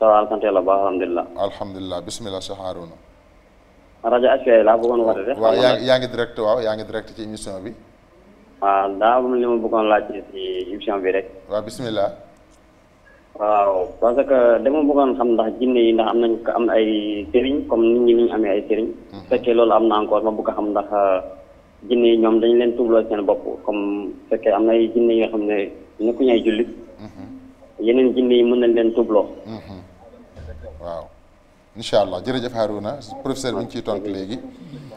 ça va sant yàlla baax alhamdulilah. alhamdulilah bisimilah Cheikh Arona. rajo HPI laa bëggoon woote yaa ngi direct waaw yaa ngi direct ci émission bi. waaw ah, daa am li bi rek. waaw waaw parce que dama bëggoon xam ndax jinne yi ndax am nañ ko am ay sëriñ comme nit ñi ni ñu amee ay sëriñ mhm. bu fekkee loolu am na encore ma bëgg a xam ndax euh, jinne yi ñoom dañu leen tuubloo seen bopp comme fekkee am na ay yi yoo xam ne nekkuñu ay jullit mhm. yeneen jinne yi mën nañ leen tuubloo mhm. waaw incha allah jërëjëf Harouna professeur bi ñu ciy tontu léegi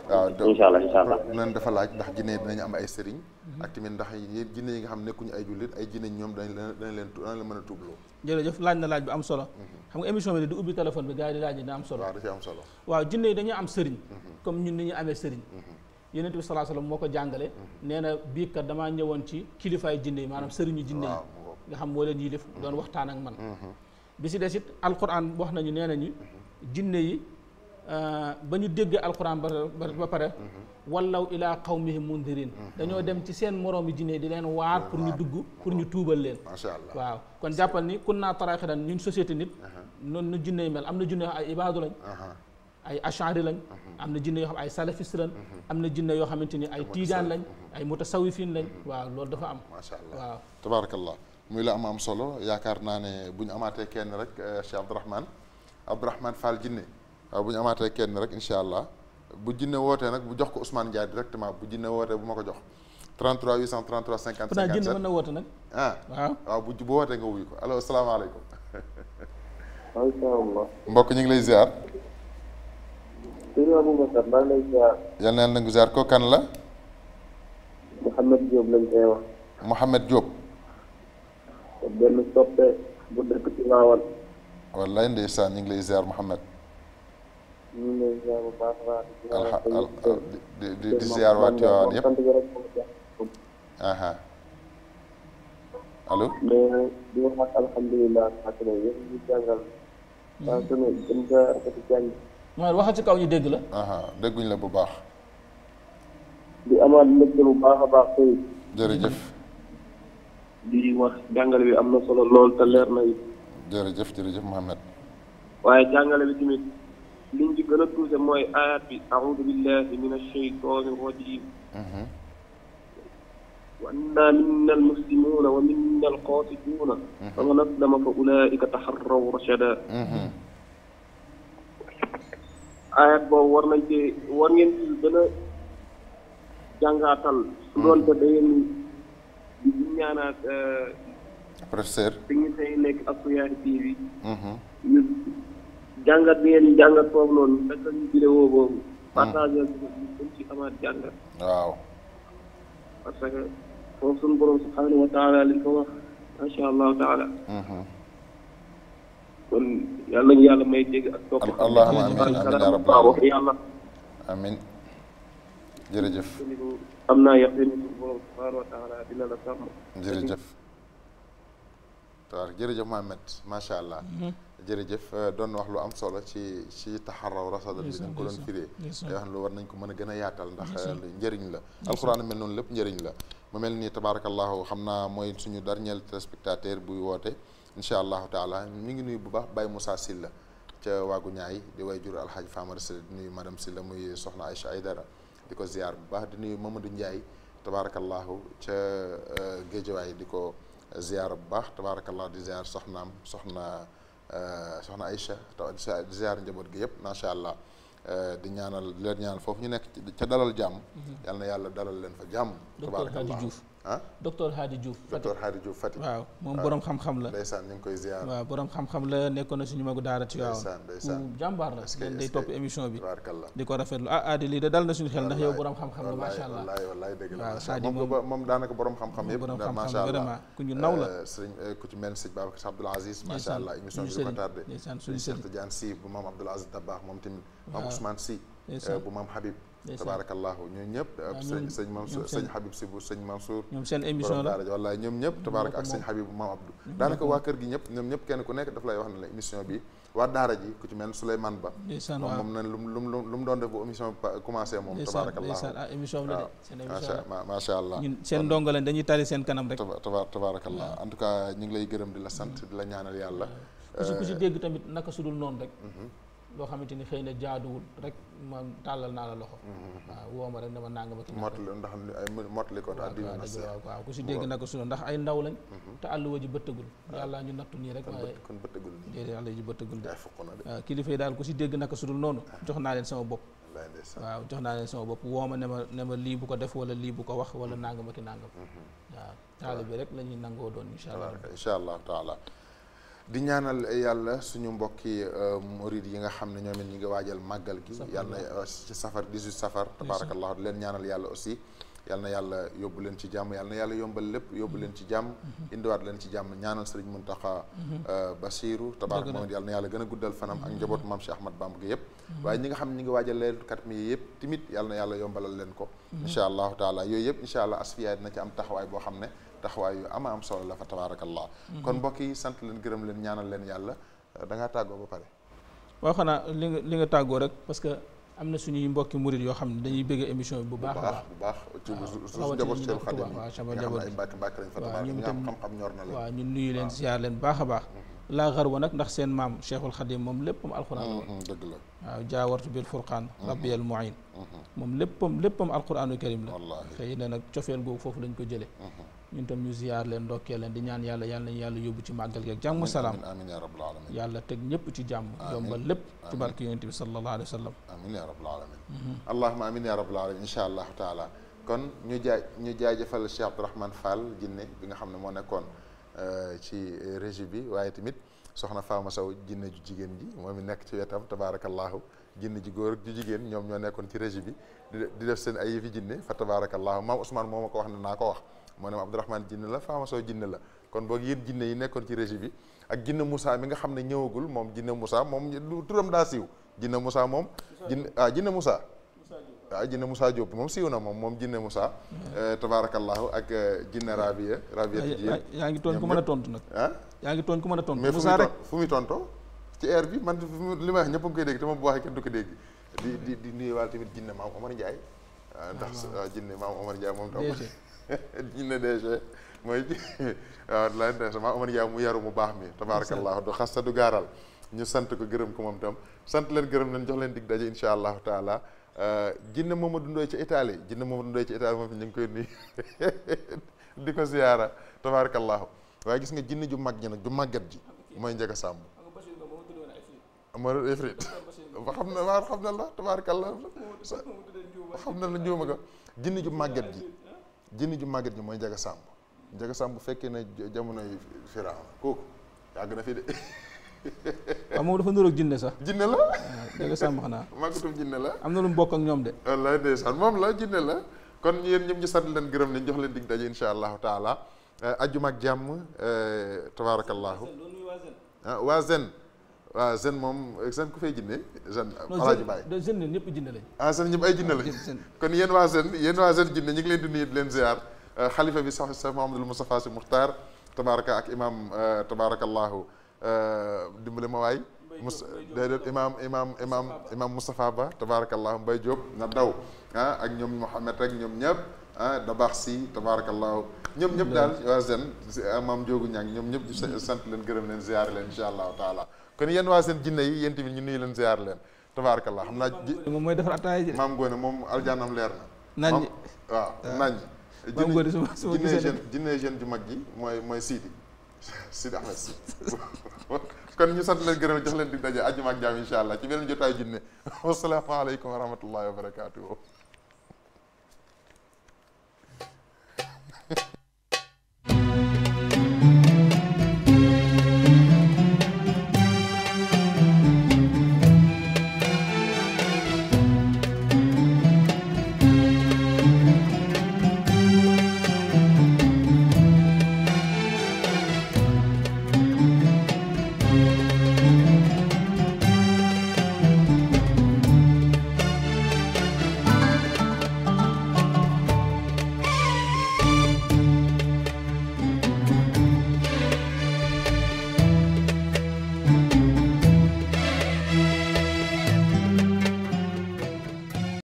waaw incha allah incha nan dafa laaj ndax jinne dinañu am ay sëriñ ak tamit ndax yéen jinne yi nga xam nekkuñu ay jullit ay jinne ñoom dañ leen dañ leen dañ leen mën a tuubloo jërëjëf laaj na laaj bi am solo mhm. xam nga émission bi di di ubbi téléphone bi gars yi di laaj dina am solo waaw da ci am solo waaw jinne yi dañuy am sëriñ mhm. comme ñun ni ñu amee sëriñ mhm. yonent bi sallallahu alayhi wasallam moo ko jàngale nee na bii kat damaa ñëwoon ci kilifaay jinne yi maanaam sëriñu jinne yi nga xam moo leen yilif doon waxtaan ak man bi si des it alquran wax nañu nee nañu jinne ba ñu dégg alxuraan ba pare wallaw ilaa qawmihim mundirin dañoo dem ci seen moroomi jinne di leen waar pour ñu dugg pour ñu tuubal leen macha allah waaw kon jàppal ni kun naa taraaxiran ñun société nit noonu nu jinne mel am na jinne ay ibaadu lañ ay ashari lañ am na jinne yoo xam ay salafiste lañ am na jinne yoo xamante ni ay tiijaan lañ ay mutasawifin lañ waaw loolu dafa am macha allah waaw tabaarakallah muy la am am solo yaakaar naa ne bu ñu amaatee kenn rek Cheikh Abdourahmane Abdourahmane Fall jinne Euh, bu ñu amaatee kenn rek incha allah bu jinne wootee nag bu jox ko Ousmane Ndiaye directement bu jinne wootee bu ma ko jox 33 833 50. 57 dinaa jinne mën na woote nag. ah waaw waaw bu bu wootee nga wuyu ko allo salaamaaleykum. macha allah. mbokk ñu ngi lay ziar. sëñ Aboubacar maa ngi lay ziar. yal na yàlla nangu ziar ko kan la. Mouhamed Diop lañ koy wax. Mouhamed Diop. benn soppe bu dëkk ci Tiwaawan. wallaay ndeysaan ñu ngi lay ziar Mouhamed. ñu ngi lay ziar bu a di di di di wax ak waxal hmm. ci kaw ñu dégg la. dégguñ la bu baax. di amaat mbégte bu baax a baax tey. jërëjëf. di wax jàngale bi am na solo lool te leer na it. jërëjëf jërëjëf Mouhamed. waaye jàngale bi tamit. liñ ci gën a tuuse mooy aayat bi aoudu billahi min alcheytan irrajim وأنا منا المسلمون ومنا القاسطون فمن أسلم فأولئك تحروا رشدا ayat boobu war nañ ci war ngeen ci gën a jàngaatal su doon te da ngeen di ñaanaat professeur technicien yi nekk ak suyaari TV ñu jàngat bi ngeen jàngat foofu noonu fekk ñu vidéo boobu. Hmm. partagé ko ci amaat jàngat. waaw. parce que foofu suñu borom subhanahu wa taala li ko wax macha allahu taala. Hmm. kon yàlla ñu yàlla may dégg ak topp. allahumma amiin amiin yaa rabbal aalamiin yàlla. amiin jërëjëf. am naa yaqin suñu borom subhanahu wa taala dina la sàmm. jërëjëf. waaw jërëjëf Mohamed macha allah. Hmm. jërëjëf euh, doon wax lu am solo ci ci taxaraw rasadal bi dañ ko doon firee yoo xam ne war nañ ko mën a gën a yaatal ndax euh, njëriñ la alxuraan mel noonu lépp njëriñ la mu mel nii tabaarakallaahu xam naa mooy suñu dernier téléspectateur buy woote incha allahu taala ñu ngi nuyu bu baax Baye Moussa Silla ca waagu ñaay di way jur alxaaj Famara Silla di nuyu madame Silla muy soxna ay ay dara di ko ziar bu baax di nuy nuyu Mamadou Ndiaye tabaarakallaahu ca euh, géejawaay di ko ziar bu baax tabaarakallaahu di ziar soxnaam soxna Euh, soxna Aïcha taw di ziar njaboot gi yëpp macha allah euh, di ñaanal di leen ñaanal foofu ñu nekk ca dalal jàmm. Mhm. yal yàlla dalal leen fa jàmm. tabaaraka allah ah docteur Hadi Diouf. docteur Hadi Diouf waaw moom ah. borom xam-xam la. ndeysaan ñu ngi koy ziar waaw borom xam-xam la nekkoon su suñu magu daara ci waaw ku jàmbaar la leen bi di ko rafetlu ah de dal na suñu xel ndax yow borom xam-xam la macha allah wallaay wallaay dëgg la waaw Sadi moom moom daanaka borom xam-xam yëpp ku ñu naw la ku ci mel sëriñ Babacar Abdoul Aziz macha allah émission bi du ko tardé ndeysaan suñu sëriñ Cheikh bu maam Abdoul Aziz Dabakh moom tamit maam Ousmane Sy euh, bu maam Habib tabaarakallaahu ah, ñoom ñëpp sëñ sëñ Mansour si bu sëñ Mansour ñoom seen émission la wallaay ñoom ñëpp tabaarak ak sëñ Habib Maam Abdou daanaka waa kër gi ñëpp ñoom ñëpp kenn ku nekk daf lay wax ne la émission bi waa daara ji ku ci mel Souleymane Ba moom moom nañ lu mu doon def bu émission commencé moom tabaarakallaahu ah, émission la de ah, macha allah ñun seen ndongo lañ dañuy tari seen kanam rek tabaarakallaahu en ñu ngi lay gërëm di la sant di la ñaanal yàlla ku si ku si euh, dégg tamit naka su sudul noonu rek mhm. loo xamante ni xëy na jaaduwul rek ma tàllal naa la loxo. waaw woo ma rek dama nangam ak. motali ndax ay motali ko daal di. waaw waaw ku si dégg naka sunu ndax ay ndaw lañ. Mhm. te àlluwa ji bëttagul. yàlla nattu nii rek kon bëttagul nii. ji bëttagul de. waaw kilifa yi daal ku si dégg naka sunu noonu. jox naa leen sama bopp. waaw jox naa leen sama bopp woo ma ne ma ne ma lii bu ko def wala lii bu ko wax wala mhm. nangam ak i nangam. Mhm. waaw taalibe rek la ñuy nangoo doon incha allah. incha allah taala di ñaanal yàlla suñu mbokki euh, murid yi nga xam ne ñoom it ñu ngi waajal màggal gi yàlla na euh, ci safar 18 safar tabarakallahu di leen ñaanal yàlla aussi yàlla na yàlla yóbbu leen ci jàmm yàlla yàlla yombal lépp yóbbu leen ci jàmm mhm. indiwaat leen ci jàmm ñaanal sëriñ Muntaxa mhm. euh, Basiru tabarak moom yàlla na yàlla gën a guddal fanam ak mhm. njaboot maam Cheikh Ahmad Bamba gi yëpp waaye ñi nga xam ne ñi ngi waajal leelu kat mi yëpp timit yàlla na yàlla yombalal leen ko incha allahu taala yooyu yëpp incha allah asfiya dina ci am taxawaay boo xam ne taxawaay yu am am solo la fa tabarakallah kon mbokk yi sant leen gërëm leen ñaanal leen yàlla da nga taggo ba pare waaw xana li nga taggo rek parce que amna suñu mbokki mouride yo xamni dañuy bëgg émission bu baax baax bu baax ci njaboot Cheikh Khadim waaw sama njaboot ay mbàkk mbàkk lañ fa xam-xam ñor na la wa ñu nuyu leen ziar leen baax baax la xar wa nag ndax seen mam Cheikhul Khadim mom léppam alquran deug la waaw jaawartu bil furqan rabbiyal muin mom léppam léppam alquranul karim la xëy na nag cofeel googu foofu lañ ko jele ñun tam ñu ziyaar leen ndokkee leen di ñaan yàlla yàlla nañu yàlla yóbbu ci màggal gi ak jàmm salaam yàlla teg ñëpp ci jàmm yombal lépp ci barke yonent bi sallallahu alayhi wa sallam amiin yaa rabbal alamin mhm. allahumma amiin yaa rabbal alamin incha kon ñu jaay ñu jaajëfal Cheikh Abdourahmane Fall jinne bi nga xam ne moo nekkoon euh, ci régie bi waaye tamit soxna Fama saw jinne ju jigéen ji moom mi nekk ci wetam tabaarakallaahu jinne ji góor ak jigéen ñoom ñoo nekkoon ci régie bi di def seen ay yëfi jinne fa tabaarakallaahu maam Ousmane moo ma ko wax ne naa ko wax moo ne ma Abdourahmane jinne la Fama Sow jinne la kon boo boog yéen jinne yi nekkoon ci régie bi ak jinne Moussa mi nga xam ne ñëwagul moom jinne musa moom lu turam daa siiw jinne Moussa moom jinne ah jinne Moussa waaw ah, jinne Moussa Diop moom siiw na moom moom jinne Moussa eh, tabaarakallaahu ak eh, jinne Rabia Rabia tijjeen yaa ngi tooñ ku mën a tontu nag ah yaa ngi tooñ mën a tontu mais Moussa fu muy tonto ci air bi man li may wax ñëpp a ngi koy dégg te moom bu waxee kenn ko dégg di di di nuyuwaale tamit jinne maam Omar Ndiaye ah, ndax ah, jinne maam Omar Ndiaye moom tam diine DG mooy waaw la intéressement Omar Diaw mu yaru mu baax mi tabarakallahu du xasta du gaaral ñu sant ko gërëm ko moom itam sant leen gërëm leen jox leen dig daje insha allahu taala euh, jinne mooma dundoo ci Italie jinne mooma dundoo ci Italie moom ñu ngi koy nuyu di ko ziyaara tabarakallahu waaye gis nga jinne ju mag ji nag ju màggat ji mooy njëkk a sàmm mooy ifrit xam na waa xam na la tabarakallahu xam na la ñëw ma jinne ju màggat ji jinne ju màgget ji mooy Njaga sàmm Njaga Sàmb bu fekkee ne jamonoy Firaw kooku yàgg na fi de waaw moom dafa nuroog jinne sax jinne la Njaga Sàmb xanaa màggatum jinne la am na lu mu bokk ak ñoom de wallaay ndeysaan moom la jinne la kon yéen ñoom ñu sant leen gërëm leen jox leen dig daje insha allahu taala ajjuma ak jàmm eh, tabaarakallaahu waa zen waaw jeune moom jeune ku fay jinne jeune alaaji bàyyi jeune ne ñëpp jinne lañ ah jeune ñëpp ay jinne lañ kon yéen waa jeune yéen waa jeune jinne ñu ngi leen di nuyu di leen ziar xalifa bi sax sa Mouhamadul Moustapha si Muxtaar tabaraka ak imam tabarakallahu dimbale ma waay mus déedéet imaam imaam imaam imaam Moustapha Ba tabarakallahu Mbaye Diop na daw ah ak ñoom Mouhamed rek ñoom ñëpp ah Dabax si tabarakallahu ñoom ñëpp daal waa jeune maam Joogu Ñang ñoom ñëpp di sant leen gërëm leen ziar leen incha allahu taala kon yéen waa seen jinne yi yéen tamit ñu nuyu leen ziar leen tabaarakallah xam naa moom mooy defar attaay ji maam Ngoone moom aljaanam leer na nañ waaw ah. nañ maam Ngoone su ma su ma gisee jeune jinne jeune ju mag ji mooy mooy Sidi Sidi Ahmed Si kon ñu sant leen gërëm jox leen di daje àjjuma ak jaam insha allah ci beneen jotaayu jinne wasalaamaaleykum wa rahmatullahi wa barakaatu